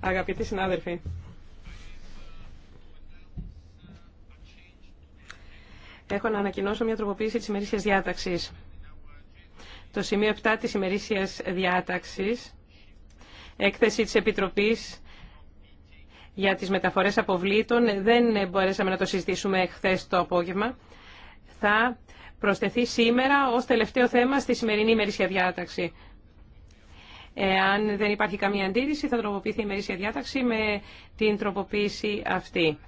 Αγαπητοί συνάδελφοι, έχω να ανακοινώσω μια τροποποίηση της ημερήσιας διάταξης. Το σημείο 7 της ημερήσιας διάταξης, έκθεση της Επιτροπής για τις μεταφορές αποβλήτων, δεν μπορέσαμε να το συζητήσουμε χθε το απόγευμα. Θα προσθεθεί σήμερα ως τελευταίο θέμα στη σημερινή ημερήσια διάταξη. Εάν δεν υπάρχει καμία αντίρρηση, θα τροποποιηθεί η ημερήσια διάταξη με την τροποποίηση αυτή.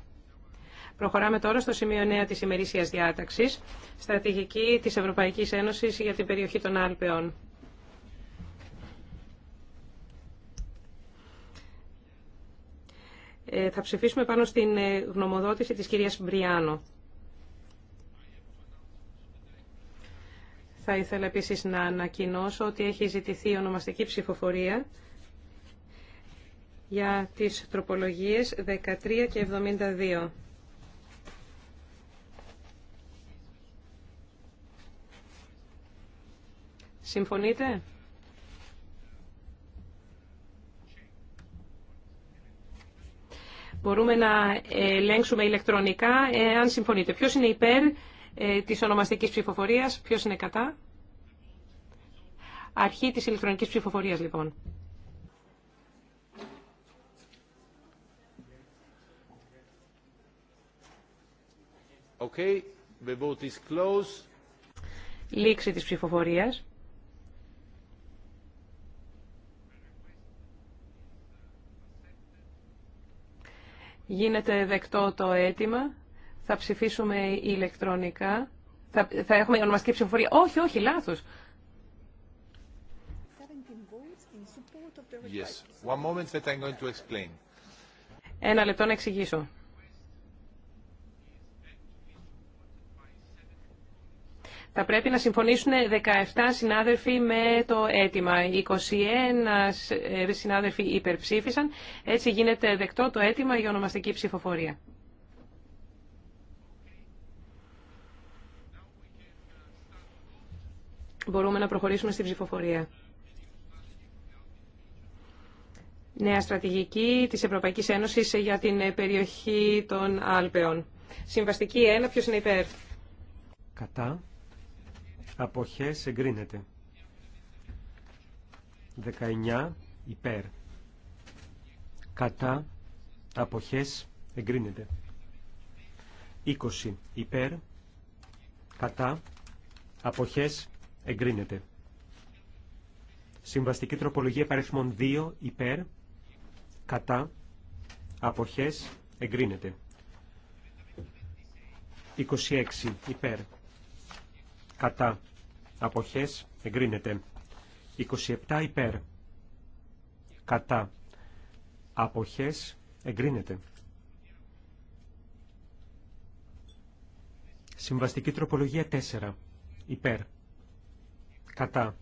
Προχωράμε τώρα στο σημείο 9 της ημερήσιας διάταξης, στρατηγική της Ευρωπαϊκής Ένωσης για την περιοχή των Άλπαιων. Ε, θα ψηφίσουμε πάνω στην ε, γνωμοδότηση της κυρίας Μπριάνο. Θα ήθελα επίσης να ανακοινώσω ότι έχει ζητηθεί ονομαστική ψηφοφορία για τις τροπολογίες 13 και 72. Συμφωνείτε? Μπορούμε να ελέγξουμε ηλεκτρονικά, ε, αν συμφωνείτε. Ποιος είναι υπέρ ε, της ονομαστικής ψηφοφορίας. Ποιος είναι κατά. Αρχή της ηλεκτρονικής ψηφοφορίας λοιπόν. Okay, the vote is Λήξη της ψηφοφορίας. Γίνεται δεκτό το αίτημα θα ψηφίσουμε ηλεκτρονικά. Θα, θα έχουμε ονομαστική ψηφοφορία. Όχι, όχι, λάθος. Ένα λεπτό να εξηγήσω. Θα πρέπει να συμφωνήσουν 17 συνάδελφοι με το αίτημα. 21 συνάδελφοι υπερψήφισαν. Έτσι γίνεται δεκτό το αίτημα για ονομαστική ψηφοφορία. μπορούμε να προχωρήσουμε στη ψηφοφορία. Νέα στρατηγική της Ευρωπαϊκής Ένωσης για την ε, περιοχή των Άλπαιων. Συμβαστική 1, ποιος είναι υπέρ. Κατά. Αποχές εγκρίνεται. 19 υπέρ. Κατά. Αποχές εγκρίνεται. 20 υπέρ. Κατά. Αποχές εγκρίνεται. Συμβαστική τροπολογία παριθμών 2 υπέρ, κατά, αποχές, εγκρίνεται. 26 υπέρ, κατά, αποχές, εγκρίνεται. 27 υπέρ, κατά, αποχές, εγκρίνεται. Συμβαστική τροπολογία 4 υπέρ, Κατά.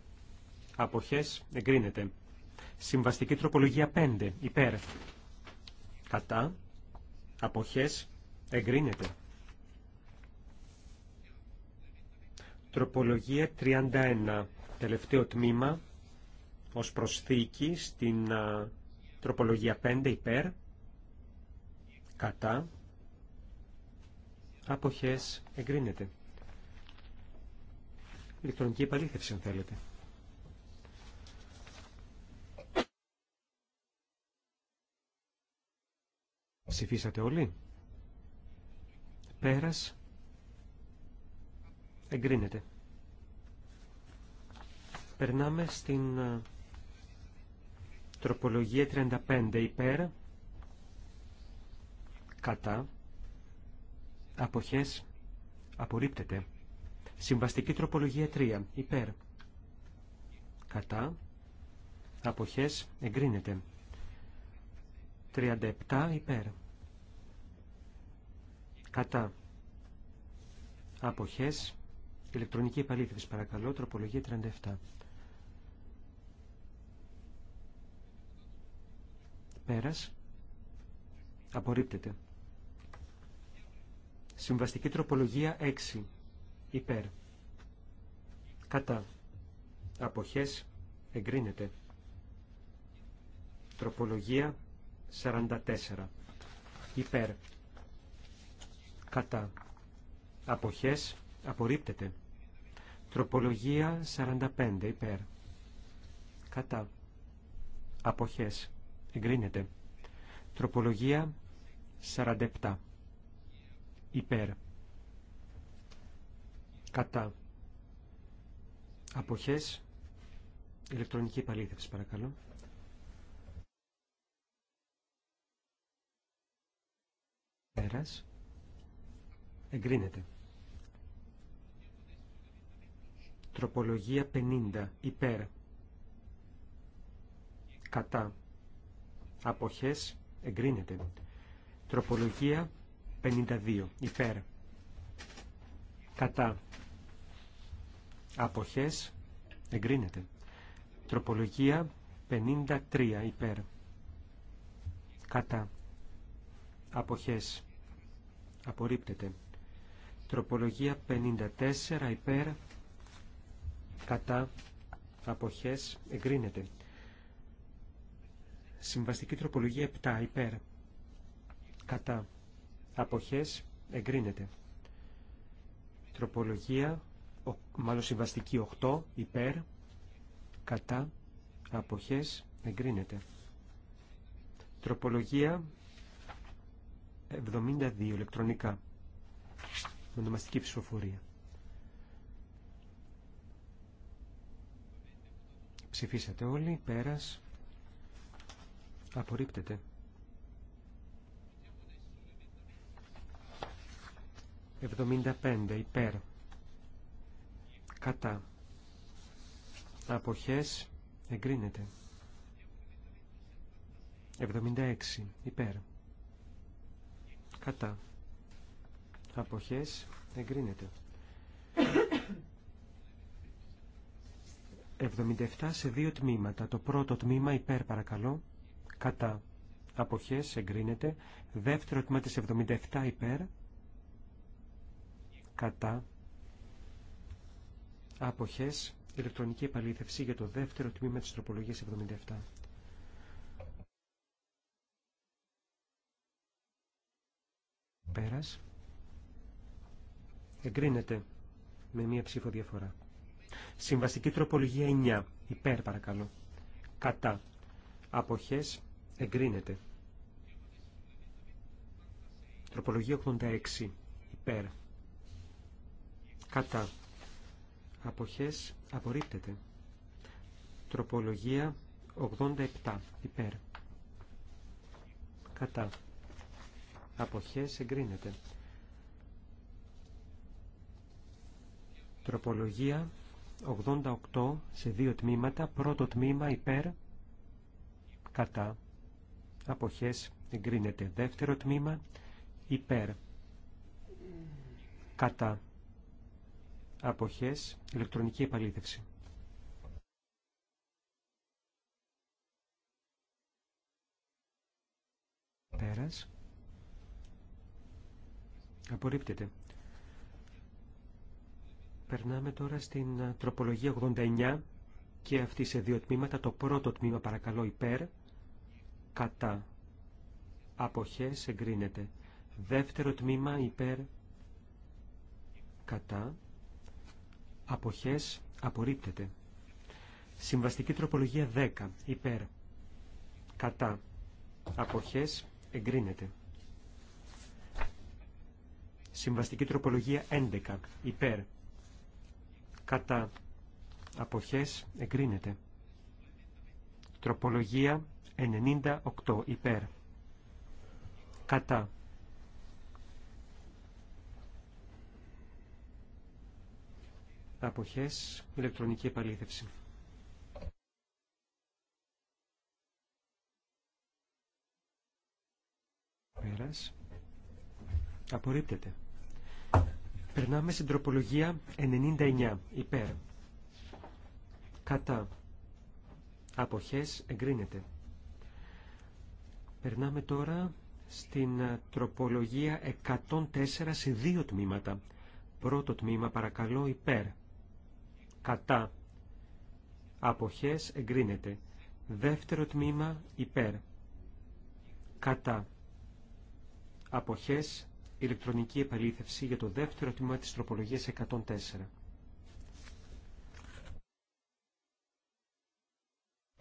Αποχές εγκρίνεται. Συμβαστική τροπολογία 5. Υπέρ. Κατά. Αποχές εγκρίνεται. Τροπολογία 31. Τελευταίο τμήμα ως προσθήκη στην α, τροπολογία 5 υπέρ. Κατά. Αποχές εγκρίνεται ηλεκτρονική επαλήθευση αν θέλετε. Ψηφίσατε όλοι. Πέρας. Εγκρίνεται. Περνάμε στην ε, τροπολογία 35 υπέρ. Κατά. Αποχές. Απορρίπτεται. Συμβαστική τροπολογία 3. Υπέρ. Κατά. Αποχές. Εγκρίνεται. 37. Υπέρ. Κατά. Αποχές. Ηλεκτρονική επαλήθευση παρακαλώ. Τροπολογία 37. Πέρας. Απορρίπτεται. Συμβαστική τροπολογία 6 υπέρ. Κατά. Αποχές εγκρίνεται. Τροπολογία 44. Υπέρ. Κατά. Αποχές απορρίπτεται. Τροπολογία 45. Υπέρ. Κατά. Αποχές εγκρίνεται. Τροπολογία 47. Υπέρ. Κατά. Αποχές. Ηλεκτρονική επαλήθευση παρακαλώ. Πέρας. Εγκρίνεται. Τροπολογία 50. Υπέρ. Κατά. Αποχές. Εγκρίνεται. Τροπολογία 52. Υπέρ. Κατά. Αποχές. Εγκρίνεται. Τροπολογία 53 υπέρ. Κατά. Αποχές. Απορρίπτεται. Τροπολογία 54 υπέρ. Κατά. Αποχές. Εγκρίνεται. Συμβαστική τροπολογία 7 υπέρ. Κατά. Αποχές. Εγκρίνεται. Τροπολογία μάλλον συμβαστική 8 υπέρ κατά αποχές εγκρίνεται. Τροπολογία 72 ηλεκτρονικά με ονομαστική ψηφοφορία. Ψηφίσατε όλοι, πέρας, απορρίπτεται. 75 υπέρ κατά αποχές εγκρίνεται 76 υπέρ κατά αποχές εγκρίνεται 77 σε δύο τμήματα. Το πρώτο τμήμα υπέρ παρακαλώ, κατά αποχές εγκρίνεται. Δεύτερο τμήμα της 77 υπέρ, κατά Αποχές. Ηλεκτρονική επαλήθευση για το δεύτερο τμήμα της τροπολογίας 77. Πέρας. Εγκρίνεται με μία ψήφο διαφορά. Συμβαστική τροπολογία 9. Υπέρ παρακαλώ. Κατά. Αποχές. Εγκρίνεται. Τροπολογία 86. Υπέρ. Κατά αποχές απορρίπτεται. Τροπολογία 87 υπέρ. Κατά. Αποχές εγκρίνεται. Τροπολογία 88 σε δύο τμήματα. Πρώτο τμήμα υπέρ. Κατά. Αποχές εγκρίνεται. Δεύτερο τμήμα υπέρ. Κατά αποχές, ηλεκτρονική επαλήθευση. Πέρας. Απορρίπτεται. Περνάμε τώρα στην ε, τροπολογία 89 και αυτή σε δύο τμήματα. Το πρώτο τμήμα παρακαλώ υπέρ, κατά, αποχές εγκρίνεται. Δεύτερο τμήμα υπέρ, κατά, αποχές απορρίπτεται. Συμβαστική τροπολογία 10 υπέρ κατά αποχές εγκρίνεται. Συμβαστική τροπολογία 11 υπέρ κατά αποχές εγκρίνεται. Τροπολογία 98 υπέρ κατά αποχές, ηλεκτρονική επαλήθευση. Πέρας. Απορρίπτεται. Περνάμε στην τροπολογία 99, υπέρ. Κατά. Αποχές εγκρίνεται. Περνάμε τώρα στην τροπολογία 104 σε δύο τμήματα. Πρώτο τμήμα παρακαλώ υπέρ κατά, αποχές εγκρίνεται. Δεύτερο τμήμα υπέρ, κατά, αποχές ηλεκτρονική επαλήθευση για το δεύτερο τμήμα της τροπολογίας 104.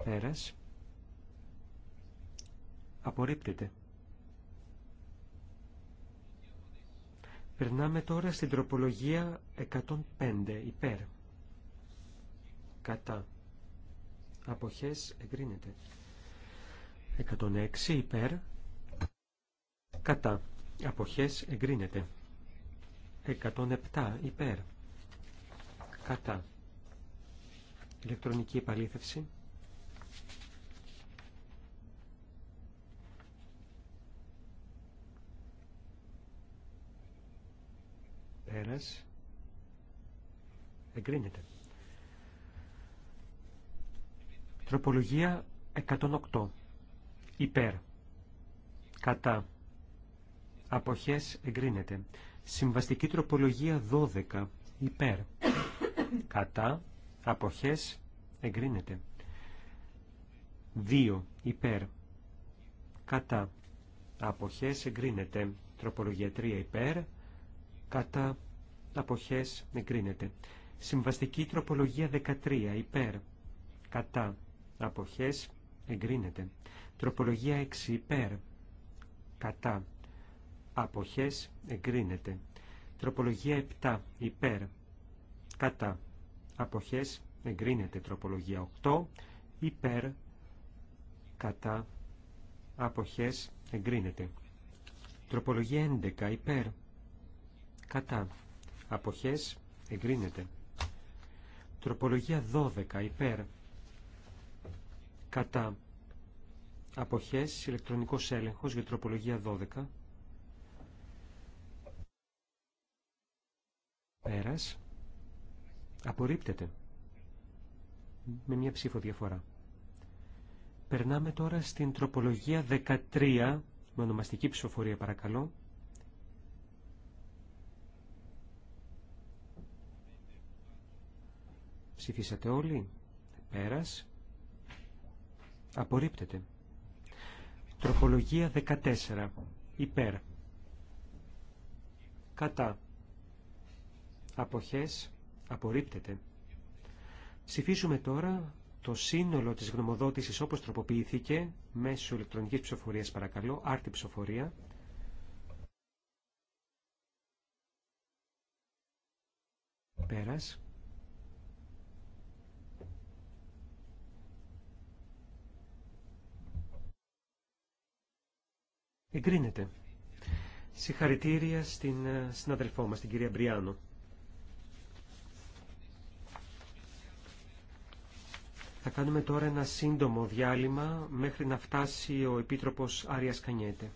Πέρας. Απορρίπτεται. Περνάμε τώρα στην τροπολογία 105 υπέρ κατά. Αποχές εγκρίνεται. 106 υπέρ κατά. Αποχές εγκρίνεται. 107 υπέρ κατά. Ηλεκτρονική επαλήθευση. Πέρας. Εγκρίνεται. Τροπολογία 108. Υπέρ. Κατά. Αποχές εγκρίνεται. Συμβαστική τροπολογία 12. Υπέρ. Κατά. Αποχές εγκρίνεται. 2. Υπέρ. Κατά. Αποχές εγκρίνεται. Τροπολογία 3. Υπέρ. Κατά. Αποχές εγκρίνεται. Συμβαστική τροπολογία 13. Υπέρ. Κατά αποχές εγκρίνεται. Τροπολογία 6 υπέρ κατά αποχές εγκρίνεται. Τροπολογία 7 υπέρ κατά αποχές εγκρίνεται. Τροπολογία 8 υπέρ κατά αποχές εγκρίνεται. Τροπολογία 11 υπέρ κατά αποχές εγκρίνεται. Τροπολογία 12 υπέρ κατά αποχές ηλεκτρονικός έλεγχος για τροπολογία 12 πέρας απορρίπτεται με μια ψήφο διαφορά. Περνάμε τώρα στην τροπολογία 13 με ονομαστική ψηφοφορία παρακαλώ. Ψηφίσατε όλοι. Πέρας. Απορρίπτεται. Τροπολογία 14. Υπέρ. Κατά. Αποχές. Απορρίπτεται. Ψηφίσουμε τώρα το σύνολο της γνωμοδότησης όπως τροποποιήθηκε μέσω ηλεκτρονικής ψηφοφορίας παρακαλώ, άρτη ψηφοφορία. Πέρας. Εγκρίνεται. Συγχαρητήρια στην ε, συναδελφό μας, την κυρία Μπριάνο. Θα κάνουμε τώρα ένα σύντομο διάλειμμα μέχρι να φτάσει ο Επίτροπος Άριας Κανιέτε.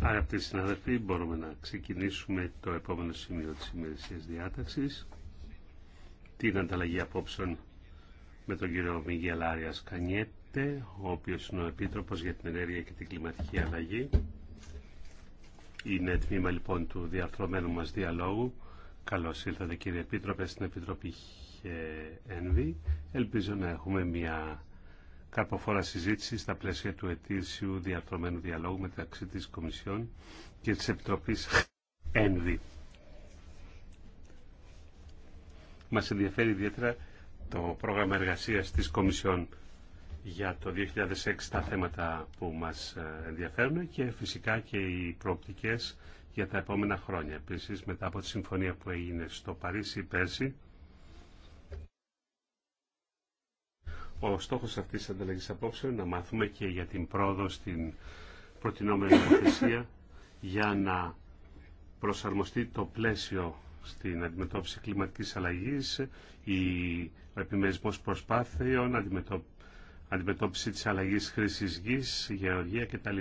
Αγαπητοί συναδελφοί, μπορούμε να ξεκινήσουμε το επόμενο σημείο της ημερησίας διάταξης, την ανταλλαγή απόψεων με τον κύριο Μιγγέλ Κανιέτε, ο οποίος είναι ο Επίτροπος για την Ενέργεια και την Κλιματική Αλλαγή. Είναι τμήμα λοιπόν του διαρθρωμένου μας διαλόγου. Καλώς ήρθατε κύριε Επίτροπε στην Επιτροπή ΕΝΒΗ. Ελπίζω να έχουμε μια καρποφόρα συζήτηση στα πλαίσια του ετήσιου διαρθρωμένου διαλόγου μεταξύ της Κομισιόν και της Επιτροπής ΕΝΔΙ. Μας ενδιαφέρει ιδιαίτερα το πρόγραμμα εργασίας της Κομισιόν για το 2006 τα θέματα που μας ε, ενδιαφέρουν και φυσικά και οι προοπτικές για τα επόμενα χρόνια. Επίσης, μετά από τη συμφωνία που έγινε στο Παρίσι πέρσι, ο στόχος αυτής της ανταλλαγής απόψεων να μάθουμε και για την πρόοδο στην προτινόμενη νομοθεσία για να προσαρμοστεί το πλαίσιο στην αντιμετώπιση κλιματικής αλλαγής, η, ο επιμερισμός προσπάθειων, αντιμετω, αντιμετώπιση της αλλαγής χρήσης γης, γεωργία κτλ.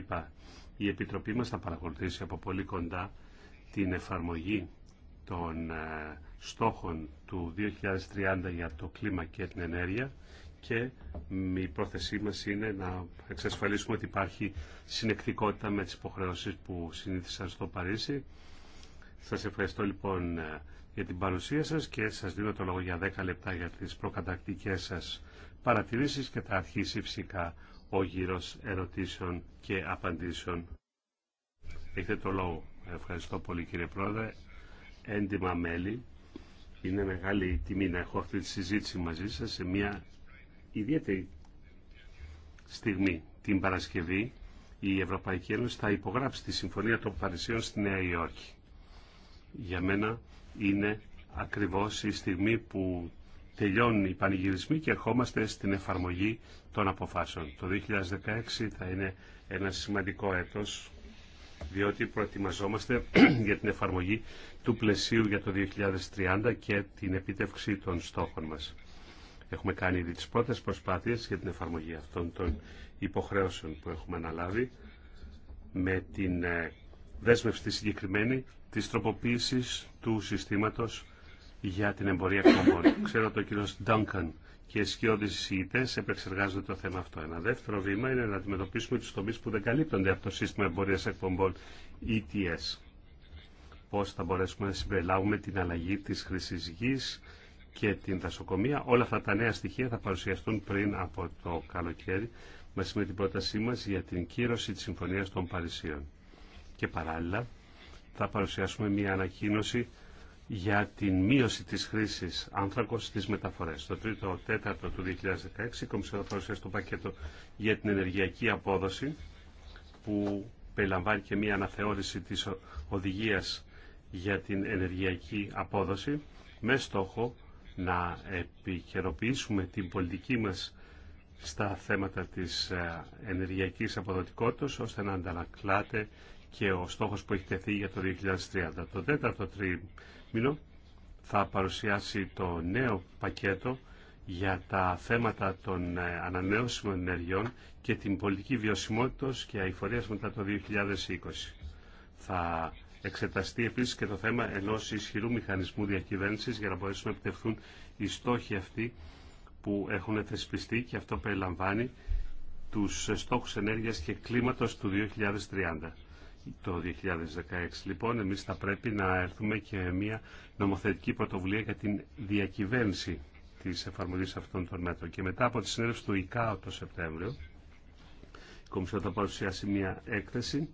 Η Επιτροπή μας θα παρακολουθήσει από πολύ κοντά την εφαρμογή των ε, στόχων του 2030 για το κλίμα και την ενέργεια και η πρόθεσή μας είναι να εξασφαλίσουμε ότι υπάρχει συνεκτικότητα με τις υποχρεώσεις που συνήθισαν στο Παρίσι. Σας ευχαριστώ λοιπόν για την παρουσία σας και σας δίνω το λόγο για 10 λεπτά για τις προκατακτικές σας παρατηρήσεις και θα αρχίσει φυσικά ο γύρος ερωτήσεων και απαντήσεων. Έχετε το λόγο. Ευχαριστώ πολύ κύριε Πρόεδρε. Έντιμα μέλη. Είναι μεγάλη τιμή να έχω αυτή τη συζήτηση μαζί σας σε μια ιδιαίτερη στιγμή την Παρασκευή η Ευρωπαϊκή Ένωση θα υπογράψει τη Συμφωνία των Παρισίων στη Νέα Υόρκη. Για μένα είναι ακριβώς η στιγμή που τελειώνουν οι πανηγυρισμοί και ερχόμαστε στην εφαρμογή των αποφάσεων. Το 2016 θα είναι ένα σημαντικό έτος διότι προετοιμαζόμαστε για την εφαρμογή του πλαισίου για το 2030 και την επίτευξη των στόχων μας. Έχουμε κάνει ήδη τις πρώτες προσπάθειες για την εφαρμογή αυτών των υποχρέωσεων που έχουμε αναλάβει με την ε, δέσμευση συγκεκριμένη της τροποποίησης του συστήματος για την εμπορία κομμών. Ξέρω ότι ο κύριο Ντάνκαν και οι σκιώδεις εισηγητές επεξεργάζονται το θέμα αυτό. Ένα δεύτερο βήμα είναι να αντιμετωπίσουμε τους τομείς που δεν καλύπτονται από το σύστημα εμπορίας εκπομπών ETS. Πώς θα μπορέσουμε να συμπεριλάβουμε την αλλαγή της χρήσης γης, και την δασοκομεία. Όλα αυτά τα νέα στοιχεία θα παρουσιαστούν πριν από το καλοκαίρι μαζί με την πρότασή μας για την κύρωση της Συμφωνίας των Παρισίων. Και παράλληλα θα παρουσιάσουμε μια ανακοίνωση για την μείωση της χρήσης άνθρακος στις μεταφορές. Το 3ο 4 ο του 2016 η Κομισιόν θα το πακέτο για την ενεργειακή απόδοση που περιλαμβάνει και μια αναθεώρηση της οδηγίας για την ενεργειακή απόδοση με στόχο να επικαιροποιήσουμε την πολιτική μας στα θέματα της ε, ενεργειακής αποδοτικότητας ώστε να αντανακλάται και ο στόχος που έχει τεθεί για το 2030. Το τέταρτο τρίμηνο θα παρουσιάσει το νέο πακέτο για τα θέματα των ε, ανανεώσιμων ενεργειών και την πολιτική βιωσιμότητα και αηφορίας μετά το 2020. Θα εξεταστεί επίση και το θέμα ενό ισχυρού μηχανισμού διακυβέρνηση για να μπορέσουν να επιτευχθούν οι στόχοι αυτοί που έχουν θεσπιστεί και αυτό περιλαμβάνει τους στόχου ενέργειας και κλίματος του 2030. Το 2016 λοιπόν εμείς θα πρέπει να έρθουμε και μια νομοθετική πρωτοβουλία για την διακυβέρνηση της εφαρμογής αυτών των μέτρων. Και μετά από τη συνέλευση του ΙΚΑΟ το Σεπτέμβριο, η Κομισιόν θα παρουσιάσει μια έκθεση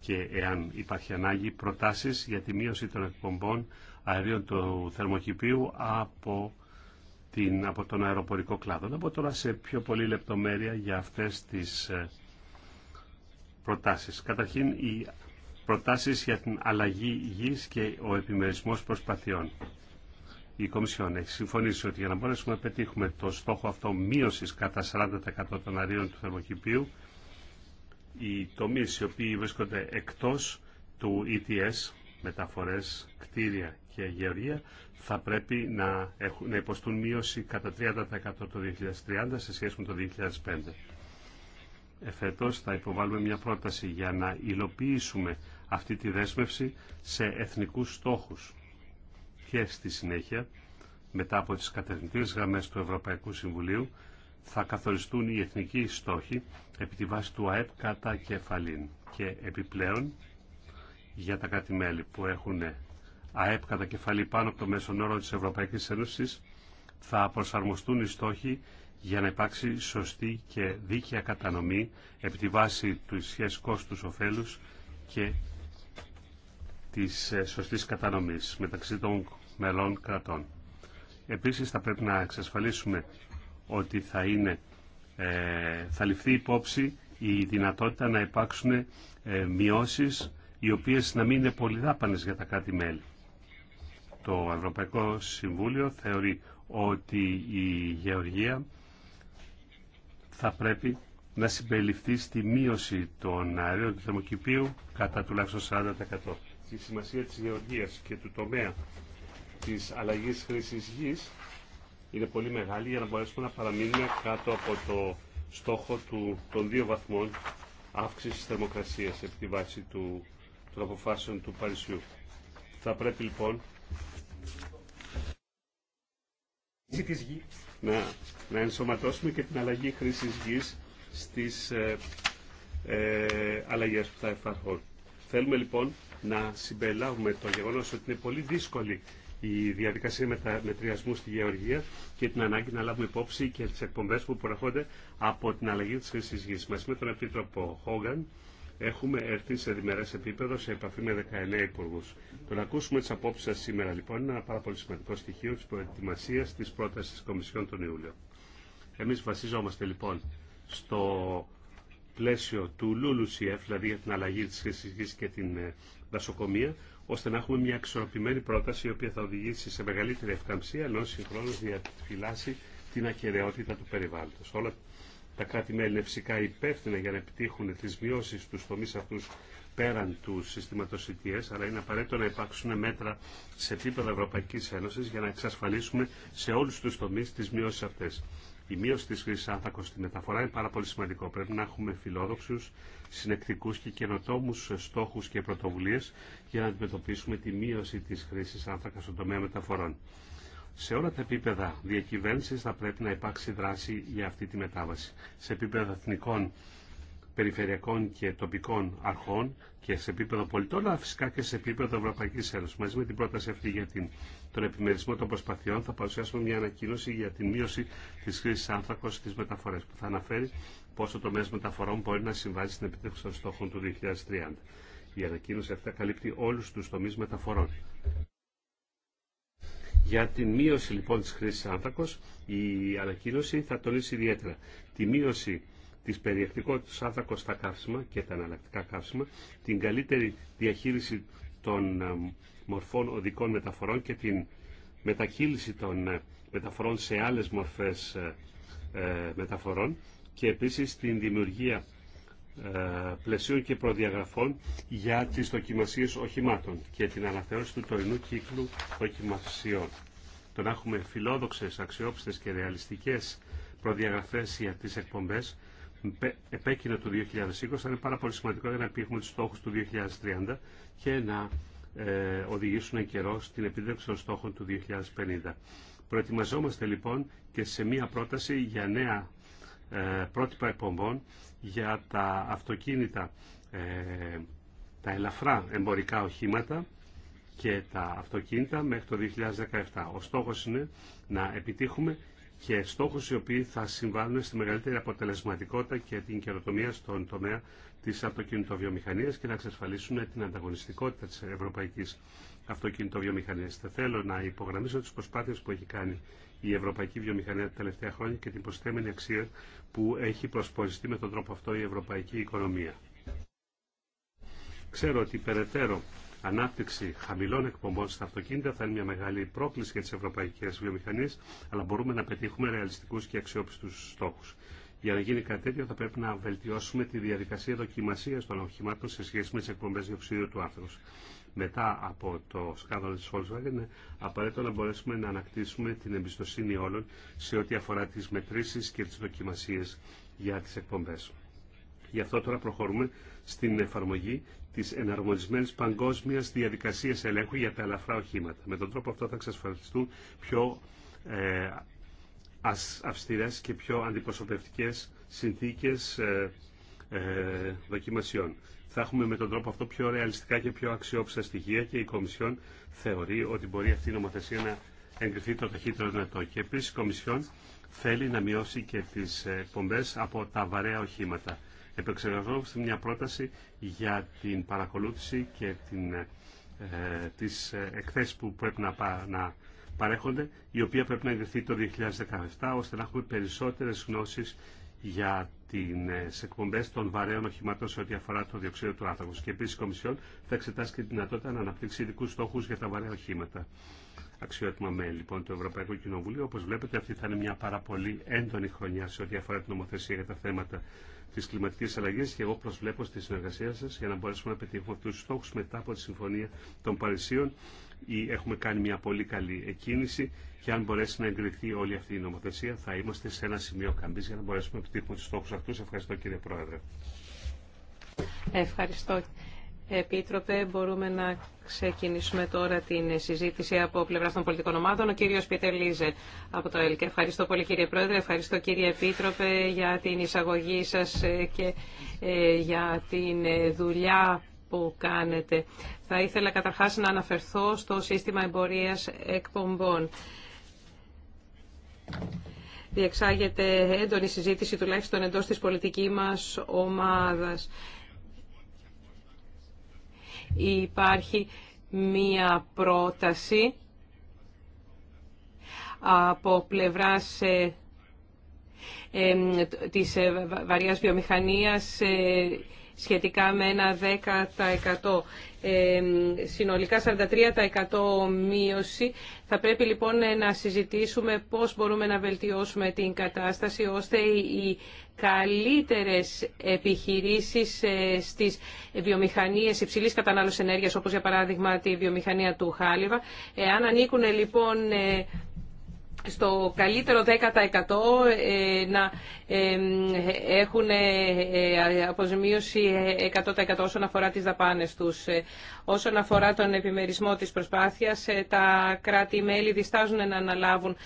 και εάν υπάρχει ανάγκη προτάσεις για τη μείωση των εκπομπών αερίων του θερμοκηπίου από, την, από τον αεροπορικό κλάδο. Να πω τώρα σε πιο πολύ λεπτομέρεια για αυτές τις ε, προτάσεις. Καταρχήν οι προτάσεις για την αλλαγή γης και ο επιμερισμός προσπαθειών. Η Κομισιόν έχει συμφωνήσει ότι για να μπορέσουμε να πετύχουμε το στόχο αυτό μείωσης κατά 40% των αερίων του θερμοκηπίου οι τομείς οι οποίοι βρίσκονται εκτός του ETS, μεταφορές, κτίρια και γεωργία, θα πρέπει να, έχουν, να υποστούν μείωση κατά 30% το 2030 σε σχέση με το 2005. Εφέτος θα υποβάλουμε μια πρόταση για να υλοποιήσουμε αυτή τη δέσμευση σε εθνικούς στόχους και στη συνέχεια μετά από τις κατευθυντήρες γραμμές του Ευρωπαϊκού Συμβουλίου θα καθοριστούν οι εθνικοί στόχοι επί τη βάση του ΑΕΠ κατά κεφαλήν και επιπλέον για τα κρατη που έχουν ΑΕΠ κατά κεφαλή πάνω από το μέσον όρο της Ευρωπαϊκής Ένωσης θα προσαρμοστούν οι στόχοι για να υπάρξει σωστή και δίκαια κατανομή επί τη βάση του ισχύες κόστους κόστους-οφέλους και της ε, σωστής κατανομής μεταξύ των μελών κρατών. Επίσης θα πρέπει να εξασφαλίσουμε ότι θα, είναι, ε, θα ληφθεί υπόψη η δυνατότητα να υπάρξουν ε, μειώσεις οι οποίες να μην είναι πολυδάπανες για τα κάτι μελη Το Ευρωπαϊκό Συμβούλιο θεωρεί ότι η γεωργία θα πρέπει να συμπεριληφθεί στη μείωση των αερίων του θερμοκηπίου κατά τουλάχιστον 40%. Η σημασία της γεωργίας και του τομέα της αλλαγής χρήσης γης είναι πολύ μεγάλη για να μπορέσουμε να παραμείνουμε κάτω από το στόχο του, των δύο βαθμών αύξησης θερμοκρασίας επί τη βάση του, των αποφάσεων του Παρισιού. Θα πρέπει λοιπόν Να, να ενσωματώσουμε και την αλλαγή χρήσης γης στις ε, ε, αλλαγές που θα εφαρμόζουν. Θέλουμε λοιπόν να συμπεριλάβουμε το γεγονός ότι είναι πολύ δύσκολη η διαδικασία μετριασμού στη γεωργία και την ανάγκη να λάβουμε υπόψη και τι εκπομπέ που προέρχονται από την αλλαγή τη χρήση γη. Μαζί με τον Επίτροπο Χόγκαν έχουμε έρθει σε διμερέ επίπεδο σε επαφή με 19 υπουργού. Το να ακούσουμε τι απόψει σα σήμερα λοιπόν είναι ένα πάρα πολύ σημαντικό στοιχείο τη προετοιμασία τη πρόταση τη Κομισιόν τον Ιούλιο. Εμεί βασιζόμαστε λοιπόν στο πλαίσιο του Λούλου δηλαδή για την αλλαγή τη χρήση γη και την ε, δασοκομεία, ώστε να έχουμε μια αξιοποιημένη πρόταση η οποία θα οδηγήσει σε μεγαλύτερη ευκαμψία ενώ συγχρόνω διαφυλάσσει την ακαιρεότητα του περιβάλλοντος. Όλα τα κράτη-μέλη είναι φυσικά υπεύθυνα για να επιτύχουν τι μειώσει στους τομεί αυτού πέραν του συστήματο αλλά είναι απαραίτητο να υπάρξουν μέτρα σε επίπεδο Ευρωπαϊκή Ένωση για να εξασφαλίσουμε σε όλου του τομεί τι μειώσει αυτέ η μείωση της Χρήση άνθρακος στη μεταφορά είναι πάρα πολύ σημαντικό. Πρέπει να έχουμε φιλόδοξου, συνεκτικούς και καινοτόμους στόχους και πρωτοβουλίε για να αντιμετωπίσουμε τη μείωση της χρήση άνθρακα στον τομέα μεταφορών. Σε όλα τα επίπεδα διακυβέρνηση θα πρέπει να υπάρξει δράση για αυτή τη μετάβαση. Σε επίπεδο εθνικών περιφερειακών και τοπικών αρχών και σε επίπεδο πολιτών, αλλά φυσικά και σε επίπεδο Ευρωπαϊκή Ένωση. Μαζί με την πρόταση αυτή για την, τον επιμερισμό των προσπαθειών, θα παρουσιάσουμε μια ανακοίνωση για την μείωση τη χρήση άνθρακο στι μεταφορέ, που θα αναφέρει πόσο το μέσο μεταφορών μπορεί να συμβάζει στην επιτεύξη των στόχων του 2030. Η ανακοίνωση αυτή καλύπτει όλου του τομεί μεταφορών. Για την μείωση λοιπόν της χρήσης άνθρακος, η ανακοίνωση θα τονίσει ιδιαίτερα τη μείωση τις περιεκτικότητας σαν τα στα καύσιμα και τα αναλλακτικά καύσιμα, την καλύτερη διαχείριση των ε, μορφών οδικών μεταφορών και την μετακύληση των ε, μεταφορών σε άλλες μορφές ε, μεταφορών και επίσης την δημιουργία πλαισίων και προδιαγραφών για τις δοκιμασίες οχημάτων και την αναθεώρηση του τωρινού κύκλου δοκιμασιών. Το να έχουμε φιλόδοξες, αξιόπιστες και ρεαλιστικές προδιαγραφές για τις εκπομπές επέκεινα του 2020 θα είναι πάρα πολύ σημαντικό για να επιτύχουμε τους στόχους του 2030 και να ε, οδηγήσουν καιρό στην επίδευξη των στόχων του 2050. Προετοιμαζόμαστε λοιπόν και σε μία πρόταση για νέα ε, πρότυπα εκπομπών για τα αυτοκίνητα, ε, τα ελαφρά εμπορικά οχήματα και τα αυτοκίνητα μέχρι το 2017. Ο στόχος είναι να επιτύχουμε και στόχους οι οποίοι θα συμβάλλουν στη μεγαλύτερη αποτελεσματικότητα και την καιροτομία στον τομέα της αυτοκινητοβιομηχανίας και να εξασφαλίσουν την ανταγωνιστικότητα της ευρωπαϊκής αυτοκινητοβιομηχανίας. θέλω να υπογραμμίσω τις προσπάθειες που έχει κάνει η ευρωπαϊκή βιομηχανία τα τελευταία χρόνια και την προσθέμενη αξία που έχει προσποριστεί με τον τρόπο αυτό η ευρωπαϊκή οικονομία. Ξέρω ότι περαιτέρω ανάπτυξη χαμηλών εκπομπών στα αυτοκίνητα θα είναι μια μεγάλη πρόκληση για τι ευρωπαϊκέ βιομηχανίε, αλλά μπορούμε να πετύχουμε ρεαλιστικού και αξιόπιστους στόχου. Για να γίνει κάτι τέτοιο θα πρέπει να βελτιώσουμε τη διαδικασία δοκιμασία των οχημάτων σε σχέση με τι εκπομπέ διοξιδίου του άνθρωπου. Μετά από το σκάνδαλο τη Volkswagen είναι απαραίτητο να μπορέσουμε να ανακτήσουμε την εμπιστοσύνη όλων σε ό,τι αφορά τι μετρήσει και τι δοκιμασίε για τι εκπομπέ. Γι' αυτό τώρα προχωρούμε στην εφαρμογή της εναρμονισμένης παγκόσμια διαδικασίας ελέγχου για τα ελαφρά οχήματα. Με τον τρόπο αυτό θα εξασφαλιστούν πιο ε, και πιο αντιπροσωπευτικές συνθήκες ε, ε, δοκιμασιών. Θα έχουμε με τον τρόπο αυτό πιο ρεαλιστικά και πιο αξιόπιστα στοιχεία και η Κομισιόν θεωρεί ότι μπορεί αυτή η νομοθεσία να εγκριθεί το ταχύτερο δυνατό. Και επίση η Κομισιόν θέλει να μειώσει και τι ε, πομπές από τα βαρέα οχήματα επεξεργαζόμαστε μια πρόταση για την παρακολούθηση και την, ε, τις ε, εκθέσεις που πρέπει να, να παρέχονται, η οποία πρέπει να εγκριθεί το 2017, ώστε να έχουμε περισσότερες γνώσεις για τις ε, εκπομπές των βαρέων οχημάτων σε ό,τι αφορά το διοξείδιο του άνθρακος. Και επίσης η Κομισιόν θα εξετάσει και τη δυνατότητα να αναπτύξει ειδικού στόχους για τα βαρέα οχήματα. Αξιότιμα μέλη λοιπόν του Ευρωπαϊκού Κοινοβουλίου. Όπως βλέπετε αυτή θα είναι μια πάρα πολύ έντονη χρονιά σε ό,τι αφορά την νομοθεσία για τα θέματα Τη κλιματική αλλαγή, και εγώ προσβλέπω στη συνεργασία σας για να μπορέσουμε να πετύχουμε τους στόχους μετά από τη Συμφωνία των Παρισίων ή έχουμε κάνει μια πολύ καλή εκκίνηση και αν μπορέσει να εγκριθεί όλη αυτή η νομοθεσία θα είμαστε σε ένα σημείο καμπής για να μπορέσουμε να πετύχουμε τους στόχους αυτούς. Ευχαριστώ κύριε Πρόεδρε. Ευχαριστώ Επίτροπε, μπορούμε να ξεκινήσουμε τώρα την συζήτηση από πλευρά των πολιτικών ομάδων. Ο κύριος Πίτερ Λίζε από το ΕΛΚΕ. Ευχαριστώ πολύ κύριε Πρόεδρε, ευχαριστώ κύριε Επίτροπε για την εισαγωγή σας ε, και ε, για την ε, δουλειά που κάνετε. Θα ήθελα καταρχάς να αναφερθώ στο σύστημα εμπορίας εκπομπών. Διεξάγεται έντονη συζήτηση τουλάχιστον εντός της πολιτικής μας ομάδας υπάρχει μία πρόταση από πλευράς ε, ε, της ε, βαριάς βιομηχανίας σχετικά με ένα 10% ε, συνολικά 43% μείωση. Θα πρέπει λοιπόν να συζητήσουμε πώς μπορούμε να βελτιώσουμε την κατάσταση ώστε οι καλύτερες επιχειρήσεις ε, στις βιομηχανίες υψηλής κατανάλωσης ενέργειας όπως για παράδειγμα τη βιομηχανία του Χάλιβα. Αν ανήκουν ε, λοιπόν στο καλύτερο 10% ε, να ε, έχουν ε, αποζημίωση 100% όσον αφορά τις δαπάνες τους. Όσον αφορά τον επιμερισμό της προσπάθειας, τα κράτη-μέλη διστάζουν να αναλάβουν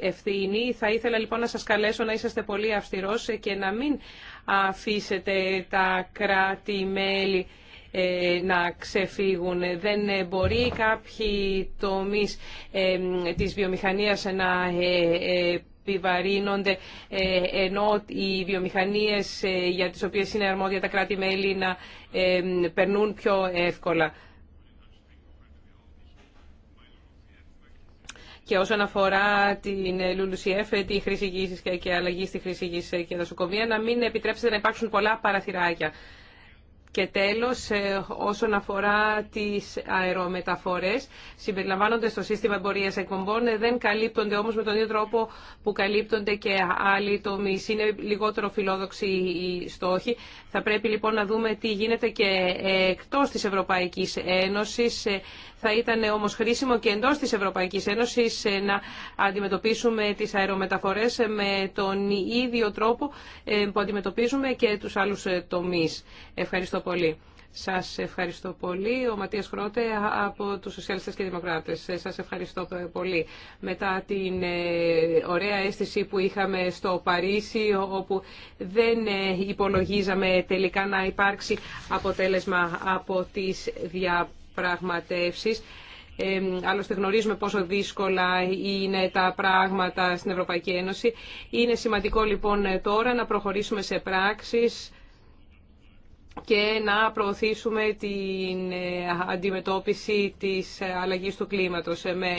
ευθύνη. Θα ήθελα λοιπόν να σας καλέσω να είσαστε πολύ αυστηρός και να μην αφήσετε τα κράτη-μέλη ε, να ξεφύγουν. Δεν μπορεί κάποιοι τομείς ε, της βιομηχανίας να ε, επιβαρύνονται ενώ οι βιομηχανίες για τις οποίες είναι αρμόδια τα κράτη-μέλη να περνούν πιο εύκολα. Και όσον αφορά την Λουλουσιέφ, τη χρήση γης και αλλαγή στη χρήση γης και δασοκομεία, να μην επιτρέψετε να υπάρξουν πολλά παραθυράκια. Και τέλος, ε, όσον αφορά τις αερομεταφορές, συμπεριλαμβάνονται στο σύστημα εμπορία εκπομπών, ε, δεν καλύπτονται όμως με τον ίδιο τρόπο που καλύπτονται και άλλοι τομεί. Είναι λιγότερο φιλόδοξοι η στόχοι. Θα πρέπει λοιπόν να δούμε τι γίνεται και εκτός της Ευρωπαϊκής Ένωσης ε, θα ήταν όμως χρήσιμο και εντός της Ευρωπαϊκής Ένωσης ε, να αντιμετωπίσουμε τις αερομεταφορές με τον ίδιο τρόπο ε, που αντιμετωπίζουμε και τους άλλους ε, τομείς. Ευχαριστώ πολύ. Σας ευχαριστώ πολύ. Ο Ματίας Χρότε από τους Σοσιαλιστές και Δημοκράτες. Σας ευχαριστώ πολύ. Μετά την ωραία αίσθηση που είχαμε στο Παρίσι, όπου δεν υπολογίζαμε τελικά να υπάρξει αποτέλεσμα από τις διαπραγματεύσεις ε, άλλωστε γνωρίζουμε πόσο δύσκολα είναι τα πράγματα στην Ευρωπαϊκή Ένωση. Είναι σημαντικό λοιπόν τώρα να προχωρήσουμε σε πράξεις και να προωθήσουμε την ε, αντιμετώπιση της αλλαγής του κλίματος με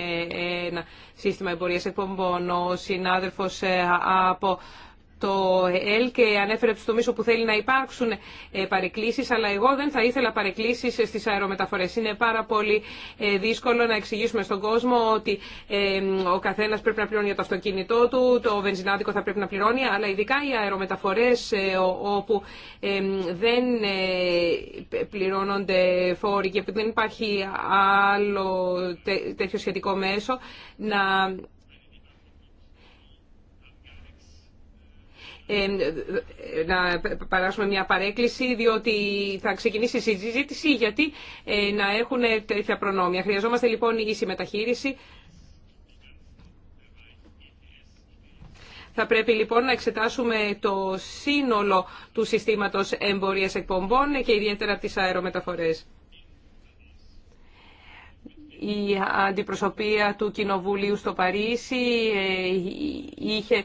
ένα σύστημα εμπορίας εκπομπών. Ο συνάδελφος ε, από το και ανέφερε του τομεί όπου θέλει να υπάρξουν ε, παρεκκλήσει, αλλά εγώ δεν θα ήθελα παρεκκλήσει ε, στι αερομεταφορέ. Είναι πάρα πολύ ε, δύσκολο να εξηγήσουμε στον κόσμο ότι ο καθένα πρέπει να πληρώνει για το αυτοκίνητό του, το βενζινάδικο θα πρέπει να πληρώνει, αλλά ειδικά οι αερομεταφορέ όπου δεν πληρώνονται φόροι και δεν υπάρχει άλλο τέτοιο σχετικό μέσο να να παράσουμε μια παρέκκληση διότι θα ξεκινήσει η συζήτηση γιατί ε, να έχουν τέτοια προνόμια. Χρειαζόμαστε λοιπόν η μεταχείριση. Θα πρέπει λοιπόν να εξετάσουμε το σύνολο του συστήματος εμπορίας εκπομπών και ιδιαίτερα τις αερομεταφορές. Η αντιπροσωπεία του Κοινοβουλίου στο Παρίσι ε, είχε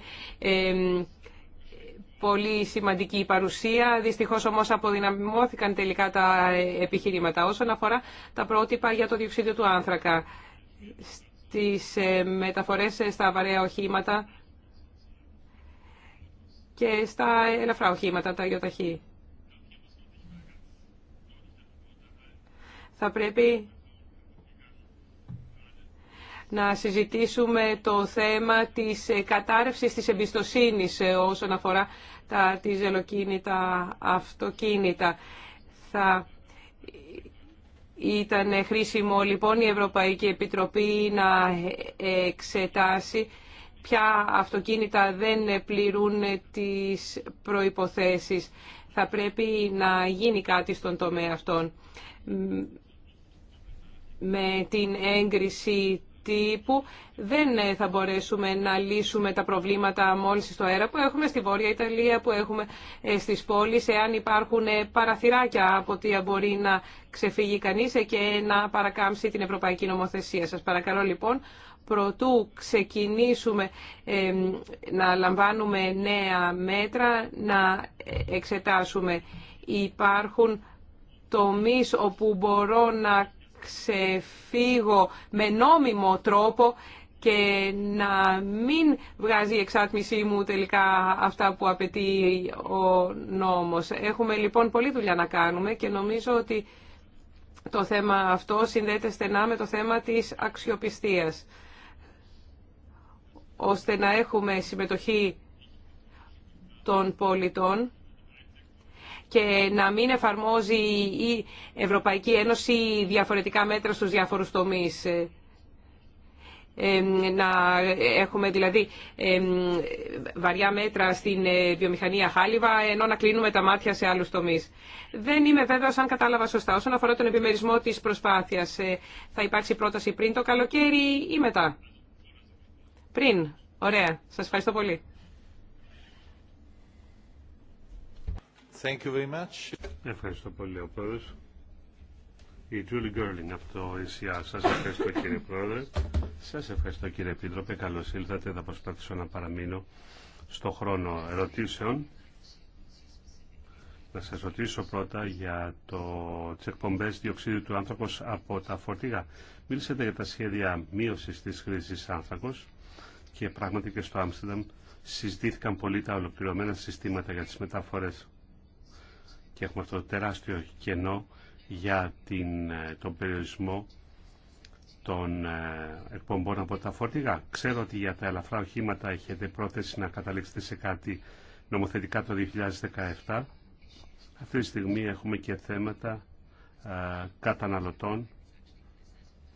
πολύ σημαντική παρουσία. Δυστυχώ όμως αποδυναμώθηκαν τελικά τα επιχειρήματα όσον αφορά τα πρότυπα για το διοξίδιο του άνθρακα. Στις ε, μεταφορές στα βαρέα οχήματα και στα ελαφρά οχήματα, τα ιοταχή. Θα πρέπει να συζητήσουμε το θέμα της κατάρρευσης της εμπιστοσύνης ε, όσον αφορά τα τίζελοκίνητα αυτοκίνητα. Θα ήταν χρήσιμο λοιπόν η Ευρωπαϊκή Επιτροπή να εξετάσει ποια αυτοκίνητα δεν πληρούν τις προϋποθέσεις. Θα πρέπει να γίνει κάτι στον τομέα αυτόν. Με την έγκριση τύπου δεν ε, θα μπορέσουμε να λύσουμε τα προβλήματα μόλις στο αέρα που έχουμε στη Βόρεια Ιταλία, που έχουμε ε, στις πόλεις, εάν υπάρχουν ε, παραθυράκια από τι μπορεί να ξεφύγει κανείς και να παρακάμψει την Ευρωπαϊκή Νομοθεσία. Σας παρακαλώ λοιπόν, προτού ξεκινήσουμε να λαμβάνουμε νέα μέτρα, να εξετάσουμε. Υπάρχουν τομείς όπου μπορώ να ξεφύγω με νόμιμο τρόπο και να μην βγάζει η εξάτμισή μου τελικά αυτά που απαιτεί ο νόμος. Έχουμε λοιπόν πολλή δουλειά να κάνουμε και νομίζω ότι το θέμα αυτό συνδέεται στενά με το θέμα της αξιοπιστίας. Ώστε να έχουμε συμμετοχή των πολιτών και να μην εφαρμόζει η Ευρωπαϊκή Ένωση διαφορετικά μέτρα στους διάφορους τομείς. Να έχουμε δηλαδή βαριά μέτρα στην ε, βιομηχανία χάλιβα ενώ να κλείνουμε τα μάτια σε άλλους τομείς. Δεν είμαι βέβαιος αν κατάλαβα σωστά. Όσον αφορά τον επιμερισμό της προσπάθειας ε, θα υπάρξει πρόταση πριν το καλοκαίρι ή μετά. Πριν. Ωραία. Σας ευχαριστώ πολύ. Thank you very much. Ευχαριστώ πολύ, ο Πρόεδρος. Η Julie Γκέρλινγκ από το ECR. Σας ευχαριστώ κύριε Πρόεδρε. Σας ευχαριστώ κύριε Επίτροπε. Καλώς ήλθατε. Θα προσπαθήσω να παραμείνω στο χρόνο ερωτήσεων. Να σας ρωτήσω πρώτα για το τσεκπομπές διοξίδιου του άνθρακος από τα Φορτίγα. Μίλησατε για τα σχέδια μείωσης της χρήσης άνθρακος και πράγματι και στο Άμστερνταμ συζητήθηκαν πολύ τα ολοκληρωμένα συστήματα για τις μεταφορές και έχουμε αυτό το τεράστιο κενό για την, ε, τον περιορισμό των ε, εκπομπών από τα φορτηγά. Ξέρω ότι για τα ελαφρά οχήματα έχετε πρόθεση να καταλήξετε σε κάτι νομοθετικά το 2017. Αυτή τη στιγμή έχουμε και θέματα ε, καταναλωτών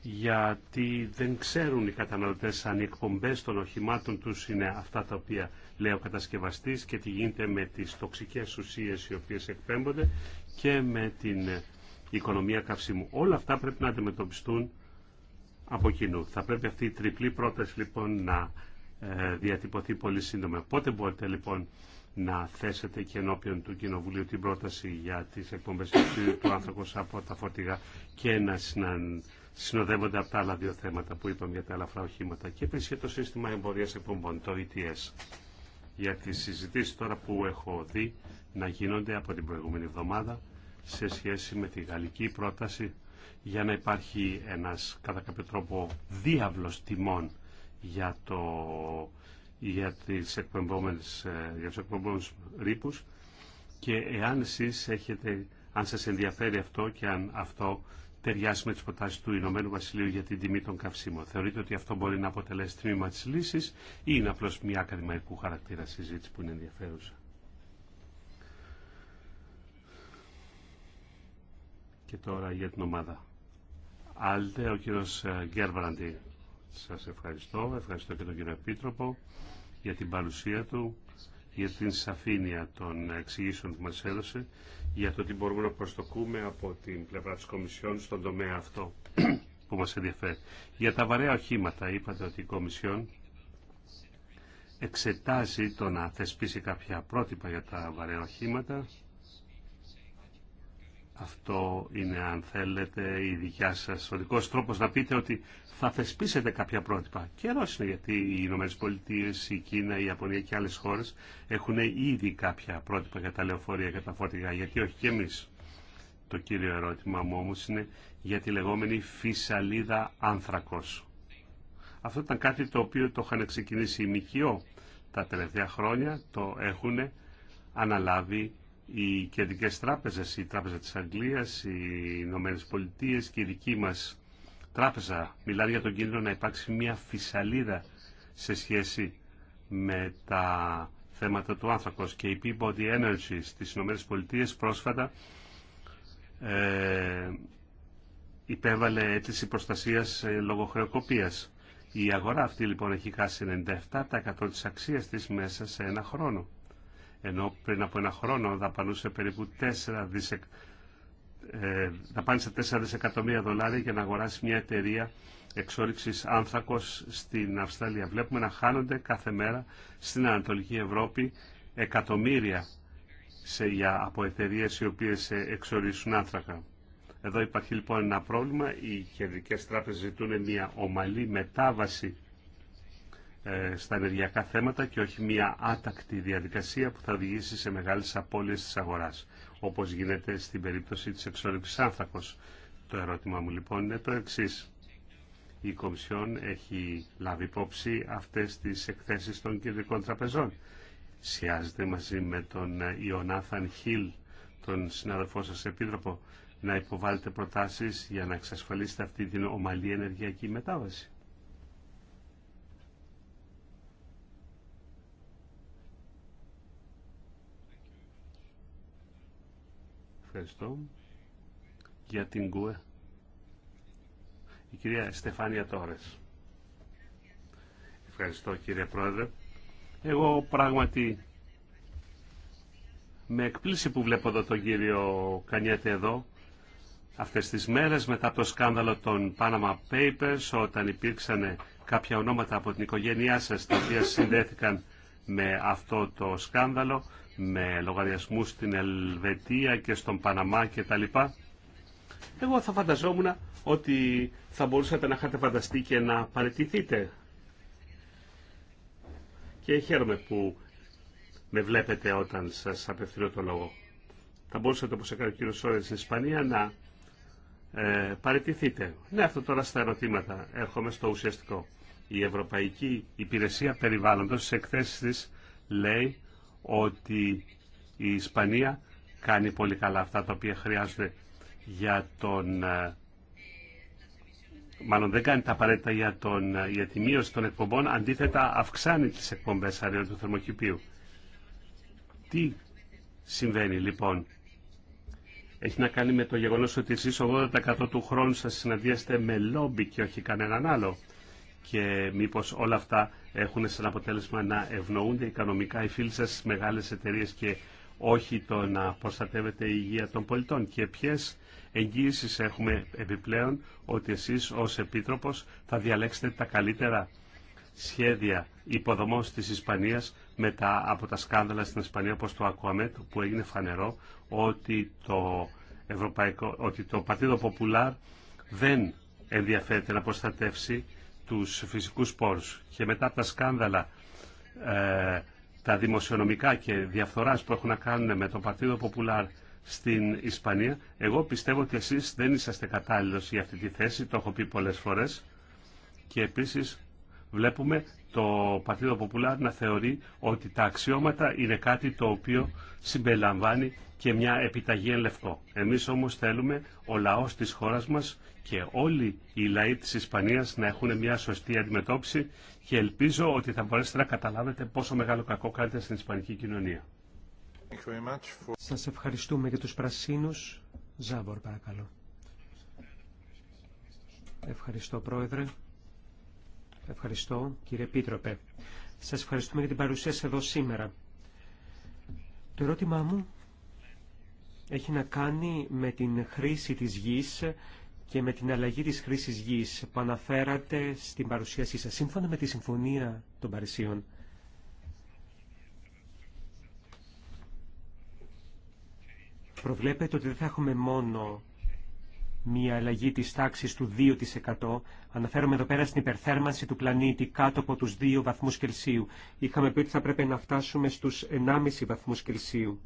γιατί δεν ξέρουν οι καταναλωτές αν οι εκπομπές των οχημάτων τους είναι αυτά τα οποία λέει ο κατασκευαστής και τι γίνεται με τι τοξικέ ουσίε, οι οποίε εκπέμπονται και με την οικονομία καυσίμου. Όλα αυτά πρέπει να αντιμετωπιστούν από κοινού. Θα πρέπει αυτή η τριπλή πρόταση λοιπόν να ε, διατυπωθεί πολύ σύντομα. Πότε μπορείτε λοιπόν να θέσετε και ενώπιον του Κοινοβουλίου την πρόταση για τις εκπομπές του άνθρωπο από τα φορτηγά και να συνοδεύονται από τα άλλα δύο θέματα που είπαμε για τα ελαφρά οχήματα και επίσης για το σύστημα εμπορίας εκπομπών, το ETS για τις συζητήσεις τώρα που έχω δει να γίνονται από την προηγούμενη εβδομάδα σε σχέση με τη γαλλική πρόταση για να υπάρχει ένας κατά κάποιο τρόπο διάβλος τιμών για, το, για, τις ε, για τους ρήπους και εάν εσείς έχετε, αν σας ενδιαφέρει αυτό και αν αυτό ταιριάσει με τι προτάσει του Ηνωμένου Βασιλείου για την τιμή των καυσίμων. Θεωρείτε ότι αυτό μπορεί να αποτελέσει τμήμα τη λύση ή είναι απλώ μια ακαδημαϊκού χαρακτήρα συζήτηση που είναι ενδιαφέρουσα. Και τώρα για την ομάδα. Άλτε, ο κύριο ε, Γκέρβραντι. Σα ευχαριστώ. Ευχαριστώ και τον κύριο Επίτροπο για την παρουσία του για την σαφήνεια των εξηγήσεων που μας έδωσε για το τι μπορούμε να προστοκούμε από την πλευρά της Κομισιόν στον τομέα αυτό που μας ενδιαφέρει. Για τα βαρέα οχήματα είπατε ότι η Κομισιόν εξετάζει το να θεσπίσει κάποια πρότυπα για τα βαρέα οχήματα αυτό είναι, αν θέλετε, η δικιά σας, ο τρόπος να πείτε ότι θα θεσπίσετε κάποια πρότυπα. Καιρός είναι γιατί οι Ηνωμένε Πολιτείε, η Κίνα, η Ιαπωνία και άλλες χώρες έχουν ήδη κάποια πρότυπα για τα λεωφορεία και τα φορτηγά. Γιατί όχι και εμείς. Το κύριο ερώτημα μου όμως είναι για τη λεγόμενη φυσαλίδα άνθρακος. Αυτό ήταν κάτι το οποίο το είχαν ξεκινήσει οι ΜΚΟ τα τελευταία χρόνια, το έχουν αναλάβει οι κεντρικές τράπεζες, η Τράπεζα της Αγγλίας, οι Ηνωμένε Πολιτείε και η δική μας τράπεζα μιλάνε για τον κίνδυνο να υπάρξει μια φυσαλίδα σε σχέση με τα θέματα του άνθρακος και η Peabody Energy στις Ηνωμένες Πολιτείες πρόσφατα ε, υπέβαλε αίτηση προστασίας ε, λόγω χρεοκοπίας. Η αγορά αυτή λοιπόν έχει χάσει 97% της αξίας της μέσα σε ένα χρόνο ενώ πριν από ένα χρόνο δαπανούσε περίπου 4 ε, δαπάνησε 4 δισεκατομμύρια δολάρια για να αγοράσει μια εταιρεία εξόριξης άνθρακος στην Αυστραλία. Βλέπουμε να χάνονται κάθε μέρα στην Ανατολική Ευρώπη εκατομμύρια σε, για, από εταιρείε οι οποίες ε, εξορίσουν άνθρακα. Εδώ υπάρχει λοιπόν ένα πρόβλημα. Οι κεντρικές τράπεζες ζητούν μια ομαλή μετάβαση ε, στα ενεργειακά θέματα και όχι μια άτακτη διαδικασία που θα οδηγήσει σε μεγάλες απώλειες της αγοράς, όπως γίνεται στην περίπτωση της εξόρυξης άνθρακος. Το ερώτημα μου λοιπόν είναι το εξή. Η Κομισιόν έχει λάβει υπόψη αυτές τις εκθέσεις των κεντρικών τραπεζών. Σιάζεται μαζί με τον Ιωνάθαν Χιλ, τον συνάδελφό σας επίτροπο, να υποβάλλετε προτάσεις για να εξασφαλίσετε αυτή την ομαλή ενεργειακή μετάβαση. Ευχαριστώ. Για την ΚΟΕ. Η κυρία Στεφάνια Τόρες. Ευχαριστώ κύριε Πρόεδρε. Εγώ πράγματι με εκπλήσει που βλέπω εδώ τον κύριο Κανιέτε εδώ αυτές τις μέρες μετά το σκάνδαλο των Panama Papers όταν υπήρξαν κάποια ονόματα από την οικογένειά σας τα οποία συνδέθηκαν με αυτό το σκάνδαλο με λογαριασμούς στην Ελβετία και στον Παναμά κτλ. Εγώ θα φανταζόμουν ότι θα μπορούσατε να είχατε φανταστεί και να παραιτηθείτε. Και χαίρομαι που με βλέπετε όταν σας απευθύνω το λόγο. Θα μπορούσατε όπως έκανε ο κύριος Σόρες στην Ισπανία να ε, παραιτηθείτε. Ναι, αυτό τώρα στα ερωτήματα. Έρχομαι στο ουσιαστικό. Η Ευρωπαϊκή Υπηρεσία Περιβάλλοντος στις εκθέσεις της λέει ότι η Ισπανία κάνει πολύ καλά αυτά τα οποία χρειάζονται για τον ε, μάλλον δεν κάνει τα απαραίτητα για, τον, ε, για τη μείωση των εκπομπών, αντίθετα αυξάνει τις εκπομπές αερίων του θερμοκηπίου. Τι συμβαίνει λοιπόν. Έχει να κάνει με το γεγονός ότι εσείς 80% του χρόνου σας συναντιέστε με λόμπι και όχι κανέναν άλλο και μήπως όλα αυτά έχουν σαν αποτέλεσμα να ευνοούνται οικονομικά οι φίλοι σας στις μεγάλες εταιρείες και όχι το να προστατεύεται η υγεία των πολιτών και ποιες εγγύησεις έχουμε επιπλέον ότι εσείς ως Επίτροπος θα διαλέξετε τα καλύτερα σχέδια υποδομών της Ισπανίας μετά από τα σκάνδαλα στην Ισπανία όπως το Ακουαμέτ που έγινε φανερό ότι το, Ευρωπαϊκό, ότι το Ποπουλάρ δεν ενδιαφέρεται να προστατεύσει τους φυσικούς πόρους και μετά από τα σκάνδαλα ε, τα δημοσιονομικά και διαφθοράς που έχουν να κάνουν με το Παρτίδο Ποπουλάρ στην Ισπανία, εγώ πιστεύω ότι εσείς δεν είσαστε κατάλληλος για αυτή τη θέση, το έχω πει πολλές φορές και επίσης βλέπουμε το Παρτίδο Ποπουλάρ να θεωρεί ότι τα αξιώματα είναι κάτι το οποίο συμπεριλαμβάνει και μια επιταγή εν λευκό. Εμείς όμως θέλουμε ο λαός της χώρας μας και όλοι οι λαοί της Ισπανίας να έχουν μια σωστή αντιμετώπιση και ελπίζω ότι θα μπορέσετε να καταλάβετε πόσο μεγάλο κακό κάνετε στην Ισπανική κοινωνία. Σας ευχαριστούμε για τους πρασίνους. Ζάβορ παρακαλώ. Ευχαριστώ πρόεδρε. Ευχαριστώ κύριε πίτροπε. Σας ευχαριστούμε για την παρουσία σας εδώ σήμερα. Το ερώτημά μου έχει να κάνει με την χρήση της γης και με την αλλαγή της χρήσης γης που αναφέρατε στην παρουσίασή σας σύμφωνα με τη Συμφωνία των Παρισίων. Προβλέπετε ότι δεν θα έχουμε μόνο μια αλλαγή της τάξης του 2%. Αναφέρομαι εδώ πέρα στην υπερθέρμανση του πλανήτη κάτω από τους 2 βαθμούς Κελσίου. Είχαμε πει ότι θα πρέπει να φτάσουμε στους 1,5 βαθμούς Κελσίου.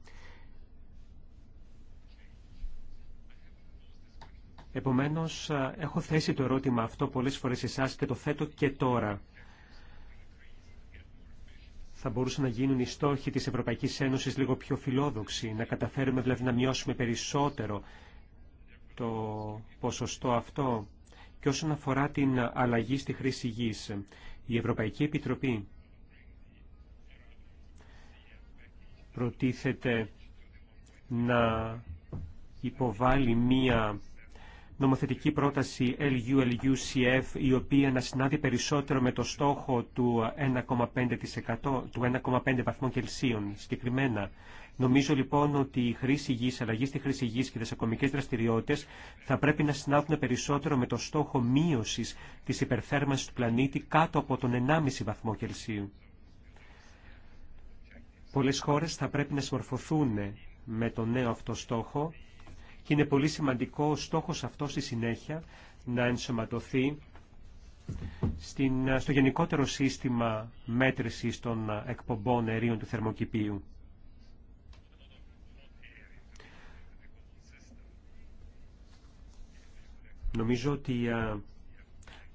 Επομένως, έχω θέσει το ερώτημα αυτό πολλές φορές εσάς και το θέτω και τώρα. Θα μπορούσαν να γίνουν οι στόχοι της Ευρωπαϊκής Ένωσης λίγο πιο φιλόδοξοι, να καταφέρουμε δηλαδή να μειώσουμε περισσότερο το ποσοστό αυτό και όσον αφορά την αλλαγή στη χρήση γης. Η Ευρωπαϊκή Επιτροπή προτίθεται να υποβάλει μία νομοθετική LULUCF, η οποία να συνάδει περισσότερο με το στόχο του 1,5% του 1,5 βαθμών Κελσίων συγκεκριμένα. Νομίζω λοιπόν ότι η χρήση γης, αλλαγή στη χρήση γης και τις ακομικές δραστηριότητες θα πρέπει να συνάδουν περισσότερο με το στόχο μείωσης της υπερθέρμανσης του πλανήτη κάτω από τον 1,5 βαθμό Κελσίου. Πολλές χώρες θα πρέπει να συμμορφωθούν με τον νέο αυτό στόχο και είναι πολύ σημαντικό ο στόχος αυτό στη συνέχεια να ενσωματωθεί στην, στο γενικότερο σύστημα μέτρησης των εκπομπών αερίων του θερμοκηπίου. Νομίζω ότι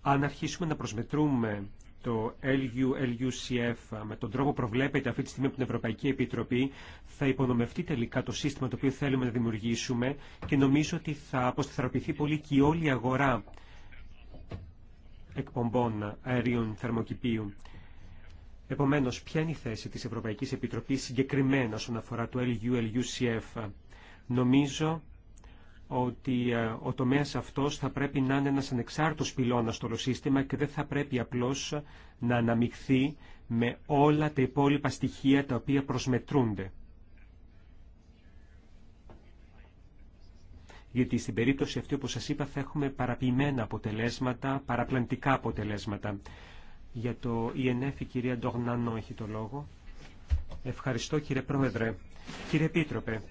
αν αρχίσουμε να προσμετρούμε το LULUCF με τον τρόπο προβλέπεται αυτή τη στιγμή από την Ευρωπαϊκή Επιτροπή θα υπονομευτεί τελικά το σύστημα το οποίο θέλουμε να δημιουργήσουμε και νομίζω ότι θα αποσταθεροποιηθεί πολύ και η όλη η αγορά εκπομπών αερίων θερμοκηπίου. Επομένως, ποια είναι η θέση της Ευρωπαϊκής Επιτροπής συγκεκριμένα όσον αφορά το LULUCF, Νομίζω ότι ε, ο τομέας αυτός θα πρέπει να είναι ένας ανεξάρτητος πυλώνας στο σύστημα και δεν θα πρέπει απλώς να αναμειχθεί με όλα τα υπόλοιπα στοιχεία τα οποία προσμετρούνται. γιατί στην περίπτωση αυτή, όπως σας είπα, θα έχουμε παραποιημένα αποτελέσματα, παραπλανητικά αποτελέσματα. Για το ΙΕΝΕΦ e η κυρία Ντογνάνο έχει το λόγο. Ευχαριστώ κύριε Πρόεδρε. Κύριε Επίτροπε,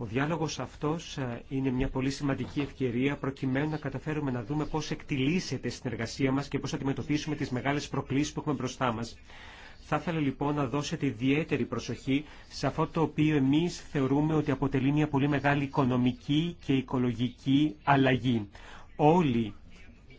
ο διάλογος αυτός ε, είναι μια πολύ σημαντική ευκαιρία προκειμένου να καταφέρουμε να δούμε πώς εκτιλήσεται η συνεργασία μας και πώς αντιμετωπίσουμε τις μεγάλες προκλήσεις που έχουμε μπροστά μας. Θα ήθελα λοιπόν να δώσετε ιδιαίτερη προσοχή σε αυτό το οποίο εμείς θεωρούμε ότι αποτελεί μια πολύ μεγάλη οικονομική και οικολογική αλλαγή. Όλοι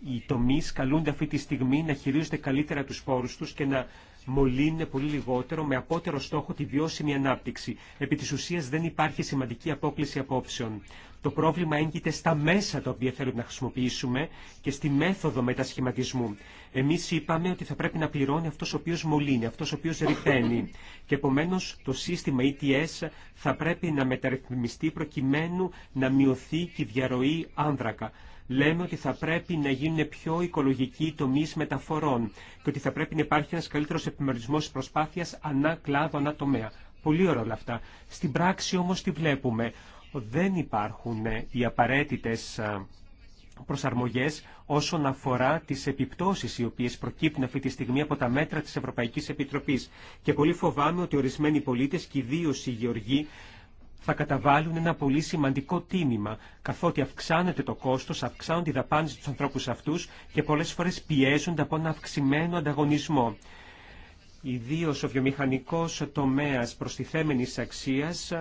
οι τομείς καλούνται αυτή τη στιγμή να χειρίζονται καλύτερα τους πόρους τους και να μολύνουν πολύ λιγότερο με απότερο στόχο τη βιώσιμη ανάπτυξη. Επί της ουσίας δεν υπάρχει σημαντική απόκληση απόψεων. Το πρόβλημα έγκυται στα μέσα τα οποία θέλουμε να χρησιμοποιήσουμε και στη μέθοδο μετασχηματισμού. Εμεί είπαμε ότι θα πρέπει να πληρώνει αυτό ο οποίο μολύνει, αυτό ο οποίο ρηπαίνει. Και επομένω το σύστημα ETS θα πρέπει να μεταρρυθμιστεί προκειμένου να μειωθεί και η διαρροή άνδρακα λέμε ότι θα πρέπει να γίνουν πιο οικολογικοί οι τομεί μεταφορών και ότι θα πρέπει να υπάρχει ένα καλύτερο επιμερισμό τη προσπάθεια ανά κλάδο, ανά τομέα. Πολύ ωραία όλα αυτά. Στην πράξη όμω τι βλέπουμε. Δεν υπάρχουν ε, οι απαραίτητε ε, προσαρμογές όσον αφορά τις επιπτώσεις οι οποίες προκύπτουν αυτή τη στιγμή από τα μέτρα της Ευρωπαϊκής Επιτροπής. Και πολύ φοβάμαι ότι ορισμένοι πολίτες και ιδίω οι γεωργοί θα καταβάλουν ένα πολύ σημαντικό τίμημα, καθότι αυξάνεται το κόστος, αυξάνονται οι δαπάνες στους ανθρώπους αυτούς και πολλές φορές πιέζονται από ένα αυξημένο ανταγωνισμό. Ιδίως ο βιομηχανικός τομέας προστιθέμενης αξίας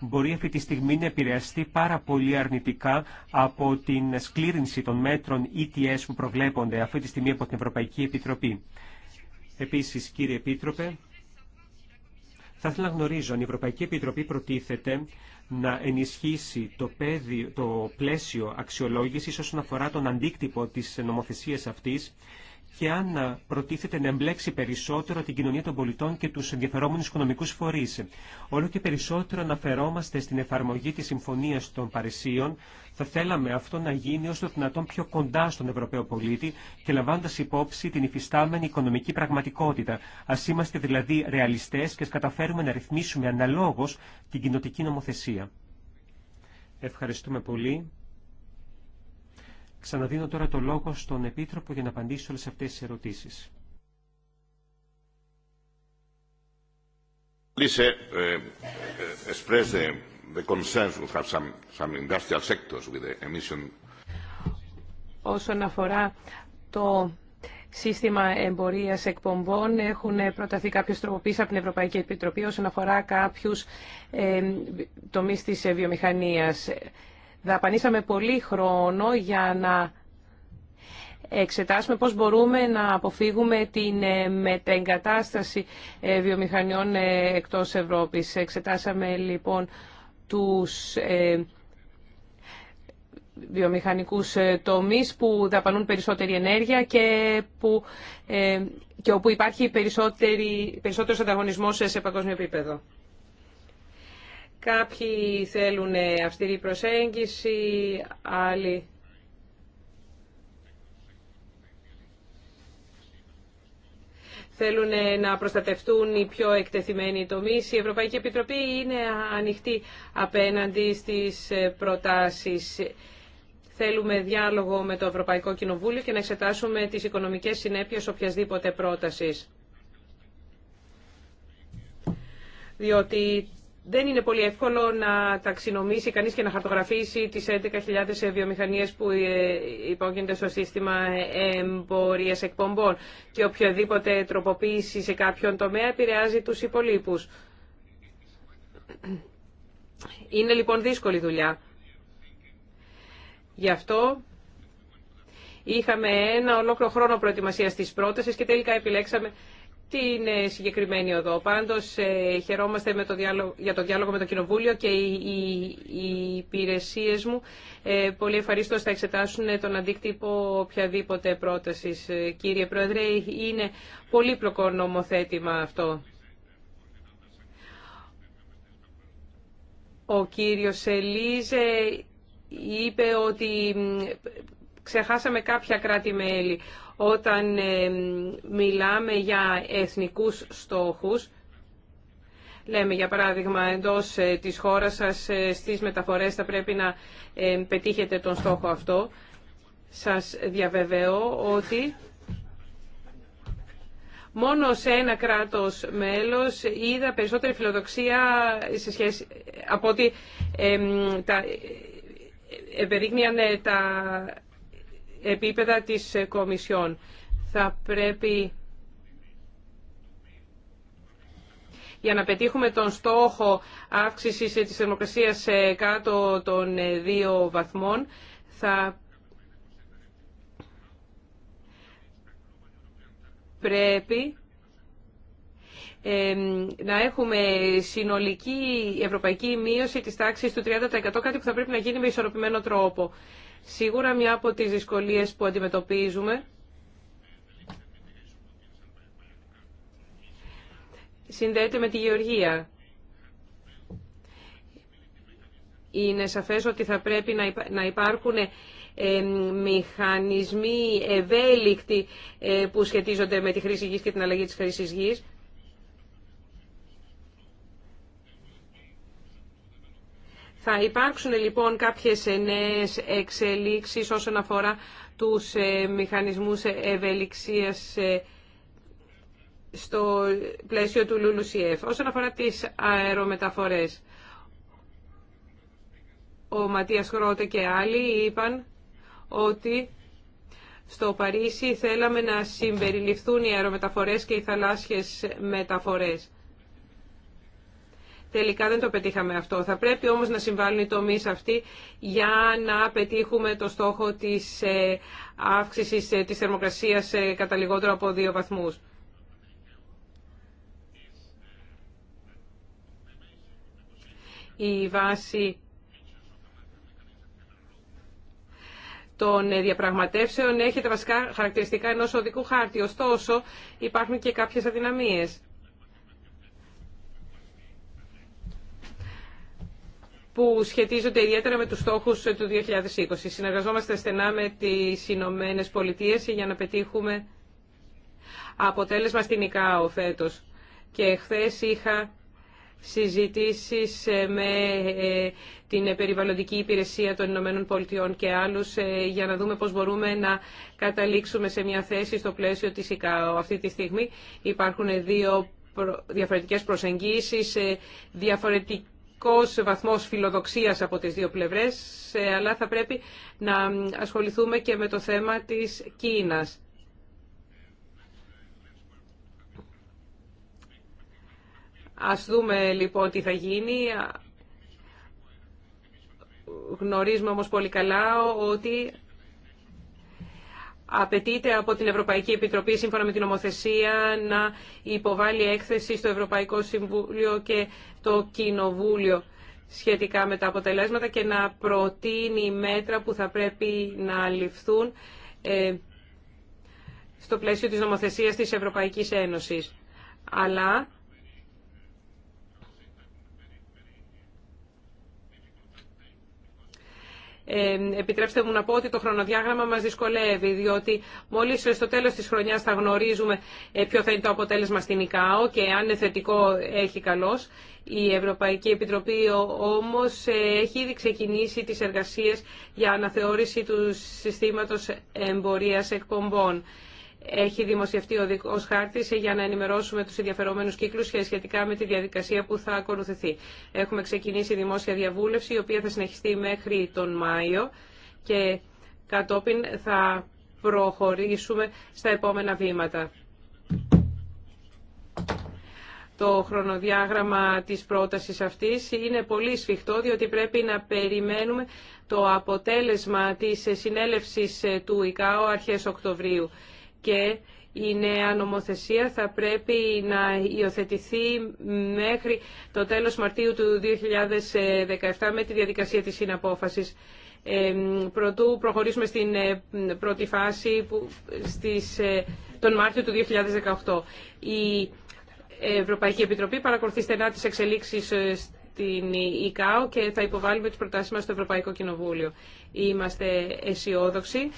μπορεί αυτή τη στιγμή να επηρεαστεί πάρα πολύ αρνητικά από την σκλήρινση των μέτρων ETS που προβλέπονται αυτή τη στιγμή από την Ευρωπαϊκή Επιτροπή. Επίσης, κύριε Επίτροπε, θα ήθελα να γνωρίζω αν η Ευρωπαϊκή Επιτροπή προτίθεται να ενισχύσει το, το πλαίσιο αξιολόγησης όσον αφορά τον αντίκτυπο της νομοθεσίας αυτής και αν ε, προτίθεται να εμπλέξει περισσότερο την κοινωνία των πολιτών και τους ενδιαφερόμενους οικονομικούς φορείς. Όλο και περισσότερο αναφερόμαστε στην εφαρμογή της Συμφωνίας των Παρισίων. Θα θέλαμε αυτό να γίνει όσο το δυνατόν πιο κοντά στον Ευρωπαίο πολίτη και λαμβάνοντα υπόψη την υφιστάμενη οικονομική πραγματικότητα. Α είμαστε δηλαδή ρεαλιστέ και καταφέρουμε να ρυθμίσουμε αναλόγω την κοινοτική νομοθεσία. Ευχαριστούμε πολύ. Ξαναδίνω τώρα το λόγο στον Επίτροπο για να απαντήσει όλες αυτές τις ερωτήσεις. Please express the concerns we some, some industrial sectors with the emission. Όσον αφορά το σύστημα εμπορίας εκπομπών έχουν προταθεί κάποιες τροποποίησεις από την Ευρωπαϊκή Επιτροπή όσον αφορά κάποιους ε, τομείς της ε, βιομηχανίας. Δαπανίσαμε πολύ χρόνο για να εξετάσουμε πώς μπορούμε να αποφύγουμε την ε, μετεγκατάσταση ε, βιομηχανιών ε, εκτός Ευρώπης. Εξετάσαμε λοιπόν τους βιομηχανικούς τομείς που δαπανούν περισσότερη ενέργεια και, που, και όπου υπάρχει περισσότερος ανταγωνισμός σε παγκόσμιο επίπεδο. Κάποιοι θέλουν αυστηρή προσέγγιση, άλλοι θέλουν να προστατευτούν οι πιο εκτεθειμένοι τομείς. Η Ευρωπαϊκή Επιτροπή είναι ανοιχτή απέναντι στις προτάσεις. Θέλουμε διάλογο με το Ευρωπαϊκό Κοινοβούλιο και να εξετάσουμε τις οικονομικές συνέπειες οποιασδήποτε πρότασης. Διότι δεν είναι πολύ εύκολο να ταξινομήσει κανείς και να χαρτογραφήσει τις 11.000 ε, βιομηχανίες που ε, υπόγεινται στο σύστημα εμπορίας εκπομπών και οποιαδήποτε τροποποίηση σε κάποιον τομέα επηρεάζει τους υπολείπους. Είναι λοιπόν δύσκολη δουλειά. Γι' αυτό είχαμε ένα ολόκληρο χρόνο προετοιμασίας της πρότασης και τελικά επιλέξαμε την ε, συγκεκριμένη οδό. Πάντως ε, χαιρόμαστε το διάλογο, για το διάλογο με το Κοινοβούλιο και οι, οι, μου ε, πολύ ευχαριστώ θα εξετάσουν τον αντίκτυπο οποιαδήποτε πρόταση, Κύριε Πρόεδρε, είναι πολύπλοκο νομοθέτημα αυτό. Ο κυριος ελιζε Σελίζε είπε ότι ξεχάσαμε κάποια κράτη-μέλη όταν μιλάμε για εθνικούς στόχους, Λέμε, για παράδειγμα, εντός της χώρας σας στις μεταφορές θα πρέπει να πετύχετε τον στόχο αυτό. Σας διαβεβαιώ ότι μόνο σε ένα κράτος μέλος είδα περισσότερη φιλοδοξία σε σχέση από ότι ε, τα, τα επίπεδα της ε, Κομισιόν. Θα πρέπει για να πετύχουμε τον στόχο αύξησης ε, της θερμοκρασίας ε, κάτω των δύο βαθμών θα πρέπει να έχουμε συνολική ευρωπαϊκή μείωση της τάξης του 30%, κάτι που θα πρέπει να γίνει με ισορροπημένο τρόπο. Σίγουρα μια από τις δυσκολίες που αντιμετωπίζουμε συνδέεται με τη γεωργία. Είναι σαφές ότι θα πρέπει να υπάρχουν μηχανισμοί ευέλικτοι ε, που σχετίζονται με τη χρήση γης και την αλλαγή της χρήσης γης. Θα υπάρξουν λοιπόν κάποιες ε, νέες εξελίξεις όσον αφορά τους ε, μηχανισμούς ευελιξίας ε, στο πλαίσιο του Λουλουσιεφ. Όσον αφορά τις αερομεταφορές, ο Ματίας Χρότε και άλλοι είπαν ότι στο Παρίσι θέλαμε να συμπεριληφθούν οι αερομεταφορές και οι θαλάσσιες μεταφορές. Τελικά δεν το πετύχαμε αυτό. Θα πρέπει όμως να συμβάλλουν οι τομείς αυτοί για να πετύχουμε το στόχο της ε, αύξησης ε, της θερμοκρασίας ε, κατά λιγότερο από δύο βαθμούς. Η βάση των διαπραγματεύσεων έχει τα βασικά χαρακτηριστικά ενός οδικού χάρτη. Ωστόσο, υπάρχουν και κάποιες αδυναμίες. που σχετίζονται ιδιαίτερα με τους στόχους ε, του 2020. Συνεργαζόμαστε στενά με τις Ηνωμένε Πολιτείε για να πετύχουμε αποτέλεσμα στην ΙΚΑΟ φέτος. Και χθε είχα συζητήσεις ε, με ε, την Περιβαλλοντική Υπηρεσία των Ηνωμένων Πολιτειών και άλλους για να δούμε πώς μπορούμε να καταλήξουμε σε μια θέση στο πλαίσιο της ΙΚΑΟ. Αυτή τη στιγμή υπάρχουν δύο διαφορετικές προσεγγίσεις, σημαντικός βαθμός φιλοδοξίας από τις δύο πλευρές, ε, αλλά θα πρέπει να ασχοληθούμε και με το θέμα της Κίνας. Ας δούμε λοιπόν τι θα γίνει. Γνωρίζουμε όμως πολύ καλά ότι απαιτείται από την Ευρωπαϊκή Επιτροπή σύμφωνα με την νομοθεσία να υποβάλει έκθεση στο Ευρωπαϊκό Συμβούλιο και το Κοινοβούλιο σχετικά με τα αποτελέσματα και να προτείνει μέτρα που θα πρέπει να ληφθούν ε, στο πλαίσιο της νομοθεσίας της Ευρωπαϊκής Ένωσης. Αλλά επιτρέψτε μου να πω ότι το χρονοδιάγραμμα μας δυσκολεύει, διότι μόλις στο τέλος της χρονιάς θα γνωρίζουμε ε, ποιο θα είναι το αποτέλεσμα στην ΙΚΑΟ και αν είναι θετικό έχει καλός. Η Ευρωπαϊκή Επιτροπή όμως ε, έχει ήδη ξεκινήσει τις εργασίες για αναθεώρηση του συστήματος εμπορίας εκπομπών έχει δημοσιευτεί ο δικό χάρτη για να ενημερώσουμε του ενδιαφερόμενου κύκλου σχετικά με τη διαδικασία που θα ακολουθηθεί. Έχουμε ξεκινήσει δημόσια διαβούλευση, η οποία θα συνεχιστεί μέχρι τον Μάιο και κατόπιν θα προχωρήσουμε στα επόμενα βήματα. Το χρονοδιάγραμμα της πρότασης αυτής είναι πολύ σφιχτό, διότι πρέπει να περιμένουμε το αποτέλεσμα της συνέλευσης του ΙΚΑΟ αρχές Οκτωβρίου και η νέα νομοθεσία θα πρέπει να υιοθετηθεί μέχρι το τέλος Μαρτίου του 2017 με τη διαδικασία της συναπόφασης. Ε, προτού προχωρήσουμε στην ε, πρώτη φάση που, στις, ε, τον Μάρτιο του 2018. Η Ευρωπαϊκή Επιτροπή παρακολουθεί στενά τις εξελίξεις στην ΙΚΑΟ και θα υποβάλουμε τις προτάσεις μας στο Ευρωπαϊκό Κοινοβούλιο. Είμαστε αισιόδοξοι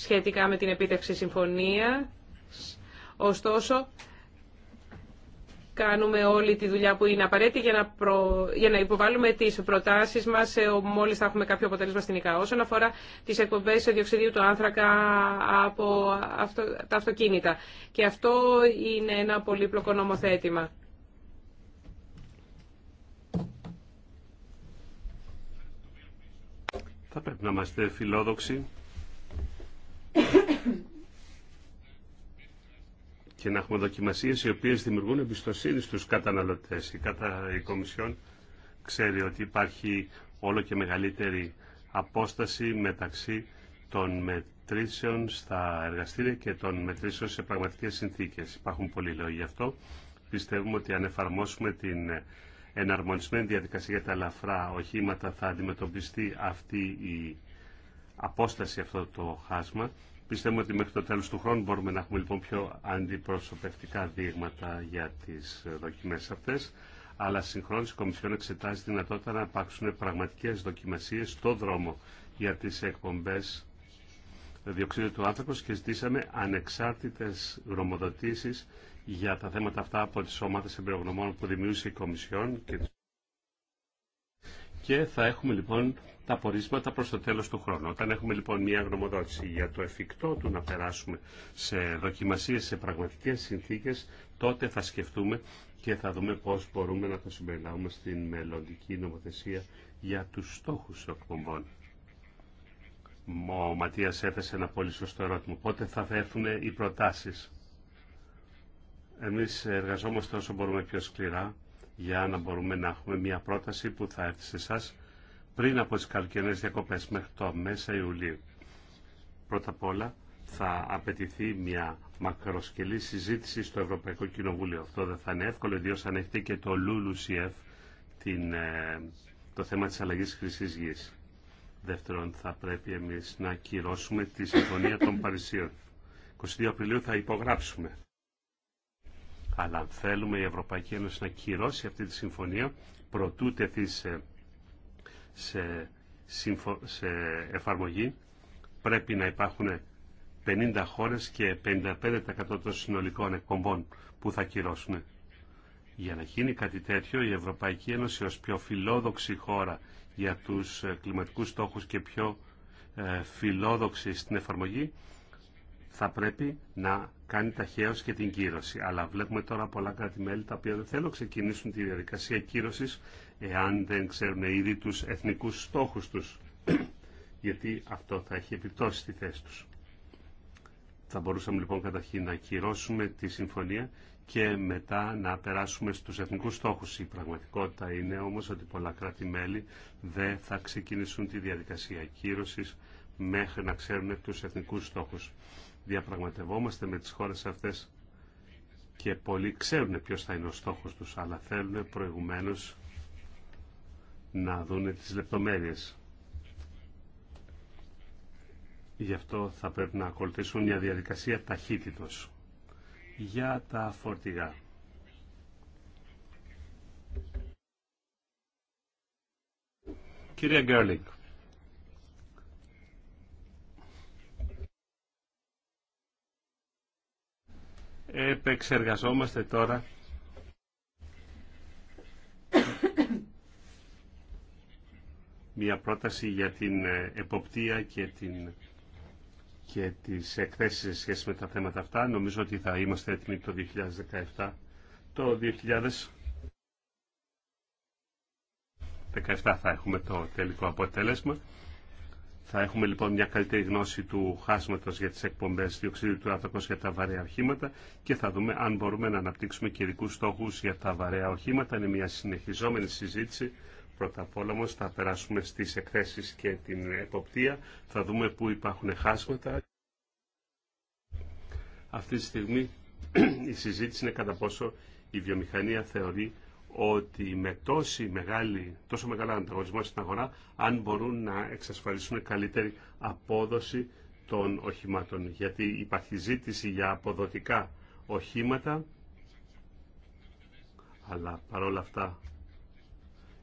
σχετικά με την επίτευξη συμφωνία. Ωστόσο, κάνουμε όλη τη δουλειά που είναι απαραίτητη για να, για να υποβάλουμε τις προτάσεις μας μόλις θα έχουμε κάποιο αποτέλεσμα στην ΕΚΑ Όσον αφορά τις εκπομπές διοξιδίου του άνθρακα από αυτο... τα αυτοκίνητα. Και αυτό είναι ένα πολύπλοκο νομοθέτημα. Θα πρέπει να είμαστε φιλόδοξοι και να έχουμε δοκιμασίε οι οποίες δημιουργούν εμπιστοσύνη στου καταναλωτές. Η, κατα... η Κομισιόν ξέρει ότι υπάρχει όλο και μεγαλύτερη απόσταση μεταξύ των μετρήσεων στα εργαστήρια και των μετρήσεων σε πραγματικέ συνθήκες. Υπάρχουν πολλοί λόγοι γι' αυτό. Πιστεύουμε ότι αν εφαρμόσουμε την εναρμονισμένη διαδικασία για τα ελαφρά οχήματα θα αντιμετωπιστεί αυτή η απόσταση αυτό το χάσμα. Πιστεύουμε ότι μέχρι το τέλος του χρόνου μπορούμε να έχουμε λοιπόν πιο αντιπροσωπευτικά δείγματα για τις δοκιμές αυτές, αλλά συγχρόνως η Κομισιόν εξετάζει δυνατότητα να υπάρξουν πραγματικές δοκιμασίες στο δρόμο για τις εκπομπές διοξείδιο του άνθρακος και ζητήσαμε ανεξάρτητες γνωμοδοτήσεις για τα θέματα αυτά από τις ομάδες εμπειρογνωμών που δημιούργησε η Κομισιόν και θα έχουμε λοιπόν τα πορίσματα προς το τέλος του χρόνου. Όταν έχουμε λοιπόν μια γνωμοδότηση για το εφικτό του να περάσουμε σε δοκιμασίες, σε πραγματικές συνθήκες, τότε θα σκεφτούμε και θα δούμε πώς μπορούμε να το συμπεριλάβουμε στην μελλοντική νομοθεσία για τους στόχους των εκπομπών. Ο Ματίας έθεσε ένα πολύ σωστό ερώτημα. Πότε θα έρθουν οι προτάσεις. Εμείς εργαζόμαστε όσο μπορούμε πιο σκληρά για να μπορούμε να έχουμε μια πρόταση που θα έρθει σε εσά πριν από τις καλοκαιρινές διακοπές μέχρι το μέσα Ιουλίου. Πρώτα απ' όλα θα απαιτηθεί μια μακροσκελή συζήτηση στο Ευρωπαϊκό Κοινοβούλιο. Αυτό δεν θα είναι εύκολο, ιδίω αν έχετε και το LULUCF, την, ε, το θέμα της αλλαγής χρυσής γης. Δεύτερον, θα πρέπει εμείς να κυρώσουμε τη Συμφωνία των Παρισίων. 22 Απριλίου θα υπογράψουμε. Αλλά αν θέλουμε η Ευρωπαϊκή Ένωση να κυρώσει αυτή τη συμφωνία, προτού τεθεί σε σε, σε εφαρμογή. Πρέπει να υπάρχουν 50 χώρες και 55% των συνολικών εκπομπών που θα κυρώσουν. Για να γίνει κάτι τέτοιο, η Ευρωπαϊκή Ένωση ως πιο φιλόδοξη χώρα για τους ε, κλιματικούς στόχους και πιο ε, φιλόδοξη στην εφαρμογή, θα πρέπει να κάνει ταχαίως και την κύρωση. Αλλά βλέπουμε τώρα πολλά κράτη-μέλη τα οποία δεν θέλουν ξεκινήσουν τη διαδικασία κύρωσης εάν δεν ξέρουν ήδη τους εθνικούς στόχους τους, γιατί αυτό θα έχει επιπτώσει στη θέση τους. Θα μπορούσαμε λοιπόν καταρχήν να ακυρώσουμε τη συμφωνία και μετά να περάσουμε στους εθνικούς στόχους. Η πραγματικότητα είναι όμως ότι πολλά κράτη-μέλη δεν θα ξεκινήσουν τη διαδικασία ακύρωσης μέχρι να ξέρουν τους εθνικούς στόχους. Διαπραγματευόμαστε με τις χώρες αυτές και πολλοί ξέρουν ποιος θα είναι ο στόχος τους, αλλά θέλουν προηγουμένως να δούνε τις λεπτομέρειες. Γι' αυτό θα πρέπει να ακολουθήσουν μια διαδικασία ταχύτητος για τα φορτηγά. Κυρία Γκέρλικ, επεξεργαζόμαστε τώρα μια πρόταση για την ε, εποπτεία και, την, και τις εκθέσεις σε σχέση με τα θέματα αυτά. Νομίζω ότι θα είμαστε έτοιμοι το 2017. Το 2017 θα έχουμε το τελικό αποτέλεσμα. Θα έχουμε λοιπόν μια καλύτερη γνώση του χάσματος για τις εκπομπές διοξιδίου του άνθρακος για τα βαρέα οχήματα και θα δούμε αν μπορούμε να αναπτύξουμε και ειδικού στόχους για τα βαρέα οχήματα. Είναι μια συνεχιζόμενη συζήτηση Πρώτα απ' όλα όμως θα περάσουμε στις εκθέσεις και την εποπτεία. Θα δούμε πού υπάρχουν χάσματα. Αυτή τη στιγμή η συζήτηση είναι κατά πόσο η βιομηχανία θεωρεί ότι με τόση μεγάλη, τόσο μεγάλο ανταγωνισμό στην αγορά, αν μπορούν να εξασφαλίσουν καλύτερη απόδοση των οχημάτων. Γιατί υπάρχει ζήτηση για αποδοτικά οχήματα, αλλά παρόλα αυτά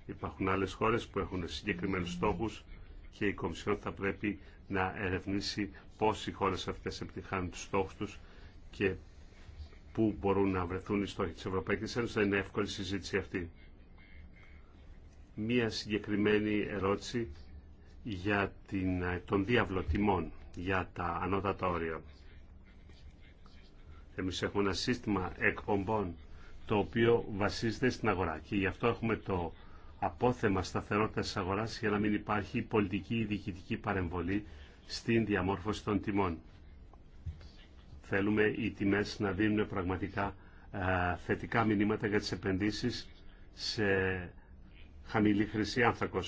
Υπάρχουν άλλες χώρες που έχουν συγκεκριμένους στόχους και η Κομισιόν θα πρέπει να ερευνήσει πώς οι χώρες αυτές επιτυχάνουν τους στόχους τους και πού μπορούν να βρεθούν οι στόχοι της Ευρωπαϊκής Ένωσης. Δεν είναι εύκολη συζήτηση αυτή. Μία συγκεκριμένη ερώτηση για την, τον διάβλο τιμών για τα ανώτατα όρια. Εμείς έχουμε ένα σύστημα εκπομπών το οποίο βασίζεται στην αγορά και γι' αυτό έχουμε το απόθεμα σταθερότητα τη αγορά για να μην υπάρχει πολιτική ή διοικητική παρεμβολή στην διαμόρφωση των τιμών. Θέλουμε οι τιμέ να δίνουν πραγματικά θετικά μηνύματα για τι επενδύσει σε χαμηλή χρυσή άνθρακο.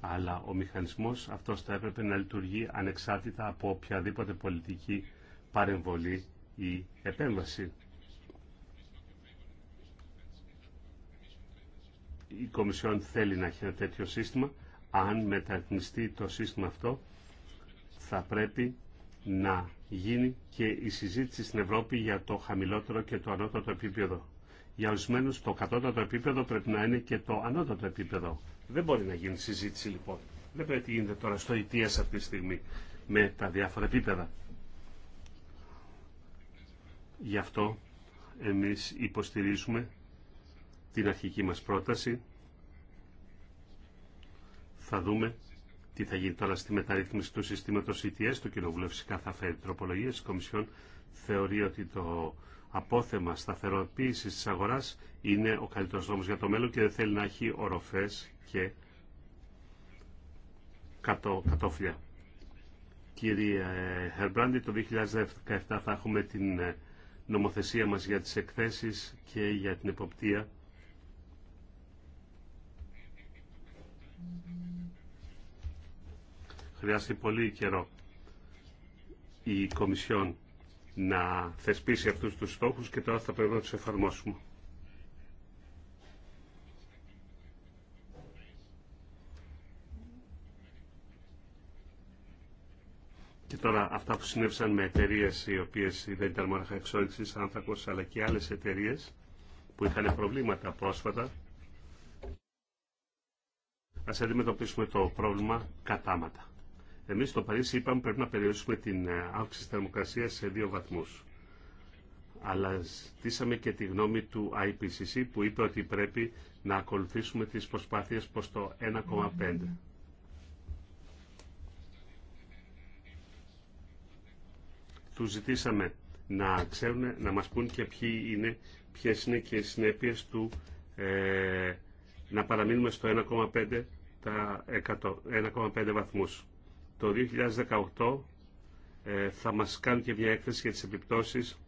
Αλλά ο μηχανισμός αυτός θα έπρεπε να λειτουργεί ανεξάρτητα από οποιαδήποτε πολιτική παρεμβολή ή επέμβαση. η Κομισιόν θέλει να έχει ένα τέτοιο σύστημα. Αν μεταρρυθμιστεί το σύστημα αυτό, θα πρέπει να γίνει και η συζήτηση στην Ευρώπη για το χαμηλότερο και το ανώτατο επίπεδο. Για ορισμένου το κατώτατο επίπεδο πρέπει να είναι και το ανώτατο επίπεδο. Δεν μπορεί να γίνει συζήτηση λοιπόν. Δεν πρέπει να γίνεται τώρα στο αυτή τη στιγμή με τα διάφορα επίπεδα. Γι' αυτό εμείς υποστηρίζουμε την αρχική μας πρόταση. Θα δούμε τι θα γίνει τώρα στη μεταρρύθμιση του συστήματος ETS. Το Κοινοβούλιο φυσικά θα φέρει τροπολογίες. Η Κομισιόν θεωρεί ότι το απόθεμα σταθεροποίησης της αγοράς είναι ο καλύτερος δρόμος για το μέλλον και δεν θέλει να έχει οροφές και κατώ, κατόφλια. Κύριε το 2017 θα έχουμε την νομοθεσία μας για τις εκθέσεις και για την εποπτεία Χρειάστηκε πολύ καιρό η Κομισιόν να θεσπίσει αυτούς τους στόχους και τώρα θα πρέπει να τους εφαρμόσουμε. Και τώρα αυτά που συνέβησαν με εταιρείε οι οποίε δεν ήταν μόνο εξόριξη αλλά και άλλε εταιρείε που είχαν προβλήματα πρόσφατα Α αντιμετωπίσουμε το πρόβλημα κατάματα. Εμεί στο Παρίσι είπαμε πρέπει να περιορίσουμε την ε, αύξηση τη θερμοκρασίας σε δύο βαθμού. Αλλά ζητήσαμε και τη γνώμη του IPCC που είπε ότι πρέπει να ακολουθήσουμε τις προσπάθειες προς το 1,5. Του ζητήσαμε να ξέρουν, να μας πούν και ποιοι είναι, ποιες είναι και οι συνέπειες του ε, να παραμείνουμε στο 1,5 1,5 βαθμούς. Το 2018 ε, θα μας κάνει και μια έκθεση για τις επιπτώσεις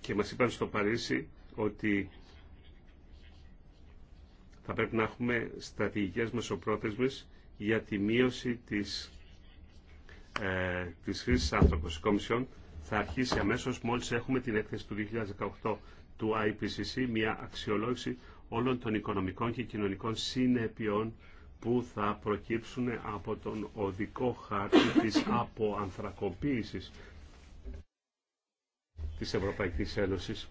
και μας είπαν στο Παρίσι ότι θα πρέπει να έχουμε στρατηγικές μεσοπρόθεσμες για τη μείωση της, ε, της χρήσης άνθρωπος. Η Κομισιόν θα αρχίσει αμέσως μόλις έχουμε την έκθεση του 2018 του IPCC μια αξιολόγηση όλων των οικονομικών και κοινωνικών συνέπειων που θα προκύψουν από τον οδικό χάρτη της αποανθρακοποίησης της Ευρωπαϊκής Ένωσης.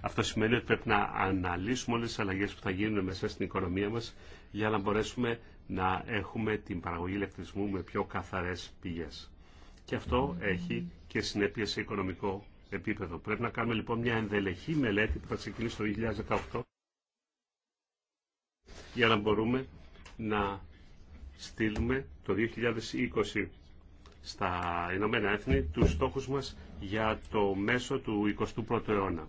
Αυτό σημαίνει ότι πρέπει να αναλύσουμε όλες τις αλλαγές που θα γίνουν μέσα στην οικονομία μας για να μπορέσουμε να έχουμε την παραγωγή ηλεκτρισμού με πιο καθαρές πηγές. Και αυτό έχει και συνέπειες σε οικονομικό επίπεδο. Πρέπει να κάνουμε λοιπόν μια ενδελεχή μελέτη που θα ξεκινήσει το 2018 για να μπορούμε να στείλουμε το 2020 στα Ηνωμένα Έθνη τους στόχους μας για το μέσο του 21ου αιώνα,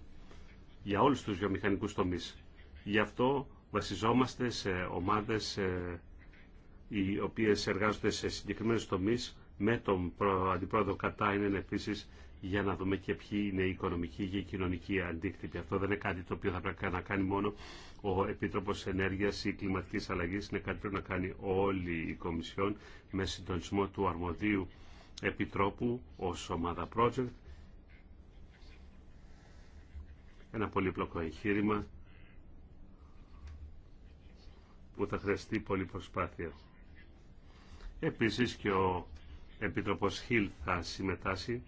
για όλους τους βιομηχανικούς τομείς. Γι' αυτό βασιζόμαστε σε ομάδες ε, οι οποίες εργάζονται σε συγκεκριμένους τομείς με τον αντιπρόεδρο Κατά είναι επίσης για να δούμε και ποιοι είναι οι οικονομικοί και οι κοινωνικοί αντίκτυποι. Αυτό δεν είναι κάτι το οποίο θα πρέπει να κάνει μόνο ο Επίτροπο Ενέργεια ή Κλιματική Αλλαγή. Είναι κάτι που πρέπει να κάνει όλη η Κομισιόν με συντονισμό του αρμοδίου Επιτρόπου ω ομάδα project. Ένα πολύπλοκο εγχείρημα που θα χρειαστεί πολλή προσπάθεια. Επίσης και ο Επίτροπος Χιλ θα συμμετάσχει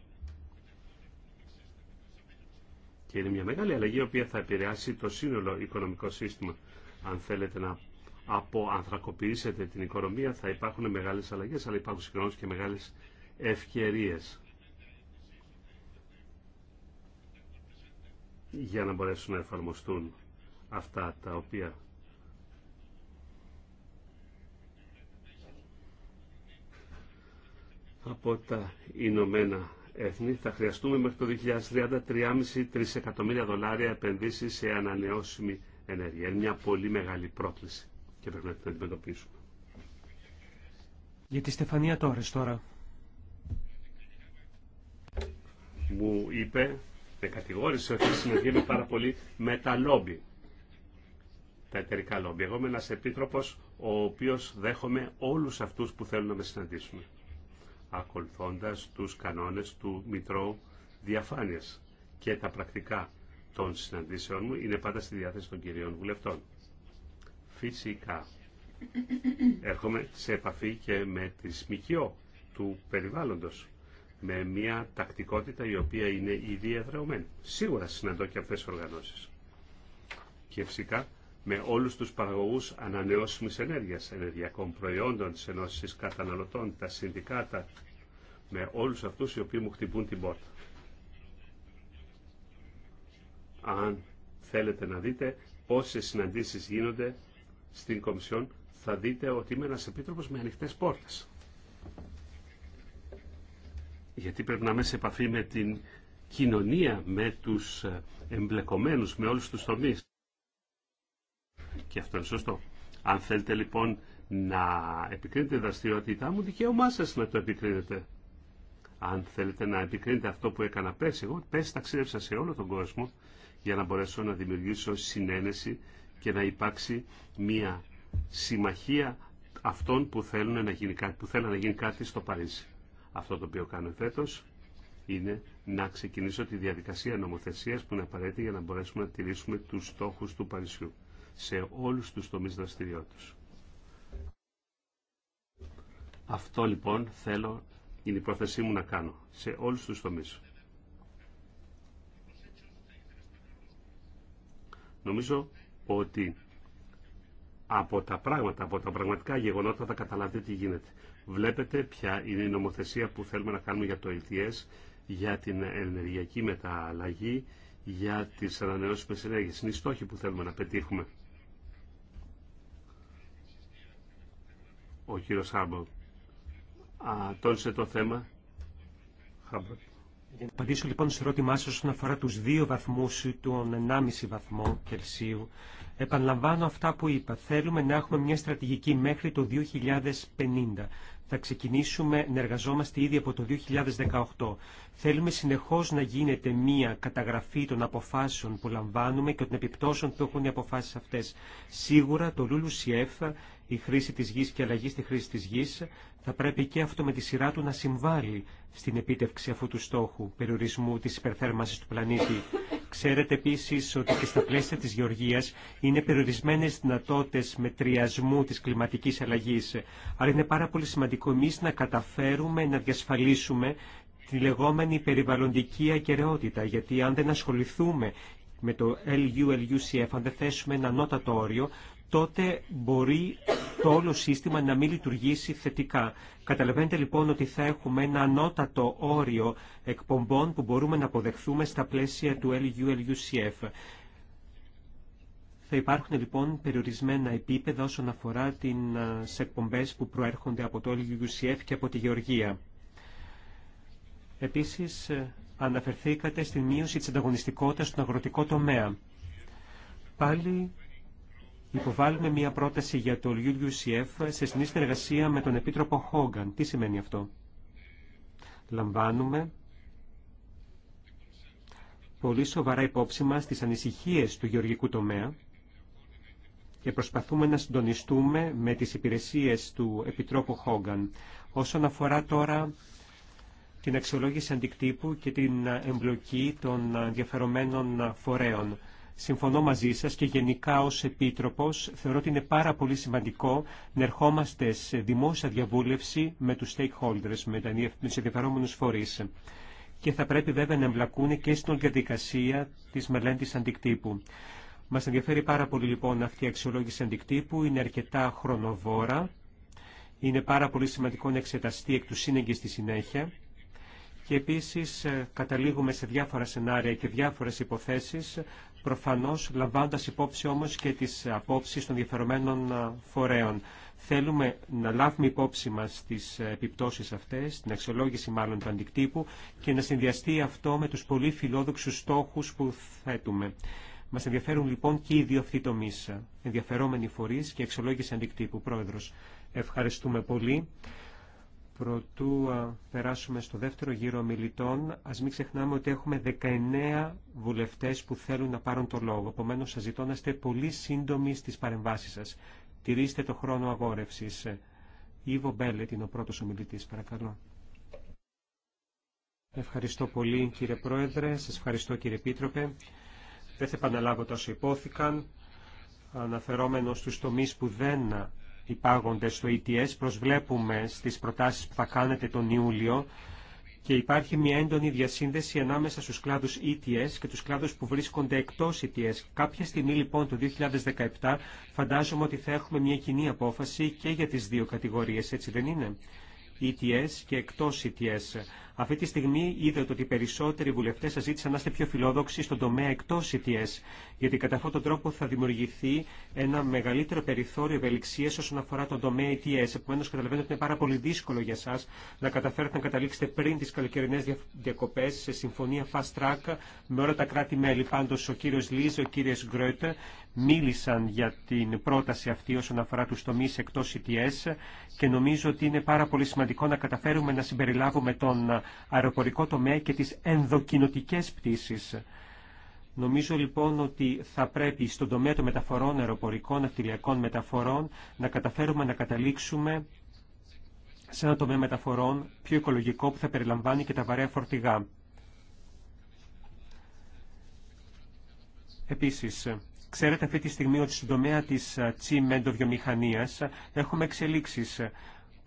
και είναι μια μεγάλη αλλαγή η οποία θα επηρεάσει το σύνολο οικονομικό σύστημα. Αν θέλετε να αποανθρακοποιήσετε την οικονομία θα υπάρχουν μεγάλες αλλαγές, αλλά υπάρχουν συγχρόνως και μεγάλες ευκαιρίες. για να μπορέσουν να εφαρμοστούν αυτά τα οποία από τα Ηνωμένα Έθνη θα χρειαστούμε μέχρι το 2030 3,5-3 εκατομμύρια δολάρια επενδύσεις σε ανανεώσιμη ενέργεια. Είναι μια πολύ μεγάλη πρόκληση και πρέπει να την αντιμετωπίσουμε. Για τη Στεφανία Τόρες τώρα. Μου είπε, με κατηγόρησε ότι συνεργεύει πάρα πολύ με τα λόμπι. Τα εταιρικά λόμπι. Εγώ είμαι ένας επίτροπος ο οποίος δέχομαι όλους αυτούς που θέλουν να με συναντήσουμε ακολουθώντας τους κανόνες του Μητρώου Διαφάνειας και τα πρακτικά των συναντήσεων μου είναι πάντα στη διάθεση των κυρίων βουλευτών. Φυσικά, έρχομαι σε επαφή και με τη σμικιό του περιβάλλοντος, με μια τακτικότητα η οποία είναι ήδη εδρεωμένη. Σίγουρα συναντώ και αυτές τις οργανώσεις. Και φυσικά με όλους τους παραγωγούς ανανεώσιμης ενέργειας, ενεργειακών προϊόντων, της Ενώσης Καταναλωτών, τα συνδικάτα, με όλους αυτούς οι οποίοι μου χτυπούν την πόρτα. Αν θέλετε να δείτε πόσες συναντήσεις γίνονται στην Κομισιόν, θα δείτε ότι είμαι ένας επίτροπος με ανοιχτές πόρτες. Γιατί πρέπει να είμαι σε επαφή με την κοινωνία, με τους εμπλεκομένους, με όλους τους τομείς. Και αυτό είναι σωστό. Αν θέλετε λοιπόν να επικρίνετε δραστηριότητά μου, δικαίωμά σα να το επικρίνετε. Αν θέλετε να επικρίνετε αυτό που έκανα πέρσι, εγώ πέρσι ταξίδευσα σε όλο τον κόσμο για να μπορέσω να δημιουργήσω συνένεση και να υπάρξει μια συμμαχία αυτών που, θέλουν να γίνει κάτι, που θέλουν να γίνει κάτι στο Παρίσι. Αυτό το οποίο κάνω φέτο είναι να ξεκινήσω τη διαδικασία νομοθεσίας που είναι απαραίτητη για να μπορέσουμε να τηρήσουμε τους στόχους του Παρισιού σε όλους τους τομείς δραστηριότητα. Αυτό λοιπόν θέλω, είναι η πρόθεσή μου να κάνω, σε όλους τους τομείς. Νομίζω ότι από τα πράγματα, από τα πραγματικά γεγονότα θα καταλάβετε τι γίνεται. Βλέπετε ποια είναι η νομοθεσία που θέλουμε να κάνουμε για το ETS, για την ενεργειακή μεταλλαγή, για τις ανανεώσιμες ενέργειες. Είναι οι στόχοι που θέλουμε να πετύχουμε. ο κύριος Χάμπορ. τόνισε το θέμα. Χάμπορ. Για να απαντήσω λοιπόν σε ερώτημά σα όσον αφορά τους δύο βαθμούς ή τον 1,5 βαθμό Κελσίου, επαναλαμβάνω αυτά που είπα. Θέλουμε να έχουμε μια στρατηγική μέχρι το 2050 θα ξεκινήσουμε να εργαζόμαστε ήδη από το 2018. Θέλουμε συνεχώς να γίνεται μία καταγραφή των αποφάσεων που λαμβάνουμε και των επιπτώσεων που έχουν οι αποφάσεις αυτές. Σίγουρα το Λούλουσιεφ, η χρήση της γης και η αλλαγή στη χρήση της γης, θα πρέπει και αυτό με τη σειρά του να συμβάλλει στην επίτευξη αυτού του στόχου περιορισμού της υπερθέρμανσης του πλανήτη. Ξέρετε επίση ότι και στα πλαίσια της γεωργίας είναι περιορισμένες δυνατότητε μετριασμού της κλιματική αλλαγή. Άρα είναι πάρα πολύ σημαντικό εμεί να καταφέρουμε να διασφαλίσουμε τη λεγόμενη περιβαλλοντική ακαιρεότητα, γιατί αν δεν ασχοληθούμε με το LULUCF, αν δεν θέσουμε ένα ανώτατο όριο, τότε μπορεί το όλο σύστημα να μην λειτουργήσει θετικά. Καταλαβαίνετε λοιπόν ότι θα έχουμε ένα ανώτατο όριο εκπομπών που μπορούμε να αποδεχθούμε στα πλαίσια του LULUCF. Θα υπάρχουν λοιπόν περιορισμένα επίπεδα όσον αφορά τις εκπομπές που προέρχονται από το LULUCF και από τη Γεωργία. Επίσης, αναφερθήκατε στη μείωση της ανταγωνιστικότητας στον αγροτικό τομέα. Πάλι υποβάλλουμε μία πρόταση για το UUCF σε συνεργασία με τον Επίτροπο Χόγκαν. Τι σημαίνει αυτό. Λαμβάνουμε πολύ σοβαρά υπόψη μας τις ανησυχίες του γεωργικού τομέα και προσπαθούμε να συντονιστούμε με τις υπηρεσίες του Επιτρόπου Χόγκαν. Όσον αφορά τώρα την αξιολόγηση αντικτύπου και την εμπλοκή των ενδιαφερομένων φορέων. Συμφωνώ μαζί σας και γενικά ως Επίτροπος θεωρώ ότι είναι πάρα πολύ σημαντικό να ερχόμαστε σε δημόσια διαβούλευση με τους stakeholders, με τους ενδιαφερόμενους φορείς. Και θα πρέπει βέβαια να εμπλακούν και στην διαδικασία της μελέτης αντικτύπου. Μας ενδιαφέρει πάρα πολύ λοιπόν αυτή η αξιολόγηση αντικτύπου, είναι αρκετά χρονοβόρα, είναι πάρα πολύ σημαντικό να εξεταστεί εκ του σύνεγγυ στη συνέχεια και επίσης ε, καταλήγουμε σε διάφορα σενάρια και διάφορες υποθέσεις προφανώς λαμβάνοντας υπόψη όμως και τις απόψεις των διαφερομένων φορέων. Θέλουμε να λάβουμε υπόψη μας τις επιπτώσεις αυτές, την αξιολόγηση μάλλον του αντικτύπου και να συνδυαστεί αυτό με τους πολύ φιλόδοξους στόχους που θέτουμε. Μας ενδιαφέρουν λοιπόν και οι δύο αυτοί ενδιαφερόμενοι φορείς και αξιολόγηση αντικτύπου. Πρόεδρος, ευχαριστούμε πολύ. Προτού περάσουμε στο δεύτερο γύρο μιλητών, ας μην ξεχνάμε ότι έχουμε 19 βουλευτές που θέλουν να πάρουν το λόγο. Επομένω, σας ζητώ να είστε πολύ σύντομοι στις παρεμβάσεις σας. Τηρήστε το χρόνο αγόρευσης. Ηβο Μπέλετ είναι ο πρώτος ομιλητής, παρακαλώ. Ευχαριστώ πολύ κύριε Πρόεδρε, σας ευχαριστώ κύριε Πίτροπε. Δεν θα επαναλάβω τόσο υπόθηκαν, αναφερόμενο στους τομείς που δεν υπάγονται στο ETS. Προσβλέπουμε στις προτάσεις που θα κάνετε τον Ιούλιο και υπάρχει μια έντονη διασύνδεση ανάμεσα στους κλάδους ETS και τους κλάδους που βρίσκονται εκτός ETS. Κάποια στιγμή λοιπόν το 2017 φαντάζομαι ότι θα έχουμε μια κοινή απόφαση και για τις δύο κατηγορίες, έτσι δεν είναι, ETS και εκτός ETS. Αυτή τη στιγμή είδατε ότι οι περισσότεροι βουλευτέ σα ζήτησαν να είστε πιο φιλόδοξοι στον τομέα εκτό ETS, γιατί κατά αυτόν τον τρόπο θα δημιουργηθεί ένα μεγαλύτερο περιθώριο ευελιξία όσον αφορά τον τομέα ETS. Επομένω, καταλαβαίνετε ότι είναι πάρα πολύ δύσκολο για εσά να καταφέρετε να καταλήξετε πριν τι καλοκαιρινέ διακοπέ σε συμφωνία fast track με όλα τα κράτη-μέλη. Πάντω, ο κύριο Λίζ, ο κύριο Γκρότε μίλησαν για την πρόταση αυτή όσον αφορά του τομεί εκτό ETS και νομίζω ότι είναι πάρα πολύ σημαντικό να καταφέρουμε να συμπεριλάβουμε τον αεροπορικό τομέα και τις ενδοκινοτικές πτήσεις. Νομίζω λοιπόν ότι θα πρέπει στον τομέα των μεταφορών αεροπορικών, αυτιλιακών μεταφορών να καταφέρουμε να καταλήξουμε σε ένα τομέα μεταφορών πιο οικολογικό που θα περιλαμβάνει και τα βαρέα φορτηγά. Επίσης, ξέρετε αυτή τη στιγμή ότι στον τομέα της ε, βιομηχανίας έχουμε εξελίξεις.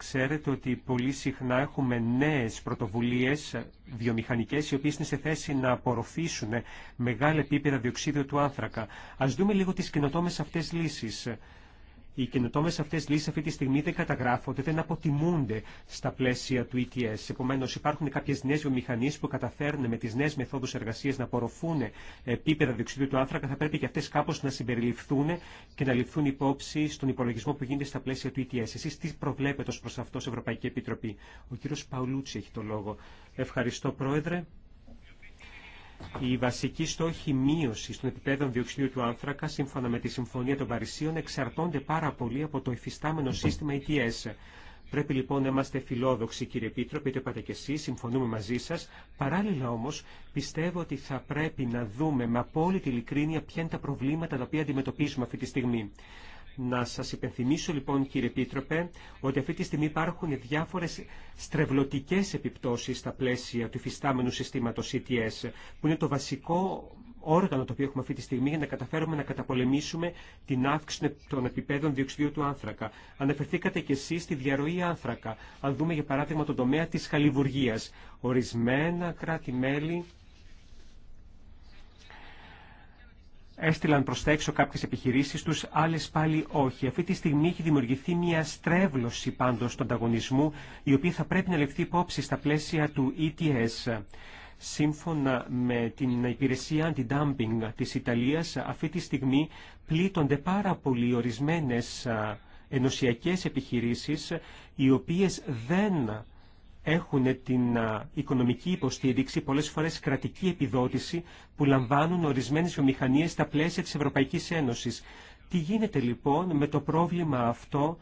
Ξέρετε ότι πολύ συχνά έχουμε νέες πρωτοβουλίες βιομηχανικές οι οποίες είναι σε θέση να απορροφήσουν μεγάλα επίπεδα διοξίδιο του άνθρακα. Ας δούμε λίγο τις κοινοτόμες αυτές λύσεις. Οι καινοτόμε αυτέ λύσει αυτή τη στιγμή δεν καταγράφονται, δεν αποτιμούνται στα πλαίσια του ETS. Επομένω, υπάρχουν κάποιε νέε βιομηχανίε που καταφέρνουν με τι νέε μεθόδου εργασία να απορροφούν επίπεδα διοξιδίου του άνθρακα. Θα πρέπει και αυτέ κάπω να συμπεριληφθούν και να ληφθούν υπόψη στον υπολογισμό που γίνεται στα πλαίσια του ETS. Εσεί τι προβλέπετε ω προ αυτό, Ευρωπαϊκή Επιτροπή. Ο κύριο Παουλούτσι έχει το λόγο. Ευχαριστώ, Πρόεδρε. Οι βασικοί στόχοι μείωση των επιπέδων διοξιδίου του άνθρακα, σύμφωνα με τη Συμφωνία των Παρισίων, εξαρτώνται πάρα πολύ από το υφιστάμενο σύστημα ETS. Πρέπει λοιπόν να είμαστε φιλόδοξοι, κύριε Επίτροπε, πείτε είπατε και εσεί, συμφωνούμε μαζί σα. Παράλληλα όμω, πιστεύω ότι θα πρέπει να δούμε με απόλυτη ειλικρίνεια ποια είναι τα προβλήματα τα οποία αντιμετωπίζουμε αυτή τη στιγμή. Να σας υπενθυμίσω λοιπόν κύριε Επίτροπε ότι αυτή τη στιγμή υπάρχουν διάφορες στρεβλωτικές επιπτώσεις στα πλαίσια του υφιστάμενου συστήματος ETS που είναι το βασικό όργανο το οποίο έχουμε αυτή τη στιγμή για να καταφέρουμε να καταπολεμήσουμε την αύξηση των επιπέδων διοξιδίου του άνθρακα. Αναφερθήκατε και εσεί στη διαρροή άνθρακα. Αν δούμε για παράδειγμα τον τομέα της χαλιβουργίας. Ορισμένα κράτη-μέλη έστειλαν προς τα έξω κάποιες επιχειρήσεις τους, άλλες πάλι όχι. Αυτή τη στιγμή έχει δημιουργηθεί μια στρέβλωση πάντως του ανταγωνισμού, η οποία θα πρέπει να λεφθεί υπόψη στα πλαίσια του ETS. Σύμφωνα με την υπηρεσία anti-dumping της Ιταλίας, αυτή τη στιγμή πλήττονται πάρα πολύ ορισμένες ενωσιακές επιχειρήσεις, οι οποίες δεν έχουν την οικονομική υποστήριξη, πολλές φορές κρατική επιδότηση που λαμβάνουν ορισμένες βιομηχανίες στα πλαίσια της Ευρωπαϊκής Ένωσης. Τι γίνεται λοιπόν με το πρόβλημα αυτό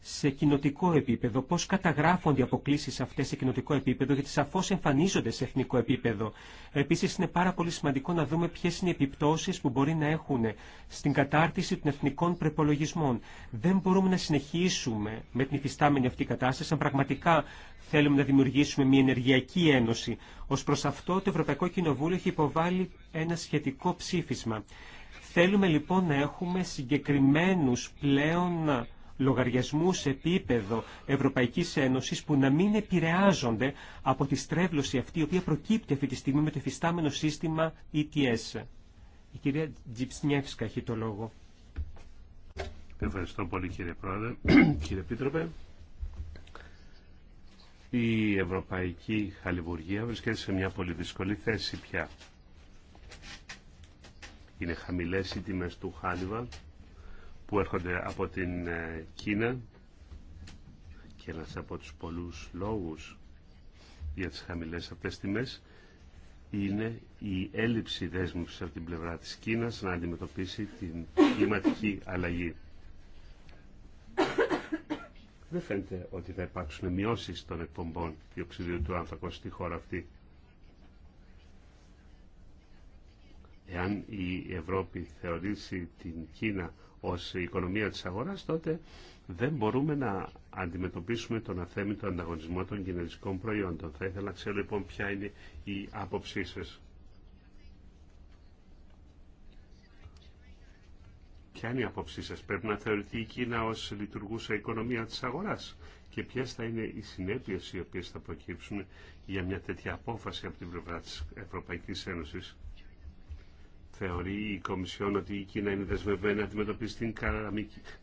σε κοινοτικό επίπεδο, πώς καταγράφονται οι αποκλήσεις αυτές σε κοινοτικό επίπεδο, γιατί σαφώς εμφανίζονται σε εθνικό επίπεδο. Επίσης είναι πάρα πολύ σημαντικό να δούμε ποιες είναι οι επιπτώσεις που μπορεί να έχουν στην κατάρτιση των εθνικών προπολογισμών. Δεν μπορούμε να συνεχίσουμε με την υφιστάμενη αυτή κατάσταση, αν πραγματικά θέλουμε να δημιουργήσουμε μια ενεργειακή ένωση. Ως προς αυτό το Ευρωπαϊκό Κοινοβούλιο έχει υποβάλει ένα σχετικό ψήφισμα. Θέλουμε λοιπόν να έχουμε συγκεκριμένους πλέον λογαριασμού σε επίπεδο Ευρωπαϊκής Ένωση που να μην επηρεάζονται από τη στρέβλωση αυτή η οποία προκύπτει αυτή τη στιγμή με το εφιστάμενο σύστημα ETS. Η κυρία Τζιψνιεύσκα έχει το λόγο. Ευχαριστώ πολύ κύριε Πρόεδρε, κύριε Επίτροπε. Η Ευρωπαϊκή Χαλιβουργία βρίσκεται σε μια πολύ δύσκολη θέση πια. Είναι χαμηλές οι τιμές του χάλιβα που έρχονται από την ε, Κίνα και ένας από τους πολλούς λόγους για τις χαμηλές αυτές τιμές είναι η έλλειψη δέσμευσης από την πλευρά της Κίνας να αντιμετωπίσει την κλιματική αλλαγή. Δεν φαίνεται ότι θα υπάρξουν μειώσεις των εκπομπών διοξιδίου του άνθρακος στη χώρα αυτή. Εάν η Ευρώπη θεωρήσει την Κίνα ως η οικονομία της αγοράς, τότε δεν μπορούμε να αντιμετωπίσουμε τον αθέμητο ανταγωνισμό των κινέζικων προϊόντων. Θα ήθελα να ξέρω λοιπόν ποια είναι η άποψή σας. Ποια είναι η άποψή σας. Πρέπει να θεωρηθεί η Κίνα ως λειτουργούσα οικονομία της αγοράς και ποιε θα είναι οι συνέπειες οι οποίες θα προκύψουν για μια τέτοια απόφαση από την πλευρά της Ευρωπαϊκής Ένωσης. Θεωρεί η Κομισιόν ότι η Κίνα είναι δεσμευμένη να αντιμετωπίσει την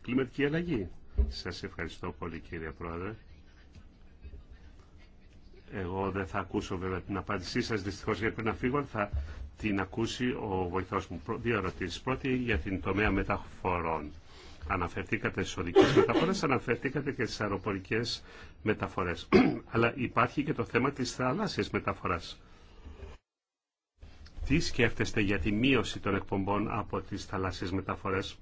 κλιματική αλλαγή. Σας ευχαριστώ πολύ κύριε Πρόεδρε. Εγώ δεν θα ακούσω βέβαια την απάντησή σας, δυστυχώς γιατί πρέπει να φύγω, θα την ακούσει ο βοηθός μου. Δύο ερωτήσεις. Πρώτη για την τομέα μεταφορών. Αναφερθήκατε στις οδικές μεταφορές, αναφερθήκατε και στις αεροπορικές μεταφορές. Αλλά υπάρχει και το θέμα της θαλάσσιας μεταφοράς. Τι σκέφτεστε για τη μείωση των εκπομπών από τις θαλάσσιες μεταφορές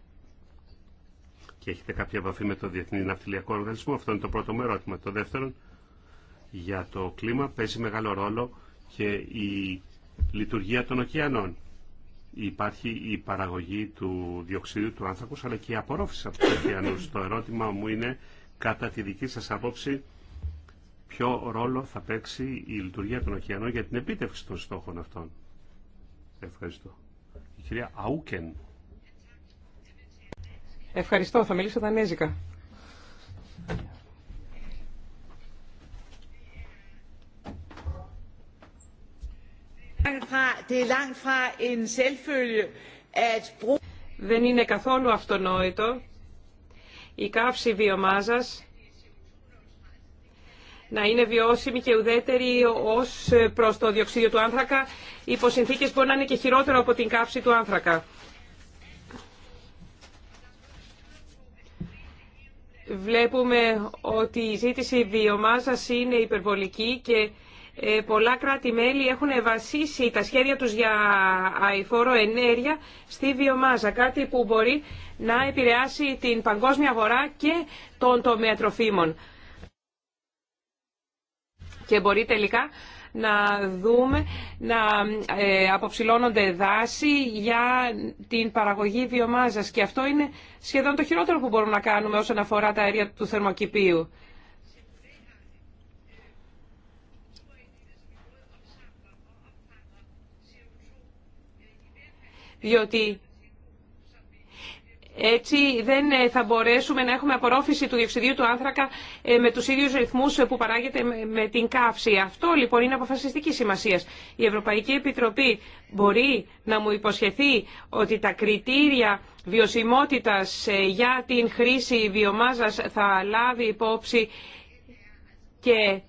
και έχετε κάποια επαφή με το Διεθνή Ναυτιλιακό Οργανισμό. Αυτό είναι το πρώτο μου ερώτημα. Το δεύτερο, για το κλίμα παίζει μεγάλο ρόλο και η λειτουργία των ωκεανών. Υπάρχει η παραγωγή του διοξιδίου του άνθρακους αλλά και η απορρόφηση από τους ωκεανούς. Το ερώτημα μου είναι, κατά τη δική σας απόψη, ποιο ρόλο θα παίξει η λειτουργία των ωκεανών για την επίτευξη των στόχων αυτών. Ευχαριστώ. Η κυρία Αούκεν. Ευχαριστώ. Θα μιλήσω δανέζικα. Er Δεν είναι καθόλου αυτονόητο η καύση βιομάζας να είναι βιώσιμη και ουδέτερη ως προς το διοξίδιο του άνθρακα. Υπό συνθήκες μπορεί να είναι και χειρότερο από την κάψη του άνθρακα. Βλέπουμε ότι η ζήτηση βιομάζας είναι υπερβολική και ε, πολλά κράτη-μέλη έχουν βασίσει τα σχέδια τους για αηφόρο ενέργεια στη βιομάζα, κάτι που μπορεί να επηρεάσει την παγκόσμια αγορά και τον τομέα τροφίμων και μπορεί τελικά να δούμε να ε, αποψηλώνονται δάση για την παραγωγή βιομάζας. Και αυτό είναι σχεδόν το χειρότερο που μπορούμε να κάνουμε όσον αφορά τα αέρια του θερμοκηπίου. Διότι έτσι δεν ε, θα μπορέσουμε να έχουμε απορρόφηση του διοξιδίου του άνθρακα ε, με τους ίδιους ρυθμούς ε, που παράγεται με την καύση. Αυτό λοιπόν είναι αποφασιστική σημασία. Η Ευρωπαϊκή Επιτροπή μπορεί να μου υποσχεθεί ότι τα κριτήρια βιωσιμότητας για την χρήση βιομάζας θα λάβει υπόψη και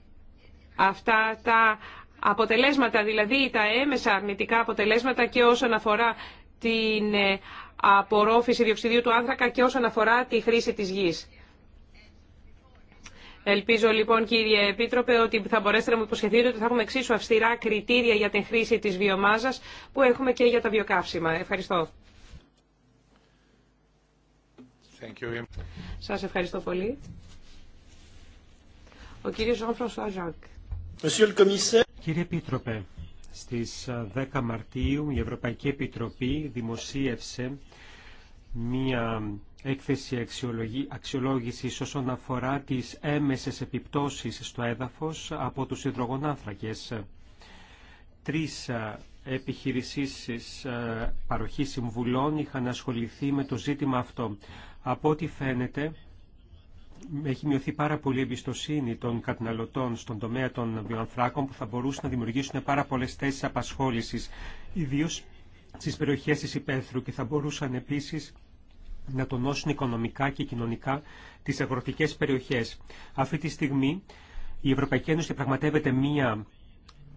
αυτά τα αποτελέσματα, δηλαδή τα έμεσα αρνητικά αποτελέσματα και όσον αφορά την απορρόφηση διοξιδίου του άνθρακα και όσον αφορά τη χρήση της γης. Ελπίζω λοιπόν κύριε Επίτροπε ότι θα μπορέσετε να μου υποσχεθείτε ότι θα έχουμε εξίσου αυστηρά κριτήρια για την χρήση της βιομάζας που έχουμε και για τα βιοκαύσιμα. Ευχαριστώ. Thank Σας ευχαριστώ πολύ. Ο κύριος le Κύριε Επίτροπε, στις 10 ε, Μαρτίου η Ευρωπαϊκή Επιτροπή δημοσίευσε μία έκθεση αξιολόγησης όσον αφορά τις έμεσες επιπτώσεις στο έδαφος από τους υδρογονάνθρακες. Τρεις ε, επιχειρήσεις ε, παροχής συμβουλών είχαν ασχοληθεί με το ζήτημα αυτό. Από ό,τι φαίνεται, έχει μειωθεί πάρα πολύ η εμπιστοσύνη των καταναλωτών στον τομέα των βιοανθράκων που θα μπορούσαν να δημιουργήσουν πάρα πολλέ θέσει απασχόληση, ιδίω στι περιοχέ τη υπαίθρου και θα μπορούσαν επίση να τονώσουν οικονομικά και κοινωνικά τι αγροτικέ περιοχέ. Αυτή τη στιγμή η Ευρωπαϊκή Ένωση πραγματεύεται μία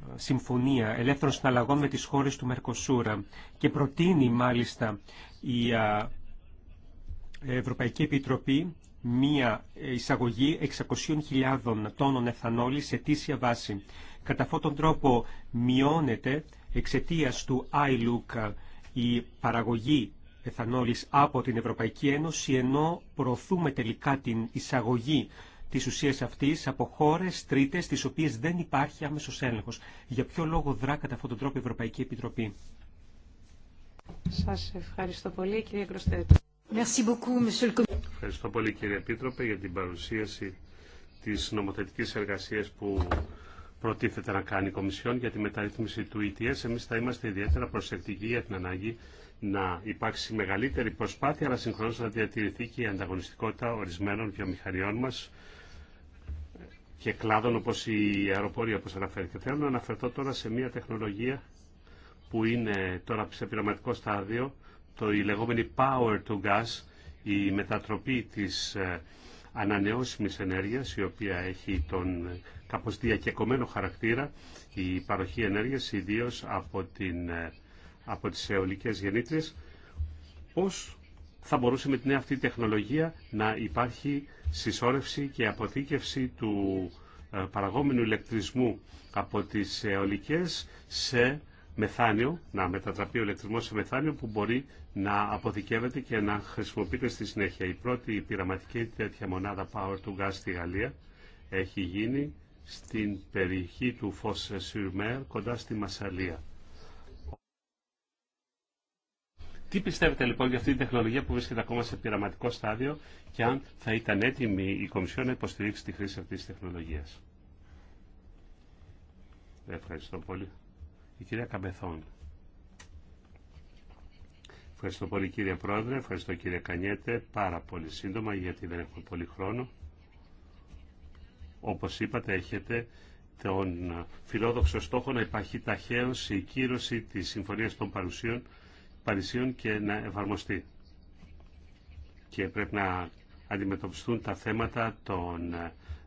ε, συμφωνία ελεύθερων συναλλαγών με τις χώρες του Μερκοσούρα και προτείνει μάλιστα η ε, Ευρωπαϊκή Επιτροπή μία εισαγωγή 600.000 τόνων εθανόλη σε τήσια βάση. Κατά αυτόν τον τρόπο μειώνεται εξαιτία του ILUC η παραγωγή εθανόλης από την Ευρωπαϊκή Ένωση, ενώ προωθούμε τελικά την εισαγωγή της ουσίας αυτής από χώρες τρίτες, τις οποίες δεν υπάρχει άμεσος έλεγχος. Για ποιο λόγο δρά κατά αυτόν τον τρόπο η Ευρωπαϊκή Επιτροπή. Σας ευχαριστώ πολύ, κύριε Ευχαριστώ πολύ κύριε Επίτροπε για την παρουσίαση της νομοθετικής εργασίας που προτίθεται να κάνει η Κομισιόν για τη μεταρρύθμιση του ETS. Εμείς θα είμαστε ιδιαίτερα προσεκτικοί για την ανάγκη να υπάρξει μεγαλύτερη προσπάθεια, αλλά συγχρόνως να διατηρηθεί και η ανταγωνιστικότητα ορισμένων βιομηχανιών μας και κλάδων όπως η αεροπορία όπως αναφέρθηκε. Θέλω να αναφερθώ τώρα σε μια τεχνολογία που είναι τώρα σε πειραματικό στάδιο το, η λεγόμενη power to gas, η μετατροπή της ε, ανανεώσιμης ενέργειας, η οποία έχει τον ε, κάπως διακεκομένο χαρακτήρα, η παροχή ενέργειας, ιδίως από, την, ε, από τις αιωλικές γεννήτριες. πώς θα μπορούσε με την αυτή τεχνολογία να υπάρχει συσσόρευση και αποθήκευση του παραγόμενου ηλεκτρισμού από τις αιωλικές σε μεθάνιο, να μετατραπεί ο ηλεκτρισμός σε μεθάνιο που μπορεί να αποδικεύεται και να χρησιμοποιείται στη συνέχεια. Η πρώτη πειραματική τέτοια μονάδα power to gas στη Γαλλία έχει γίνει στην περιοχή του mer κοντά στη Μασαλία. Τι πιστεύετε λοιπόν για αυτή την τεχνολογία που βρίσκεται ακόμα σε πειραματικό στάδιο και αν θα ήταν έτοιμη η Κομισιόν να υποστηρίξει τη χρήση αυτής της τεχνολογίας. Ευχαριστώ πολύ. Η κυρία Καμπεθόν. Ευχαριστώ πολύ κύριε Πρόεδρε, ευχαριστώ κύριε Κανιέτε, πάρα πολύ σύντομα γιατί δεν έχουμε πολύ χρόνο. Όπως είπατε έχετε τον φιλόδοξο στόχο να υπάρχει ταχαίως η κύρωση της Συμφωνίας των Παρουσίων, Παρισίων και να εφαρμοστεί. Και πρέπει να αντιμετωπιστούν τα θέματα των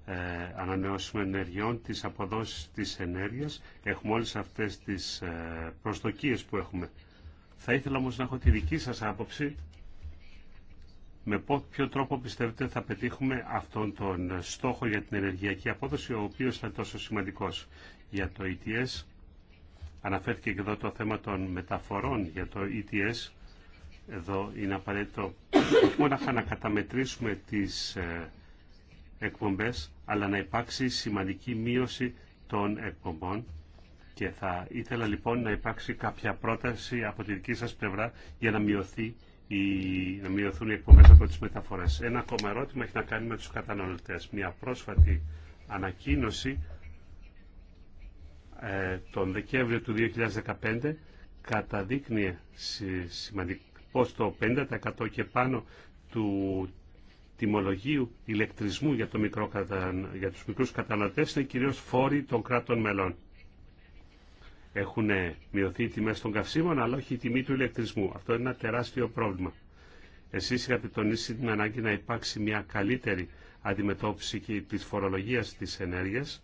ε, ανανεώσιμων ενεργειών, τις αποδόσεις της ενέργειας. Έχουμε όλες αυτές τις ε, προσδοκίες που έχουμε. Θα ήθελα όμως να έχω τη δική σας άποψη με ποιο τρόπο πιστεύετε θα πετύχουμε αυτόν τον στόχο για την ενεργειακή απόδοση, ο οποίος θα είναι τόσο σημαντικός για το ETS. Αναφέρθηκε και εδώ το θέμα των μεταφορών για το ETS. Εδώ είναι απαραίτητο μόνο να καταμετρήσουμε τις ε, εκπομπές, αλλά να υπάρξει σημαντική μείωση των εκπομπών. Και θα ήθελα λοιπόν να υπάρξει κάποια πρόταση από τη δική σας πλευρά για να, μειωθεί η, να μειωθούν οι εκπομπές από τις μεταφορές. Ένα ακόμα ερώτημα έχει να κάνει με τους καταναλωτές. Μια πρόσφατη ανακοίνωση ε, τον Δεκέμβριο του 2015 καταδείκνυε σημαντικό πως το 50% και πάνω του, τιμολογίου ηλεκτρισμού για, το μικρό, για τους μικρούς καταναλωτές είναι κυρίως φόροι των κράτων μελών. Έχουν μειωθεί οι τιμές των καυσίμων, αλλά όχι η τιμή του ηλεκτρισμού. Αυτό είναι ένα τεράστιο πρόβλημα. Εσείς είχατε τονίσει την ανάγκη να υπάρξει μια καλύτερη αντιμετώπιση και της φορολογίας της ενέργειας.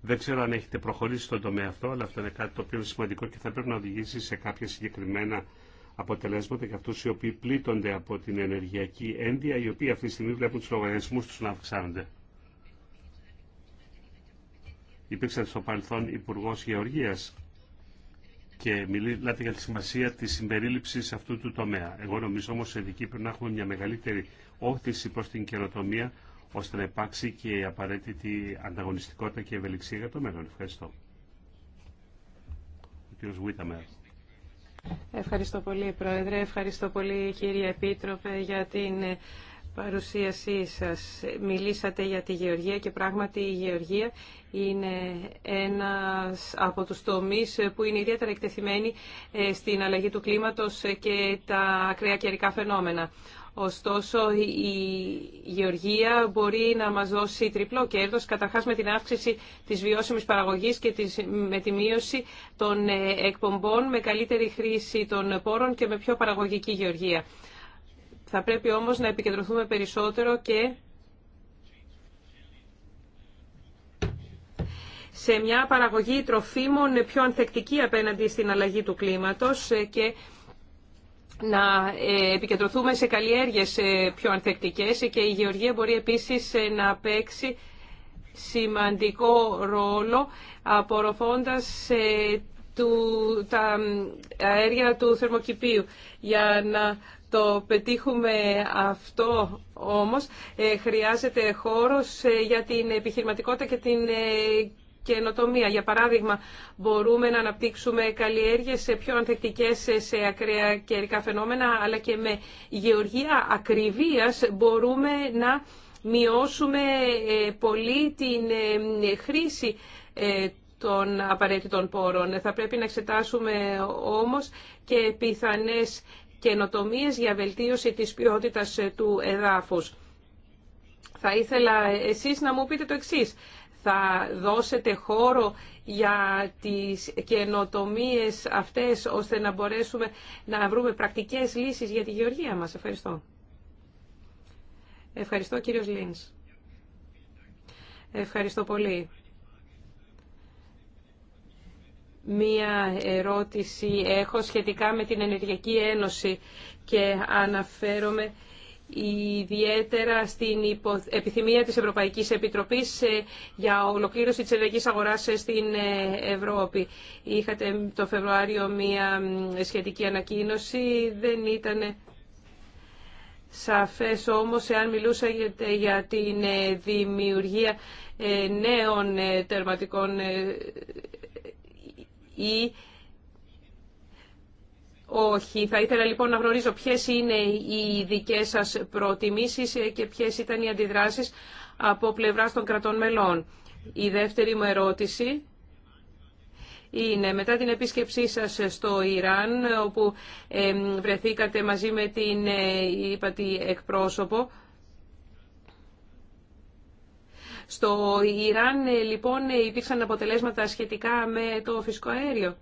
Δεν ξέρω αν έχετε προχωρήσει στον τομέα αυτό, αλλά αυτό είναι κάτι το οποίο είναι σημαντικό και θα πρέπει να οδηγήσει σε κάποια συγκεκριμένα αποτελέσματα και αυτούς οι οποίοι πλήττονται από την ενεργειακή ένδυα, οι οποίοι αυτή τη στιγμή βλέπουν τους λογαριασμούς τους να αυξάνονται. Υπήρξατε στο παρελθόν υπουργό Γεωργία και μιλάτε για τη σημασία τη συμπερίληψη αυτού του τομέα. Εγώ νομίζω όμω ότι εκεί πρέπει να έχουμε μια μεγαλύτερη όχθηση προ την καινοτομία ώστε να υπάρξει και η απαραίτητη ανταγωνιστικότητα και ευελιξία για το μέλλον. Ευχαριστώ. Ο Ευχαριστώ πολύ, Πρόεδρε. Ευχαριστώ πολύ, κύριε Επίτροπε, για την ε, παρουσίασή σας. Μιλήσατε για τη γεωργία και πράγματι η γεωργία είναι ένας από τους τομείς που είναι ιδιαίτερα εκτεθειμένοι ε, στην αλλαγή του κλίματος και τα ακραία καιρικά φαινόμενα. Ωστόσο, η γεωργία μπορεί να μας δώσει τριπλό κέρδος, καταρχάς με την αύξηση της βιώσιμης παραγωγής και της, με τη μείωση των ε, εκπομπών, με καλύτερη χρήση των πόρων και με πιο παραγωγική γεωργία. Θα πρέπει όμως να επικεντρωθούμε περισσότερο και σε μια παραγωγή τροφίμων πιο ανθεκτική απέναντι στην αλλαγή του κλίματος ε, και να ε, επικεντρωθούμε σε καλλιέργειες ε, πιο ανθεκτικές και η γεωργία μπορεί επίσης ε, να παίξει σημαντικό ρόλο απορροφώντας τα αέρια του θερμοκηπίου. Για να το πετύχουμε αυτό όμως χρειάζεται χώρος για την επιχειρηματικότητα και την καινοτομία. Για παράδειγμα, μπορούμε να αναπτύξουμε καλλιέργειες σε πιο ανθεκτικές σε ακραία καιρικά φαινόμενα, αλλά και με γεωργία ακριβίας μπορούμε να μειώσουμε ε, πολύ την ε, χρήση ε, των απαραίτητων πόρων. Θα πρέπει να εξετάσουμε όμως και πιθανές καινοτομίες για βελτίωση της ποιότητας του εδάφους. Θα ήθελα εσείς να μου πείτε το εξής θα δώσετε χώρο για τις καινοτομίες αυτές, ώστε να μπορέσουμε να βρούμε πρακτικές λύσεις για τη γεωργία μας. Ευχαριστώ. Ευχαριστώ κύριος Λίνς. Ευχαριστώ πολύ. Μία ερώτηση έχω σχετικά με την Ενεργειακή Ένωση και αναφέρομαι ιδιαίτερα στην επιθυμία της Ευρωπαϊκής Επιτροπής ε, για ολοκλήρωση της ενεργής αγοράς ε, στην ε, Ευρώπη. Είχατε το Φεβρουάριο μία σχετική ανακοίνωση, δεν ήταν σαφές όμως εάν μιλούσατε για την δημιουργία νέων τερματικών ή όχι. Θα ήθελα λοιπόν να γνωρίζω ποιες είναι οι δικές σας προτιμήσεις και ποιες ήταν οι αντιδράσεις από πλευράς των κρατών μελών. Η δεύτερη μου ερώτηση είναι μετά την επίσκεψή σας στο Ιράν, όπου βρεθήκατε μαζί με την Υπατη ε, εκπρόσωπο, στο Ιράν ε, λοιπόν ε, υπήρξαν αποτελέσματα σχετικά με το φυσικό αέριο.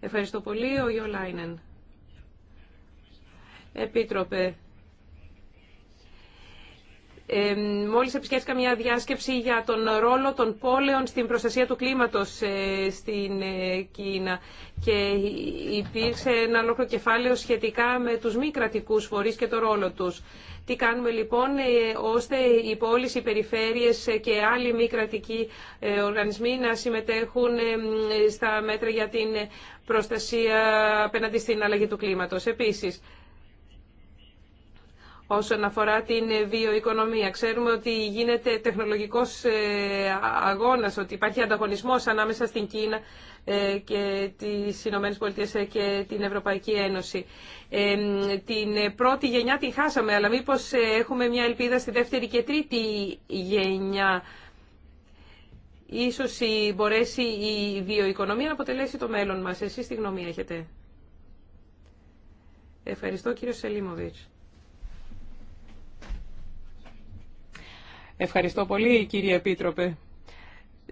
Ευχαριστώ πολύ, ο Γιώλα Επίτροπε, μόλις επισκέφθηκα μια διάσκεψη για τον ρόλο των πόλεων στην προστασία του κλίματος ε, στην ε, Κίνα και υπήρξε ένα ολόκληρο κεφάλαιο σχετικά με τους μη κρατικούς φορείς και το ρόλο τους. Τι κάνουμε λοιπόν ε, ώστε οι πόλεις, οι περιφέρειες και άλλοι μη κρατικοί οργανισμοί να συμμετέχουν στα μέτρα για την προστασία απέναντι στην αλλαγή του κλίματος. Επίσης, όσον αφορά την βιοοικονομία. Ξέρουμε ότι γίνεται τεχνολογικός ε, αγώνας, ότι υπάρχει ανταγωνισμός ανάμεσα στην Κίνα ε, και τις Ηνωμένες Πολιτείες ε, και την Ευρωπαϊκή Ένωση. Την πρώτη γενιά την χάσαμε, αλλά μήπως έχουμε μια ελπίδα στη δεύτερη και τρίτη γενιά. Ίσως μπορέσει η βιοοικονομία να αποτελέσει το μέλλον μας. Εσείς τι γνώμη έχετε. Ευχαριστώ κύριο Σελίμοβιτς. Ευχαριστώ πολύ κύριε Επίτροπε.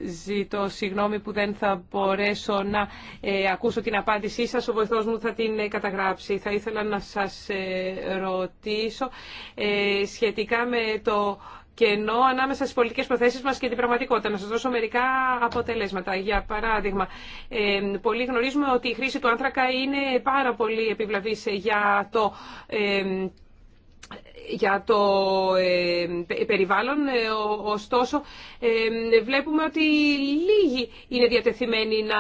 Ζητώ συγγνώμη που δεν θα μπορέσω να ε, ακούσω την απάντησή σας. Ο βοηθός μου θα την ε, καταγράψει. Θα ήθελα να σας ε, ρωτήσω ε, σχετικά με το κενό ανάμεσα στις πολιτικές προθέσεις μας και την πραγματικότητα. Να σας δώσω μερικά αποτελέσματα. Για παράδειγμα, πολλοί γνωρίζουμε ότι η χρήση του άνθρακα είναι πάρα πολύ επιβλαβής για το για το ε, περιβάλλον, ε, ωστόσο ε, βλέπουμε ότι λίγοι είναι διατεθειμένοι να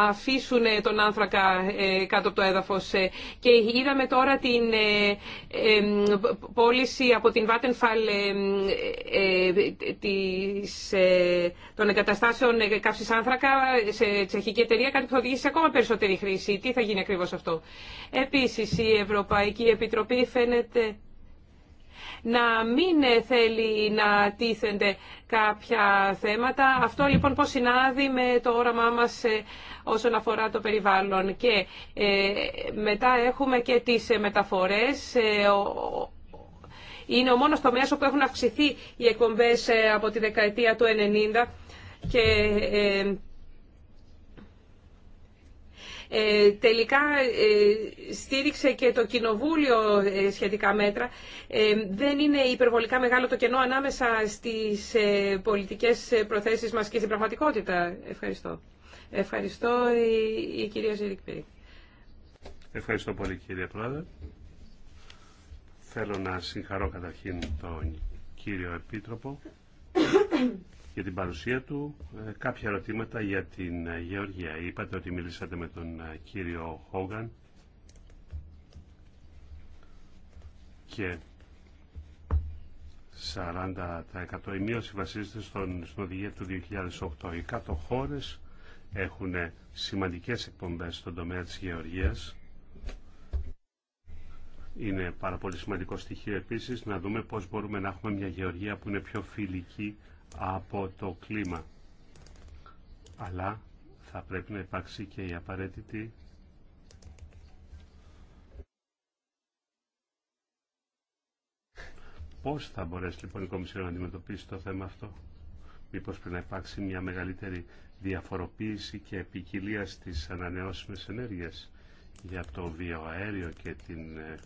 αφήσουν τον άνθρακα κάτω από το έδαφος και είδαμε τώρα την πώληση από την Βάτενφαλ των εγκαταστάσεων καύσης άνθρακα σε τσεχική εταιρεία, κάτι που θα οδηγήσει σε ακόμα περισσότερη χρήση. Τι θα γίνει ακριβώς αυτό. Επίσης η Ευρωπαϊκή Επιτροπή φαίνεται να μην θέλει να τίθενται κάποια θέματα. Αυτό λοιπόν πώς συνάδει με το όραμά μας ε, όσον αφορά το περιβάλλον. Και ε, μετά έχουμε και τις μεταφορές. Ε, είναι ο μόνος τομέας όπου έχουν αυξηθεί οι εκπομπές από τη δεκαετία του 90 και ε, τελικά ε, στήριξε και το Κοινοβούλιο ε, σχετικά μέτρα. Δεν είναι υπερβολικά μεγάλο το κενό ανάμεσα στις πολιτικές προθέσεις μας και στην πραγματικότητα. Ευχαριστώ. Ευχαριστώ η, κυρία Ζηρικπή. Ευχαριστώ πολύ κύριε Πρόεδρε. Θέλω να συγχαρώ καταρχήν τον κύριο Επίτροπο για την παρουσία του. Ε, κάποια ερωτήματα για την ε, Γεωργία. Είπατε ότι μιλήσατε με τον ε, κύριο Χόγκαν και 40% η μείωση βασίζεται στον, στην οδηγία του 2008. Οι κάτω χώρες έχουν σημαντικές εκπομπές στον τομέα της γεωργίας. Είναι πάρα πολύ σημαντικό στοιχείο επίσης να δούμε πώς μπορούμε να έχουμε μια γεωργία που είναι πιο φιλική από το κλίμα. Αλλά θα πρέπει να υπάρξει και η απαραίτητη Πώς θα μπορέσει λοιπόν η Κομισιόν να αντιμετωπίσει το θέμα αυτό. Μήπως πρέπει να υπάρξει μια μεγαλύτερη διαφοροποίηση και επικοιλία στις ανανεώσιμες ενέργειες για το βιοαέριο και την ε,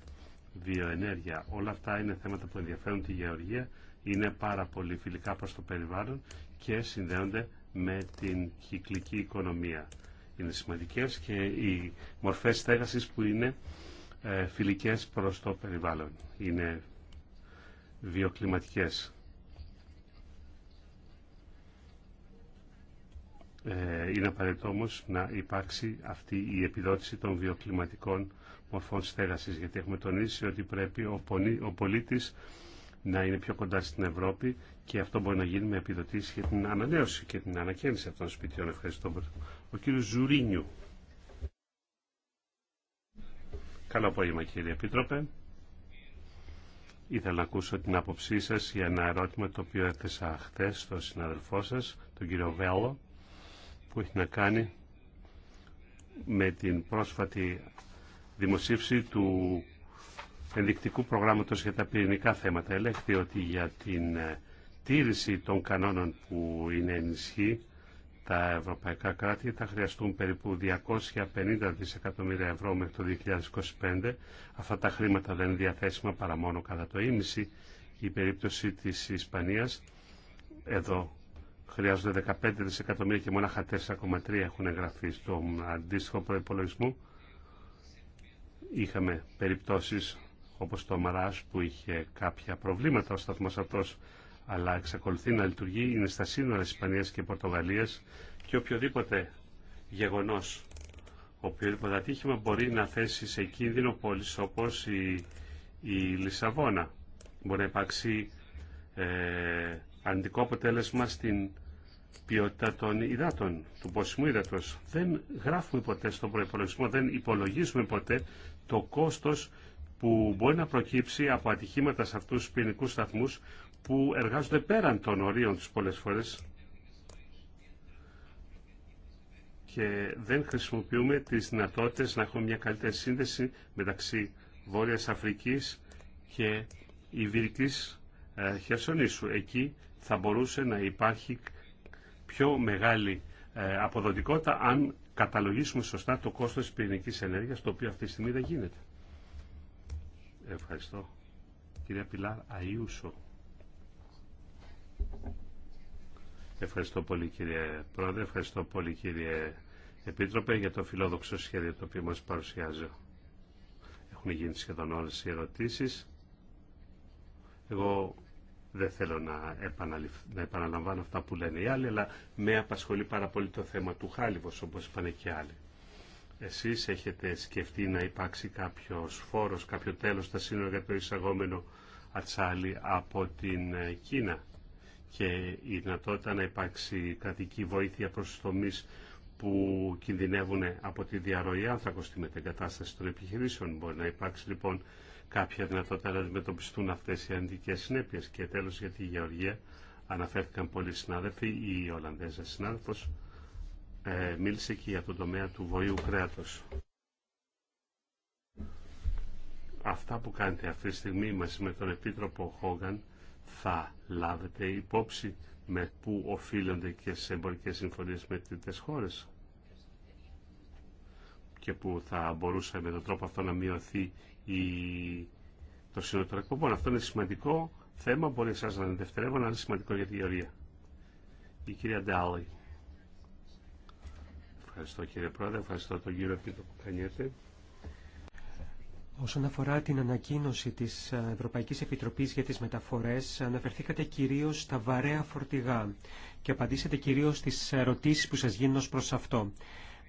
βιοενέργεια. Όλα αυτά είναι θέματα που ενδιαφέρουν τη γεωργία είναι πάρα πολύ φιλικά προς το περιβάλλον και συνδέονται με την κυκλική οικονομία. Είναι σημαντικές και οι μορφές στέγασης που είναι ε, φιλικές προς το περιβάλλον. Είναι βιοκλιματικές. Ε, είναι απαραίτητο όμω να υπάρξει αυτή η επιδότηση των βιοκλιματικών μορφών στέγασης, γιατί έχουμε τονίσει ότι πρέπει ο πολίτης να είναι πιο κοντά στην Ευρώπη και αυτό μπορεί να γίνει με επιδοτήσει για την ανανέωση και την ανακαίνιση αυτών των σπιτιών. Ευχαριστώ πολύ. Ο κύριος Ζουρίνιου. Καλό απόγευμα κύριε Επίτροπε. Ήθελα να ακούσω την άποψή σας για ένα ερώτημα το οποίο έθεσα χθες στον συναδελφό σας, τον κύριο Βέλο που έχει να κάνει με την πρόσφατη δημοσίευση του ενδεικτικού προγράμματος για τα πυρηνικά θέματα. Ελέγχθη ότι για την ε, τήρηση των κανόνων που είναι ενισχύ τα ευρωπαϊκά κράτη θα χρειαστούν περίπου 250 δισεκατομμύρια ευρώ μέχρι το 2025. Αυτά τα χρήματα δεν είναι διαθέσιμα παρά μόνο κατά το ίμιση. Η περίπτωση της Ισπανίας εδώ χρειάζονται 15 δισεκατομμύρια και μόναχα 4,3 έχουν εγγραφεί στον αντίστοιχο προπολογισμό. Είχαμε περιπτώσεις όπως το Μαράς που είχε κάποια προβλήματα ο σταθμός αυτός αλλά εξακολουθεί να λειτουργεί, είναι στα σύνορα της Ισπανίας και Πορτογαλίας και οποιοδήποτε γεγονός, οποιοδήποτε ατύχημα μπορεί να θέσει σε κίνδυνο πόλεις όπως η, η Λισαβόνα. Μπορεί να υπάρξει ε, αποτέλεσμα στην ποιότητα των υδάτων, του πόσιμου υδατός. Δεν γράφουμε ποτέ στον προϋπολογισμό, δεν υπολογίζουμε ποτέ το κόστος που μπορεί να προκύψει από ατυχήματα σε αυτούς τους ποινικούς σταθμούς που εργάζονται πέραν των ορίων τους πολλές φορές και δεν χρησιμοποιούμε τις δυνατότητες να έχουμε μια καλύτερη σύνδεση μεταξύ Βόρειας Αφρικής και Ιβυρικής ε, Χερσονήσου. Εκεί θα μπορούσε να υπάρχει πιο μεγάλη ε, αποδοτικότητα αν καταλογίσουμε σωστά το κόστος της πυρηνικής ενέργειας, το οποίο αυτή τη στιγμή δεν γίνεται. Ευχαριστώ. Κυρία Πιλάρ Αϊούσο. Ευχαριστώ πολύ κύριε Πρόεδρε, ευχαριστώ πολύ κύριε Επίτροπε για το φιλόδοξο σχέδιο το οποίο μας παρουσιάζει. Έχουν γίνει σχεδόν όλες οι ερωτήσεις. Εγώ δεν θέλω να, να επαναλαμβάνω αυτά που λένε οι άλλοι, αλλά με απασχολεί πάρα πολύ το θέμα του χάλιβος, όπως είπαν και άλλοι. Εσείς έχετε σκεφτεί να υπάρξει κάποιος φόρος, κάποιο τέλος στα σύνορα για το εισαγόμενο ατσάλι από την ε, Κίνα και η δυνατότητα να υπάρξει κρατική βοήθεια προς τους τομείς που κινδυνεύουν από τη διαρροή άνθρακος στη μετεγκατάσταση των επιχειρήσεων. Μπορεί να υπάρξει λοιπόν κάποια δυνατότητα να αντιμετωπιστούν αυτές οι αντικές συνέπειες. Και τέλος για τη Γεωργία αναφέρθηκαν πολλοί συνάδελφοι, η Ολλανδέζα συνάδελφος, ε, μίλησε και για τον τομέα του βοήου κρέατος. Αυτά που κάνετε αυτή τη στιγμή μαζί με τον Επίτροπο Χόγκαν θα λάβετε υπόψη με πού οφείλονται και σε εμπορικές συμφωνίες με τις χώρες και που θα μπορούσε με τον τρόπο αυτό να μειωθεί το σύνολο Αυτό είναι σημαντικό θέμα, μπορεί να είναι δευτερεύον, αλλά είναι σημαντικό για τη γεωρία. Η κυρία Ντάλλη. Ευχαριστώ κύριε Πρόεδρε, ευχαριστώ τον κύριο Πίτο που κανιέται. Όσον αφορά την ανακοίνωση της Ευρωπαϊκής Επιτροπής για τις Μεταφορές, αναφερθήκατε κυρίως στα βαρέα φορτηγά και απαντήσατε κυρίως στις ερωτήσεις που σας γίνουν ως προς αυτό.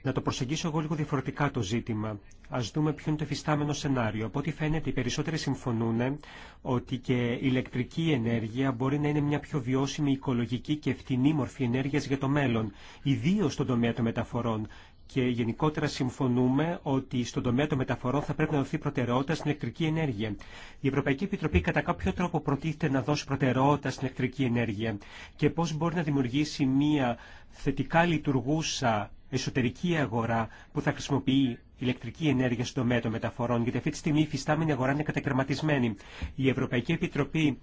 Να το προσεγγίσω εγώ λίγο διαφορετικά το ζήτημα. Α δούμε ποιο είναι το εφιστάμενο σενάριο. Από ό,τι φαίνεται, οι περισσότεροι συμφωνούν ότι και η ηλεκτρική ενέργεια μπορεί να είναι μια πιο βιώσιμη, οικολογική και φτηνή μορφή ενέργεια για το μέλλον, ιδίω στον τομέα των μεταφορών. Και γενικότερα συμφωνούμε ότι στον τομέα των μεταφορών θα πρέπει να δοθεί προτεραιότητα στην ηλεκτρική ενέργεια. Η Ευρωπαϊκή Επιτροπή κατά κάποιο τρόπο προτίθεται να δώσει προτεραιότητα στην ηλεκτρική ενέργεια και πώ μπορεί να δημιουργήσει μια θετικά λειτουργούσα εσωτερική αγορά που θα χρησιμοποιεί ηλεκτρική ενέργεια στον τομέα των μεταφορών, γιατί αυτή τη στιγμή η φυστάμενη αγορά είναι κατακαιρματισμένη. Η Ευρωπαϊκή Επιτροπή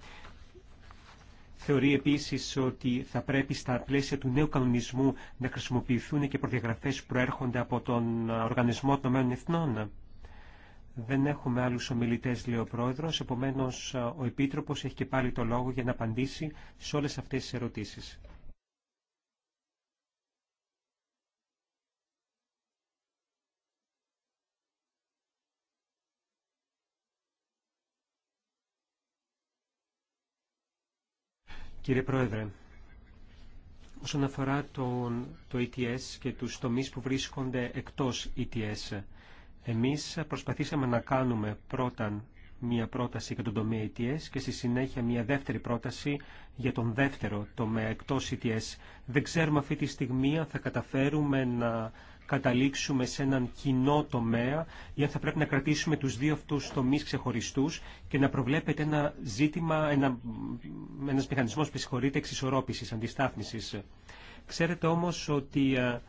θεωρεί επίση ότι θα πρέπει στα πλαίσια του νέου κανονισμού να χρησιμοποιηθούν και προδιαγραφέ που προέρχονται από τον Οργανισμό των Εθνών. Δεν έχουμε άλλους ομιλητές, λέει ο Πρόεδρος, επομένως ο Επίτροπος έχει και πάλι το λόγο για να απαντήσει σε όλες αυτές τις ερωτήσεις. Κύριε Πρόεδρε, όσον αφορά τον, το ETS και τους τομείς που βρίσκονται εκτός ETS, εμείς προσπαθήσαμε να κάνουμε πρώτα μία πρόταση για τον τομέα ETS και στη συνέχεια μία δεύτερη πρόταση για τον δεύτερο τομέα εκτός ETS. Δεν ξέρουμε αυτή τη στιγμή αν θα καταφέρουμε να καταλήξουμε σε έναν κοινό τομέα ή αν θα πρέπει να κρατήσουμε τους δύο αυτούς τομείς ξεχωριστούς και να προβλέπετε ένα ζήτημα, ένα, ένας μηχανισμός που συγχωρείται εξισορρόπησης, αντιστάθμισης. Ξέρετε όμως ότι ε,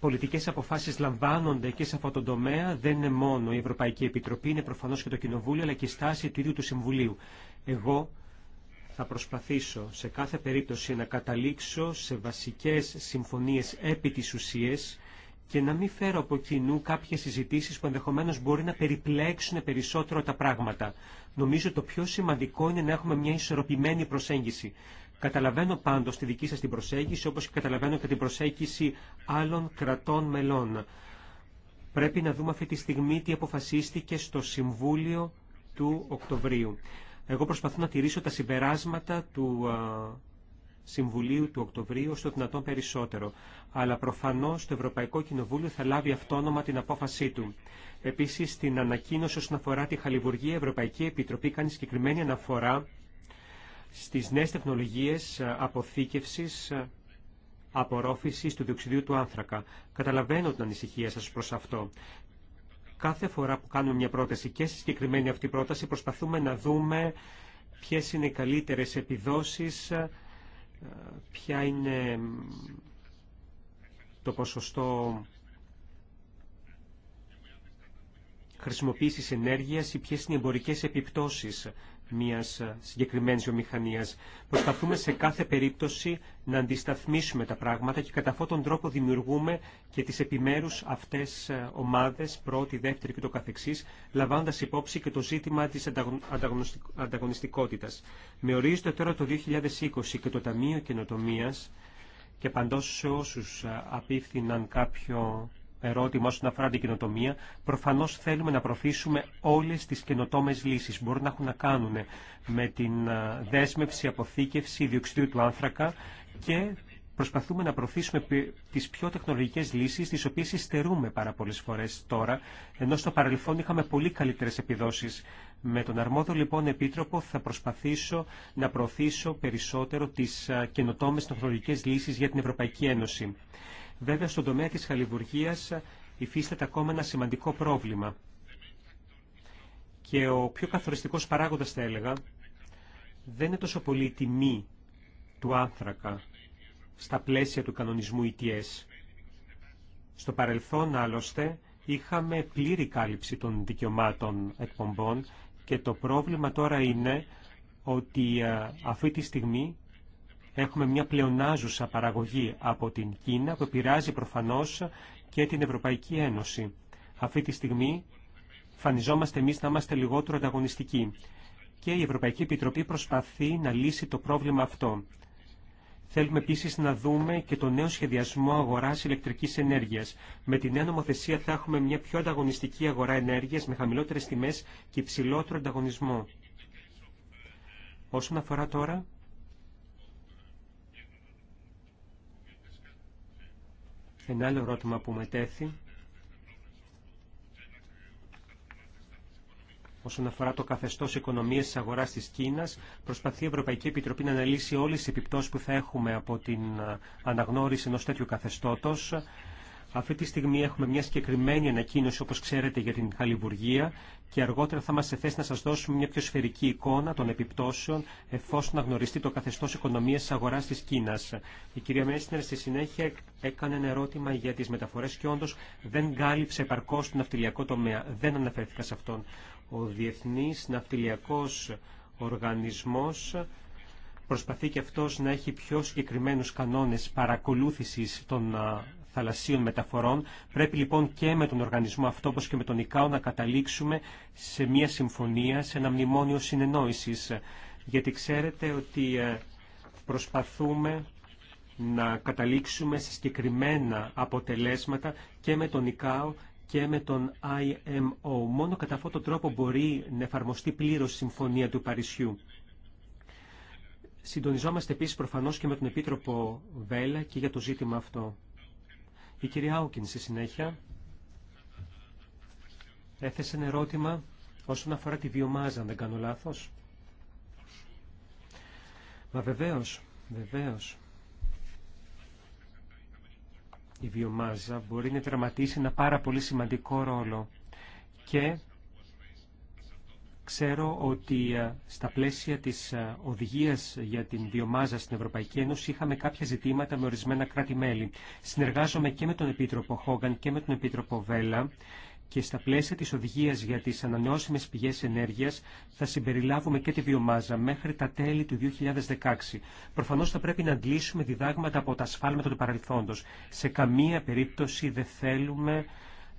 πολιτικές αποφάσεις λαμβάνονται και σε αυτό το τομέα δεν είναι μόνο η Ευρωπαϊκή Επιτροπή, είναι προφανώς και το Κοινοβούλιο αλλά και η στάση του ίδιου του Συμβουλίου. Εγώ θα προσπαθήσω σε κάθε περίπτωση να καταλήξω σε βασικές συμφωνίες επί της ουσίας και να μην φέρω από κοινού κάποιες συζητήσεις που ενδεχομένως μπορεί να περιπλέξουν περισσότερο τα πράγματα. Νομίζω το πιο σημαντικό είναι να έχουμε μια ισορροπημένη προσέγγιση. Καταλαβαίνω πάντως τη δική σας την προσέγγιση, όπως και καταλαβαίνω και την προσέγγιση άλλων κρατών μελών. Πρέπει να δούμε αυτή τη στιγμή τι αποφασίστηκε στο Συμβούλιο του Οκτωβρίου. Εγώ προσπαθώ να τηρήσω τα συμπεράσματα του Συμβουλίου του Οκτωβρίου στο δυνατόν περισσότερο. Αλλά προφανώ το Ευρωπαϊκό Κοινοβούλιο θα λάβει αυτόνομα την απόφασή του. Επίση, στην ανακοίνωση όσον αφορά τη χαλιβουργία, η Ευρωπαϊκή Επιτροπή κάνει συγκεκριμένη αναφορά στι νέε τεχνολογίε αποθήκευση απορρόφησης του διοξιδίου του άνθρακα. Καταλαβαίνω την ανησυχία σας προς αυτό. Κάθε φορά που κάνουμε μια πρόταση και στη συγκεκριμένη αυτή πρόταση προσπαθούμε να δούμε ποιες είναι οι καλύτερες επιδόσεις, ε, ποια είναι το ποσοστό χρησιμοποίησης ενέργειας ή ποιες είναι οι εμπορικές επιπτώσεις μιας ε, συγκεκριμένης βιομηχανία. Προσπαθούμε σε κάθε περίπτωση να αντισταθμίσουμε τα πράγματα και κατά αυτόν τον τρόπο δημιουργούμε και τις επιμέρους αυτές ε, ομάδες, πρώτη, δεύτερη και το καθεξής, λαμβάνοντας υπόψη και το ζήτημα της ανταγωνιστικότητας. Με ορίζεται τώρα το 2020 και το Ταμείο Καινοτομίας και παντός σε όσους ε, απίφθηναν κάποιο ερώτημα όσον αφορά την καινοτομία, προφανώ θέλουμε να προωθήσουμε όλε τι καινοτόμε λύσει. Μπορούν να έχουν να κάνουν με την δέσμευση, αποθήκευση διοξιδίου του άνθρακα και προσπαθούμε να προωθήσουμε τις πιο τεχνολογικές λύσεις, τις οποίες υστερούμε πάρα πολλές φορές τώρα, ενώ στο παρελθόν είχαμε πολύ καλύτερες επιδόσεις. Με τον αρμόδο λοιπόν επίτροπο θα προσπαθήσω να προωθήσω περισσότερο τις καινοτόμε τεχνολογικέ λύσεις για την Ευρωπαϊκή Ένωση. Βέβαια, στον τομέα της χαλιβουργίας υφίσταται ακόμα ένα σημαντικό πρόβλημα. Και ο πιο καθοριστικός παράγοντας, θα έλεγα, δεν είναι τόσο πολύ τιμή του άνθρακα στα πλαίσια του κανονισμού ETS. Στο παρελθόν, άλλωστε, είχαμε πλήρη κάλυψη των δικαιωμάτων εκπομπών και το πρόβλημα τώρα είναι ότι ε, αυτή τη στιγμή Έχουμε μια πλεονάζουσα παραγωγή από την Κίνα που επηρεάζει προφανώς και την Ευρωπαϊκή Ένωση. Αυτή τη στιγμή φανιζόμαστε εμείς να είμαστε λιγότερο ανταγωνιστικοί και η Ευρωπαϊκή Επιτροπή προσπαθεί να λύσει το πρόβλημα αυτό. Θέλουμε επίσης να δούμε και το νέο σχεδιασμό αγοράς ηλεκτρικής ενέργειας. Με την νέα νομοθεσία θα έχουμε μια πιο ανταγωνιστική αγορά ενέργειας με χαμηλότερες τιμές και υψηλότερο ανταγωνισμό. Όσον αφορά τώρα Ένα άλλο ερώτημα που μετέθη όσον αφορά το καθεστώ οικονομία τη αγορά τη Κίνα, προσπαθεί η Ευρωπαϊκή Επιτροπή να αναλύσει όλε τι επιπτώσει που θα έχουμε από την ε, αναγνώριση ενό τέτοιου καθεστώτο αυτή τη στιγμή έχουμε μια συγκεκριμένη ανακοίνωση, όπως ξέρετε, για την χαλιβουργία και αργότερα θα είμαστε σε θέση να σας δώσουμε μια πιο σφαιρική εικόνα των επιπτώσεων εφόσον να γνωριστεί το καθεστώς οικονομίας της αγοράς της Κίνας. Η κυρία Μέσνερ στη συνέχεια έκανε ένα ερώτημα για τις μεταφορές και όντως δεν κάλυψε επαρκώς το ναυτιλιακό τομέα. Δεν αναφέρθηκα σε αυτόν. Ο Διεθνής Ναυτιλιακός Οργανισμός προσπαθεί και αυτός να έχει πιο συγκεκριμένου κανόνες παρακολούθησης των θαλασσίων μεταφορών. Πρέπει λοιπόν και με τον οργανισμό αυτό, όπως και με τον ΙΚΑΟ, να καταλήξουμε σε μια συμφωνία, σε ένα μνημόνιο συνεννόησης. Γιατί ξέρετε ότι ε, προσπαθούμε να καταλήξουμε σε συγκεκριμένα αποτελέσματα και με τον ΙΚΑΟ και με τον IMO. Μόνο κατά αυτόν τον τρόπο μπορεί να εφαρμοστεί πλήρως η συμφωνία του Παρισιού. Συντονιζόμαστε επίσης προφανώς και με τον Επίτροπο Βέλα και για το ζήτημα αυτό. Η κυρία Άουκιν στη συνέχεια έθεσε ένα ερώτημα όσον αφορά τη βιομάζα, αν δεν κάνω λάθος. Μα βεβαίως, βεβαίως, η βιομάζα μπορεί να τραυματίσει ένα πάρα πολύ σημαντικό ρόλο και Ξέρω ότι ε, στα πλαίσια της ε, οδηγίας για την βιομάζα στην Ευρωπαϊκή Ένωση είχαμε κάποια ζητήματα με ορισμένα κράτη-μέλη. Συνεργάζομαι και με τον Επίτροπο Χόγκαν και με τον Επίτροπο Βέλα και στα πλαίσια της οδηγίας για τις ανανεώσιμες πηγές ενέργειας θα συμπεριλάβουμε και τη βιομάζα μέχρι τα τέλη του 2016. Προφανώς θα πρέπει να αντλήσουμε διδάγματα από τα ασφάλματα του παρελθόντος. Σε καμία περίπτωση δεν θέλουμε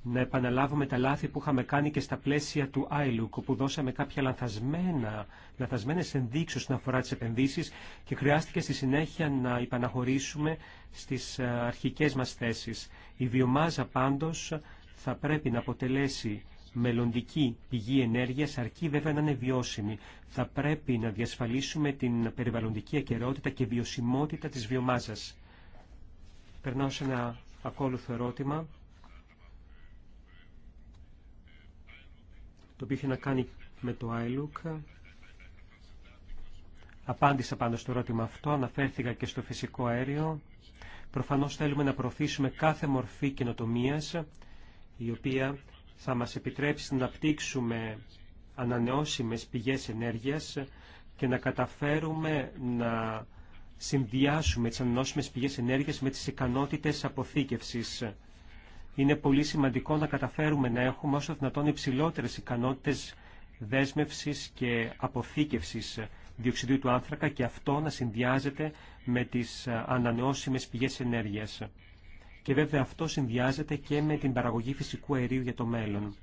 να επαναλάβουμε τα λάθη που είχαμε κάνει και στα πλαίσια του ILUC, όπου δώσαμε κάποια λανθασμένα, λανθασμένες ενδείξεις όσον αφορά τι επενδύσει και χρειάστηκε στη συνέχεια να υπαναχωρήσουμε στις ε, αρχικές μας θέσεις. Η βιομάζα πάντως θα πρέπει να αποτελέσει μελλοντική πηγή ενέργειας, αρκεί βέβαια να είναι βιώσιμη. Θα πρέπει να διασφαλίσουμε την περιβαλλοντική ακαιρεότητα και βιωσιμότητα της βιομάζας. Περνάω σε ένα ακόλουθο ερώτημα το οποίο είχε να κάνει με το ILUC. Απάντησα πάνω στο ερώτημα αυτό, αναφέρθηκα και στο φυσικό αέριο. Προφανώς θέλουμε να προωθήσουμε κάθε μορφή καινοτομία, η οποία θα μας επιτρέψει να αναπτύξουμε ανανεώσιμες πηγές ενέργειας και να καταφέρουμε να συνδυάσουμε τις ανανεώσιμες πηγές ενέργειας με τις ικανότητες αποθήκευσης είναι πολύ σημαντικό να καταφέρουμε να έχουμε όσο δυνατόν υψηλότερες ικανότητες δέσμευσης και αποθήκευσης διοξιδίου του άνθρακα και αυτό να συνδυάζεται με τις ε, ανανεώσιμες πηγές ενέργειας. Και βέβαια αυτό συνδυάζεται και με την παραγωγή φυσικού αερίου για το μέλλον.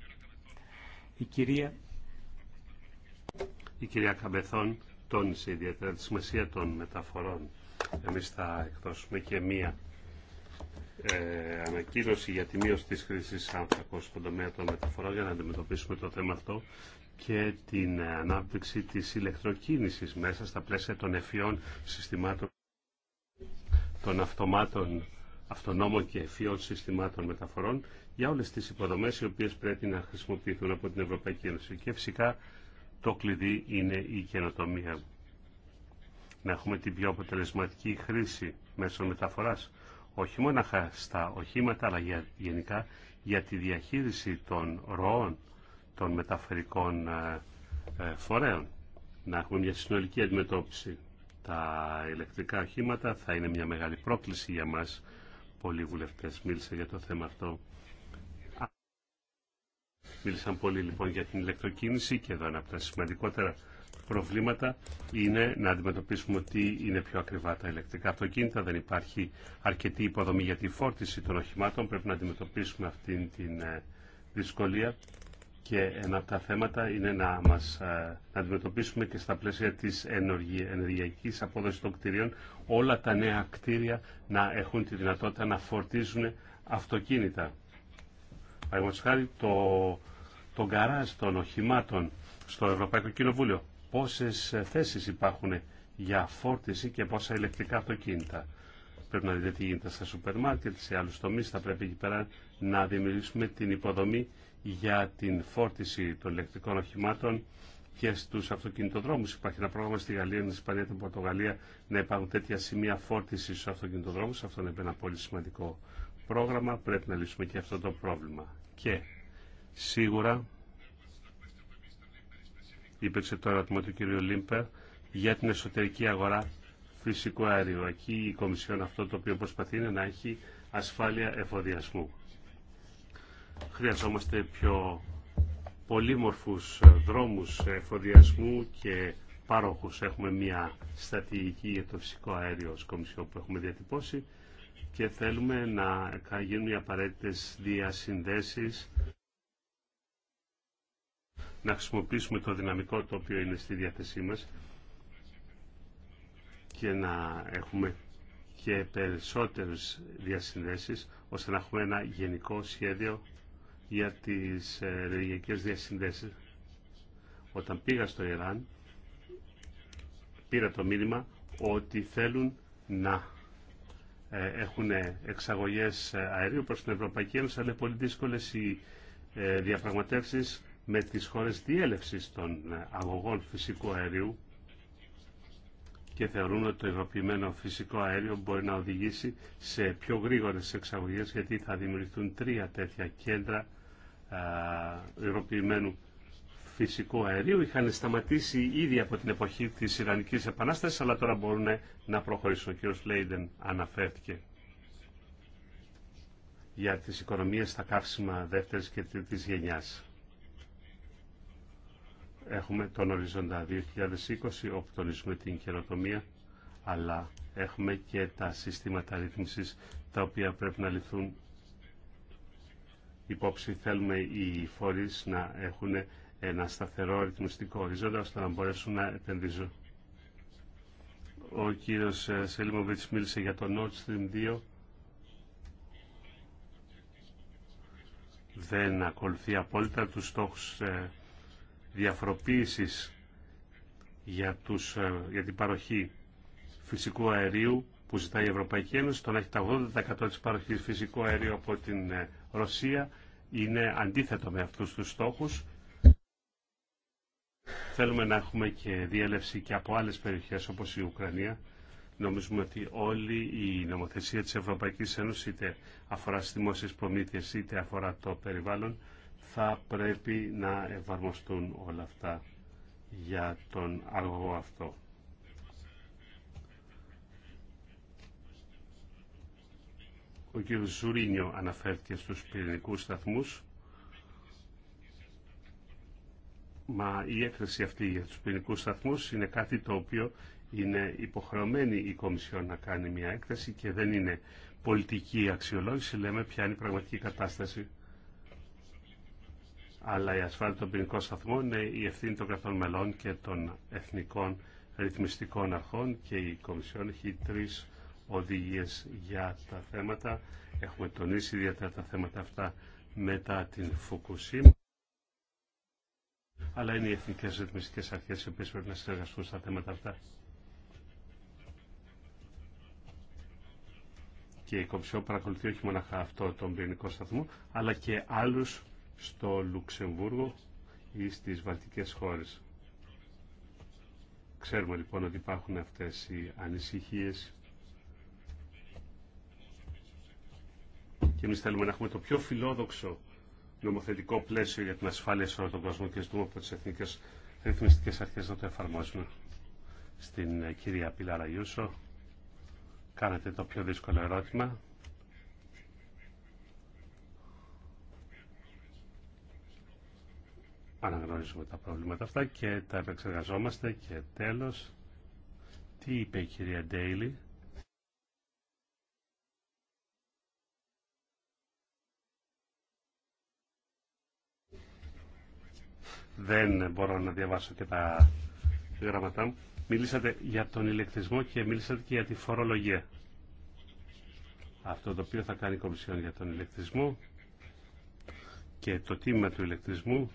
Η κυρία... Η κυρία Καμπεθών τόνισε ιδιαίτερα τη σημασία των μεταφορών. Εμείς θα εκδώσουμε και μία ε, ανακοίνωση για τη μείωση της χρήσης άνθρακος στον τομέα των μεταφορών για να αντιμετωπίσουμε το θέμα αυτό και την ανάπτυξη της ηλεκτροκίνησης μέσα στα πλαίσια των εφιών συστημάτων των αυτομάτων αυτονόμων και εφιών συστημάτων μεταφορών για όλες τις υποδομές οι οποίες πρέπει να χρησιμοποιηθούν από την Ευρωπαϊκή Ένωση. Και φυσικά το κλειδί είναι η καινοτομία. Να έχουμε την πιο αποτελεσματική χρήση μέσω μεταφοράς όχι μόνο στα οχήματα, αλλά για, γενικά για τη διαχείριση των ροών των μεταφερικών ε, ε, φορέων. Να έχουμε μια συνολική αντιμετώπιση. Τα ηλεκτρικά οχήματα θα είναι μια μεγάλη πρόκληση για μας. Πολλοί βουλευτές μίλησαν για το θέμα αυτό. Μίλησαν πολύ λοιπόν για την ηλεκτροκίνηση και εδώ είναι από τα σημαντικότερα προβλήματα είναι να αντιμετωπίσουμε ότι είναι πιο ακριβά τα ηλεκτρικά αυτοκίνητα, δεν υπάρχει αρκετή υποδομή για τη φόρτιση των οχημάτων, πρέπει να αντιμετωπίσουμε αυτή την ε, δυσκολία και ένα από τα θέματα είναι να μας ε, να αντιμετωπίσουμε και στα πλαίσια της ενεργειακής απόδοσης των κτηρίων όλα τα νέα κτίρια να έχουν τη δυνατότητα να φορτίζουν αυτοκίνητα. Παραδείγματος χάρη το, το γκαράζ των οχημάτων στο Ευρωπαϊκό Κοινοβούλιο πόσες θέσεις υπάρχουν για φόρτιση και πόσα ηλεκτρικά αυτοκίνητα. Πρέπει να δείτε τι γίνεται στα σούπερ μάρκετ, σε άλλους τομείς θα πρέπει εκεί πέρα να δημιουργήσουμε την υποδομή για την φόρτιση των ηλεκτρικών οχημάτων και στους αυτοκινητοδρόμου. Υπάρχει ένα πρόγραμμα στη Γαλλία, στην Ισπανία, την Πορτογαλία να υπάρχουν τέτοια σημεία φόρτιση στους αυτοκινητοδρόμου. Αυτό είναι ένα πολύ σημαντικό πρόγραμμα. Πρέπει να λύσουμε και αυτό το πρόβλημα. Και σίγουρα υπήρξε το ερώτημα του κ. Λίμπερ για την εσωτερική αγορά φυσικού αερίου. Εκεί η Κομισιόν αυτό το οποίο προσπαθεί είναι να έχει ασφάλεια εφοδιασμού. Χρειαζόμαστε πιο πολύμορφους ε, δρόμους εφοδιασμού και πάροχους. Έχουμε μια στατηγική για το φυσικό αέριο ως Κομισιόν που έχουμε διατυπώσει και θέλουμε να γίνουν οι απαραίτητες διασυνδέσεις να χρησιμοποιήσουμε το δυναμικό το οποίο είναι στη διάθεσή μας και να έχουμε και περισσότερες διασυνδέσεις ώστε να έχουμε ένα γενικό σχέδιο για τις ενεργειακές διασυνδέσεις. Όταν πήγα στο Ιράν πήρα το μήνυμα ότι θέλουν να ε, έχουν εξαγωγές ε, αερίου προς την Ευρωπαϊκή Ένωση αλλά είναι πολύ δύσκολες οι ε, διαπραγματεύσεις με τις χώρες διέλευσης των αγωγών φυσικού αερίου και θεωρούν ότι το υγροποιημένο φυσικό αέριο μπορεί να οδηγήσει σε πιο γρήγορες εξαγωγές γιατί θα δημιουργηθούν τρία τέτοια κέντρα υγροποιημένου φυσικού αερίου. Είχαν σταματήσει ήδη από την εποχή της Ιρανικής Επανάστασης αλλά τώρα μπορούν να προχωρήσουν. Ο κ. Λέιντεν αναφέρθηκε για τις οικονομίες στα καύσιμα δεύτερης και τρίτης γενιάς. Έχουμε τον οριζοντά 2020 όπου τονίζουμε την καινοτομία αλλά έχουμε και τα συστήματα ρύθμισης τα οποία πρέπει να λυθούν. υπόψη. Θέλουμε οι φορείς να έχουν ένα σταθερό ρυθμιστικό οριζόντα ώστε να μπορέσουν να επενδύσουν. Ο κύριος ε, Σελίμοβιτς μίλησε για το Nord Stream 2. Δεν ακολουθεί απόλυτα τους στόχους ε, διαφοροποίησης για, τους, ε, για την παροχή φυσικού αερίου που ζητάει η Ευρωπαϊκή Ένωση, το να έχει τα 80% της παροχής φυσικού αερίου από την ε, Ρωσία, είναι αντίθετο με αυτούς τους στόχους. Θέλουμε να έχουμε και διέλευση και από άλλες περιοχές όπως η Ουκρανία. Νομίζουμε ότι όλη η νομοθεσία της Ευρωπαϊκής Ένωσης είτε αφορά στις δημόσιες προμήθειες είτε αφορά το περιβάλλον θα πρέπει να εφαρμοστούν όλα αυτά για τον αγωγό αυτό. Ο κ. Ζουρίνιο αναφέρθηκε στους πυρηνικούς σταθμούς, μα η έκθεση αυτή για τους πυρηνικούς σταθμούς είναι κάτι το οποίο είναι υποχρεωμένη η Κομισιόν να κάνει μια έκθεση και δεν είναι πολιτική αξιολόγηση, λέμε ποια είναι η πραγματική κατάσταση αλλά η ασφάλεια των ποινικών σταθμών είναι η ευθύνη των κρατών μελών και των εθνικών ρυθμιστικών αρχών και η Κομισιόν έχει τρεις οδηγίες για τα θέματα. Έχουμε τονίσει ιδιαίτερα τα θέματα αυτά μετά την Φουκουσίμα. Αλλά είναι οι εθνικές ρυθμιστικές αρχές οι οποίες πρέπει να συνεργαστούν στα θέματα αυτά. Και η Κομισιόν παρακολουθεί όχι μόνο αυτό τον ποινικό σταθμό, αλλά και άλλους στο Λουξεμβούργο ή στις βαλτικές χώρες. Ξέρουμε λοιπόν ότι υπάρχουν αυτές οι ανησυχίες και εμεί θέλουμε να έχουμε το πιο φιλόδοξο νομοθετικό πλαίσιο για την ασφάλεια σε όλο τον κόσμο και ζητούμε από τις εθνικές ρυθμιστικές αρχές να το εφαρμόσουμε. Στην κυρία Πιλάρα Ιούσο, κάνετε το πιο δύσκολο ερώτημα. αναγνωρίζουμε τα προβλήματα αυτά και τα επεξεργαζόμαστε και τέλος τι είπε η κυρία Ντέιλι δεν μπορώ να διαβάσω και τα γράμματά μου μιλήσατε για τον ηλεκτρισμό και μιλήσατε και για τη φορολογία αυτό το οποίο θα κάνει η Κομισιόν για τον ηλεκτρισμό και το τίμημα του ηλεκτρισμού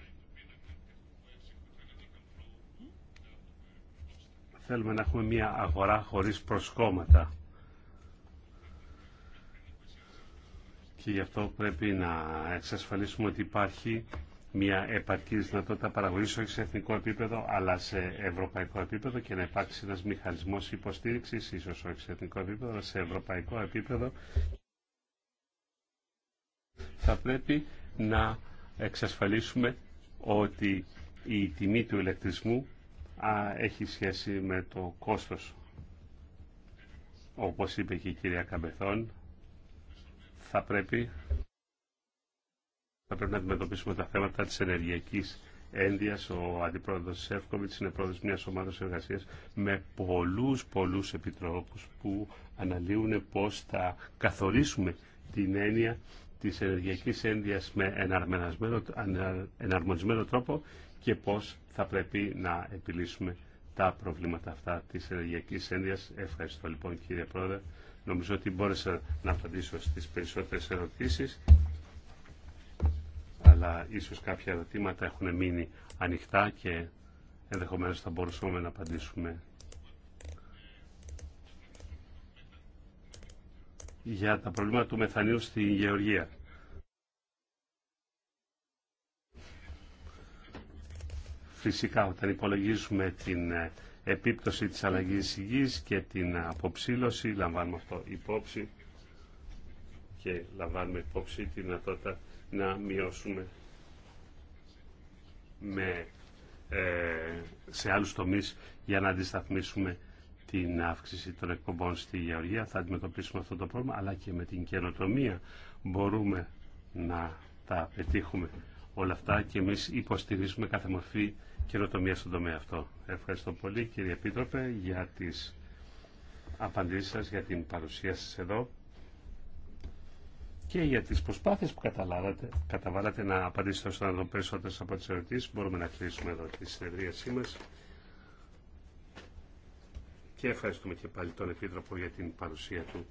Θέλουμε να έχουμε μια αγορά χωρίς προσκόμματα. Και γι' αυτό πρέπει να εξασφαλίσουμε ότι υπάρχει μια επαρκή δυνατότητα παραγωγή όχι σε εθνικό επίπεδο αλλά σε ευρωπαϊκό επίπεδο και να υπάρξει ένα μηχανισμό υποστήριξη, ίσω όχι σε εθνικό επίπεδο αλλά σε ευρωπαϊκό επίπεδο. Θα πρέπει να εξασφαλίσουμε ότι η τιμή του ηλεκτρισμού έχει σχέση με το κόστος. Όπως είπε και η κυρία Καμπεθόν, θα πρέπει, θα πρέπει να αντιμετωπίσουμε τα θέματα της ενεργειακής ένδειας. Ο αντιπρόεδρος Σεύκοβιτς είναι πρόεδρος μιας ομάδας εργασίας με πολλούς πολλούς επιτρόπους που αναλύουν πώς θα καθορίσουμε την έννοια της ενεργειακής ένδειας με εναρμονισμένο τρόπο και πώς θα πρέπει να επιλύσουμε τα προβλήματα αυτά της ενεργειακής ένδυας. Ευχαριστώ λοιπόν κύριε Πρόεδρε. Νομίζω ότι μπόρεσα να απαντήσω στις περισσότερες ερωτήσεις αλλά ίσως κάποια ερωτήματα έχουν μείνει ανοιχτά και ενδεχομένως θα μπορούσαμε να απαντήσουμε για τα προβλήματα του μεθανίου στην Γεωργία. Φυσικά όταν υπολογίζουμε την ε, επίπτωση της αλλαγής υγιής και την αποψήλωση λαμβάνουμε αυτό υπόψη και λαμβάνουμε υπόψη τη δυνατότητα να μειώσουμε με, ε, σε άλλους τομείς για να αντισταθμίσουμε την αύξηση των εκπομπών στη γεωργία. Θα αντιμετωπίσουμε αυτό το πρόβλημα, αλλά και με την καινοτομία μπορούμε να τα πετύχουμε όλα αυτά και εμείς υποστηρίζουμε κάθε μορφή καινοτομία στον τομέα αυτό. Ευχαριστώ πολύ κύριε Επίτροπε για τις απαντήσεις σας, για την παρουσία σας εδώ και για τις προσπάθειες που καταλάβατε, καταβάλατε να απαντήσετε στον δω περισσότερες από τις ερωτήσεις. Μπορούμε να κλείσουμε εδώ τη συνεδρίασή μας. Και ευχαριστούμε και πάλι τον Επίτροπο για την παρουσία του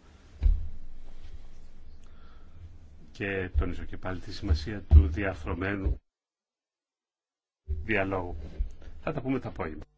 και τονίζω και πάλι τη σημασία του διαφρομένου διαλόγου. Θα τα πούμε το απόγευμα.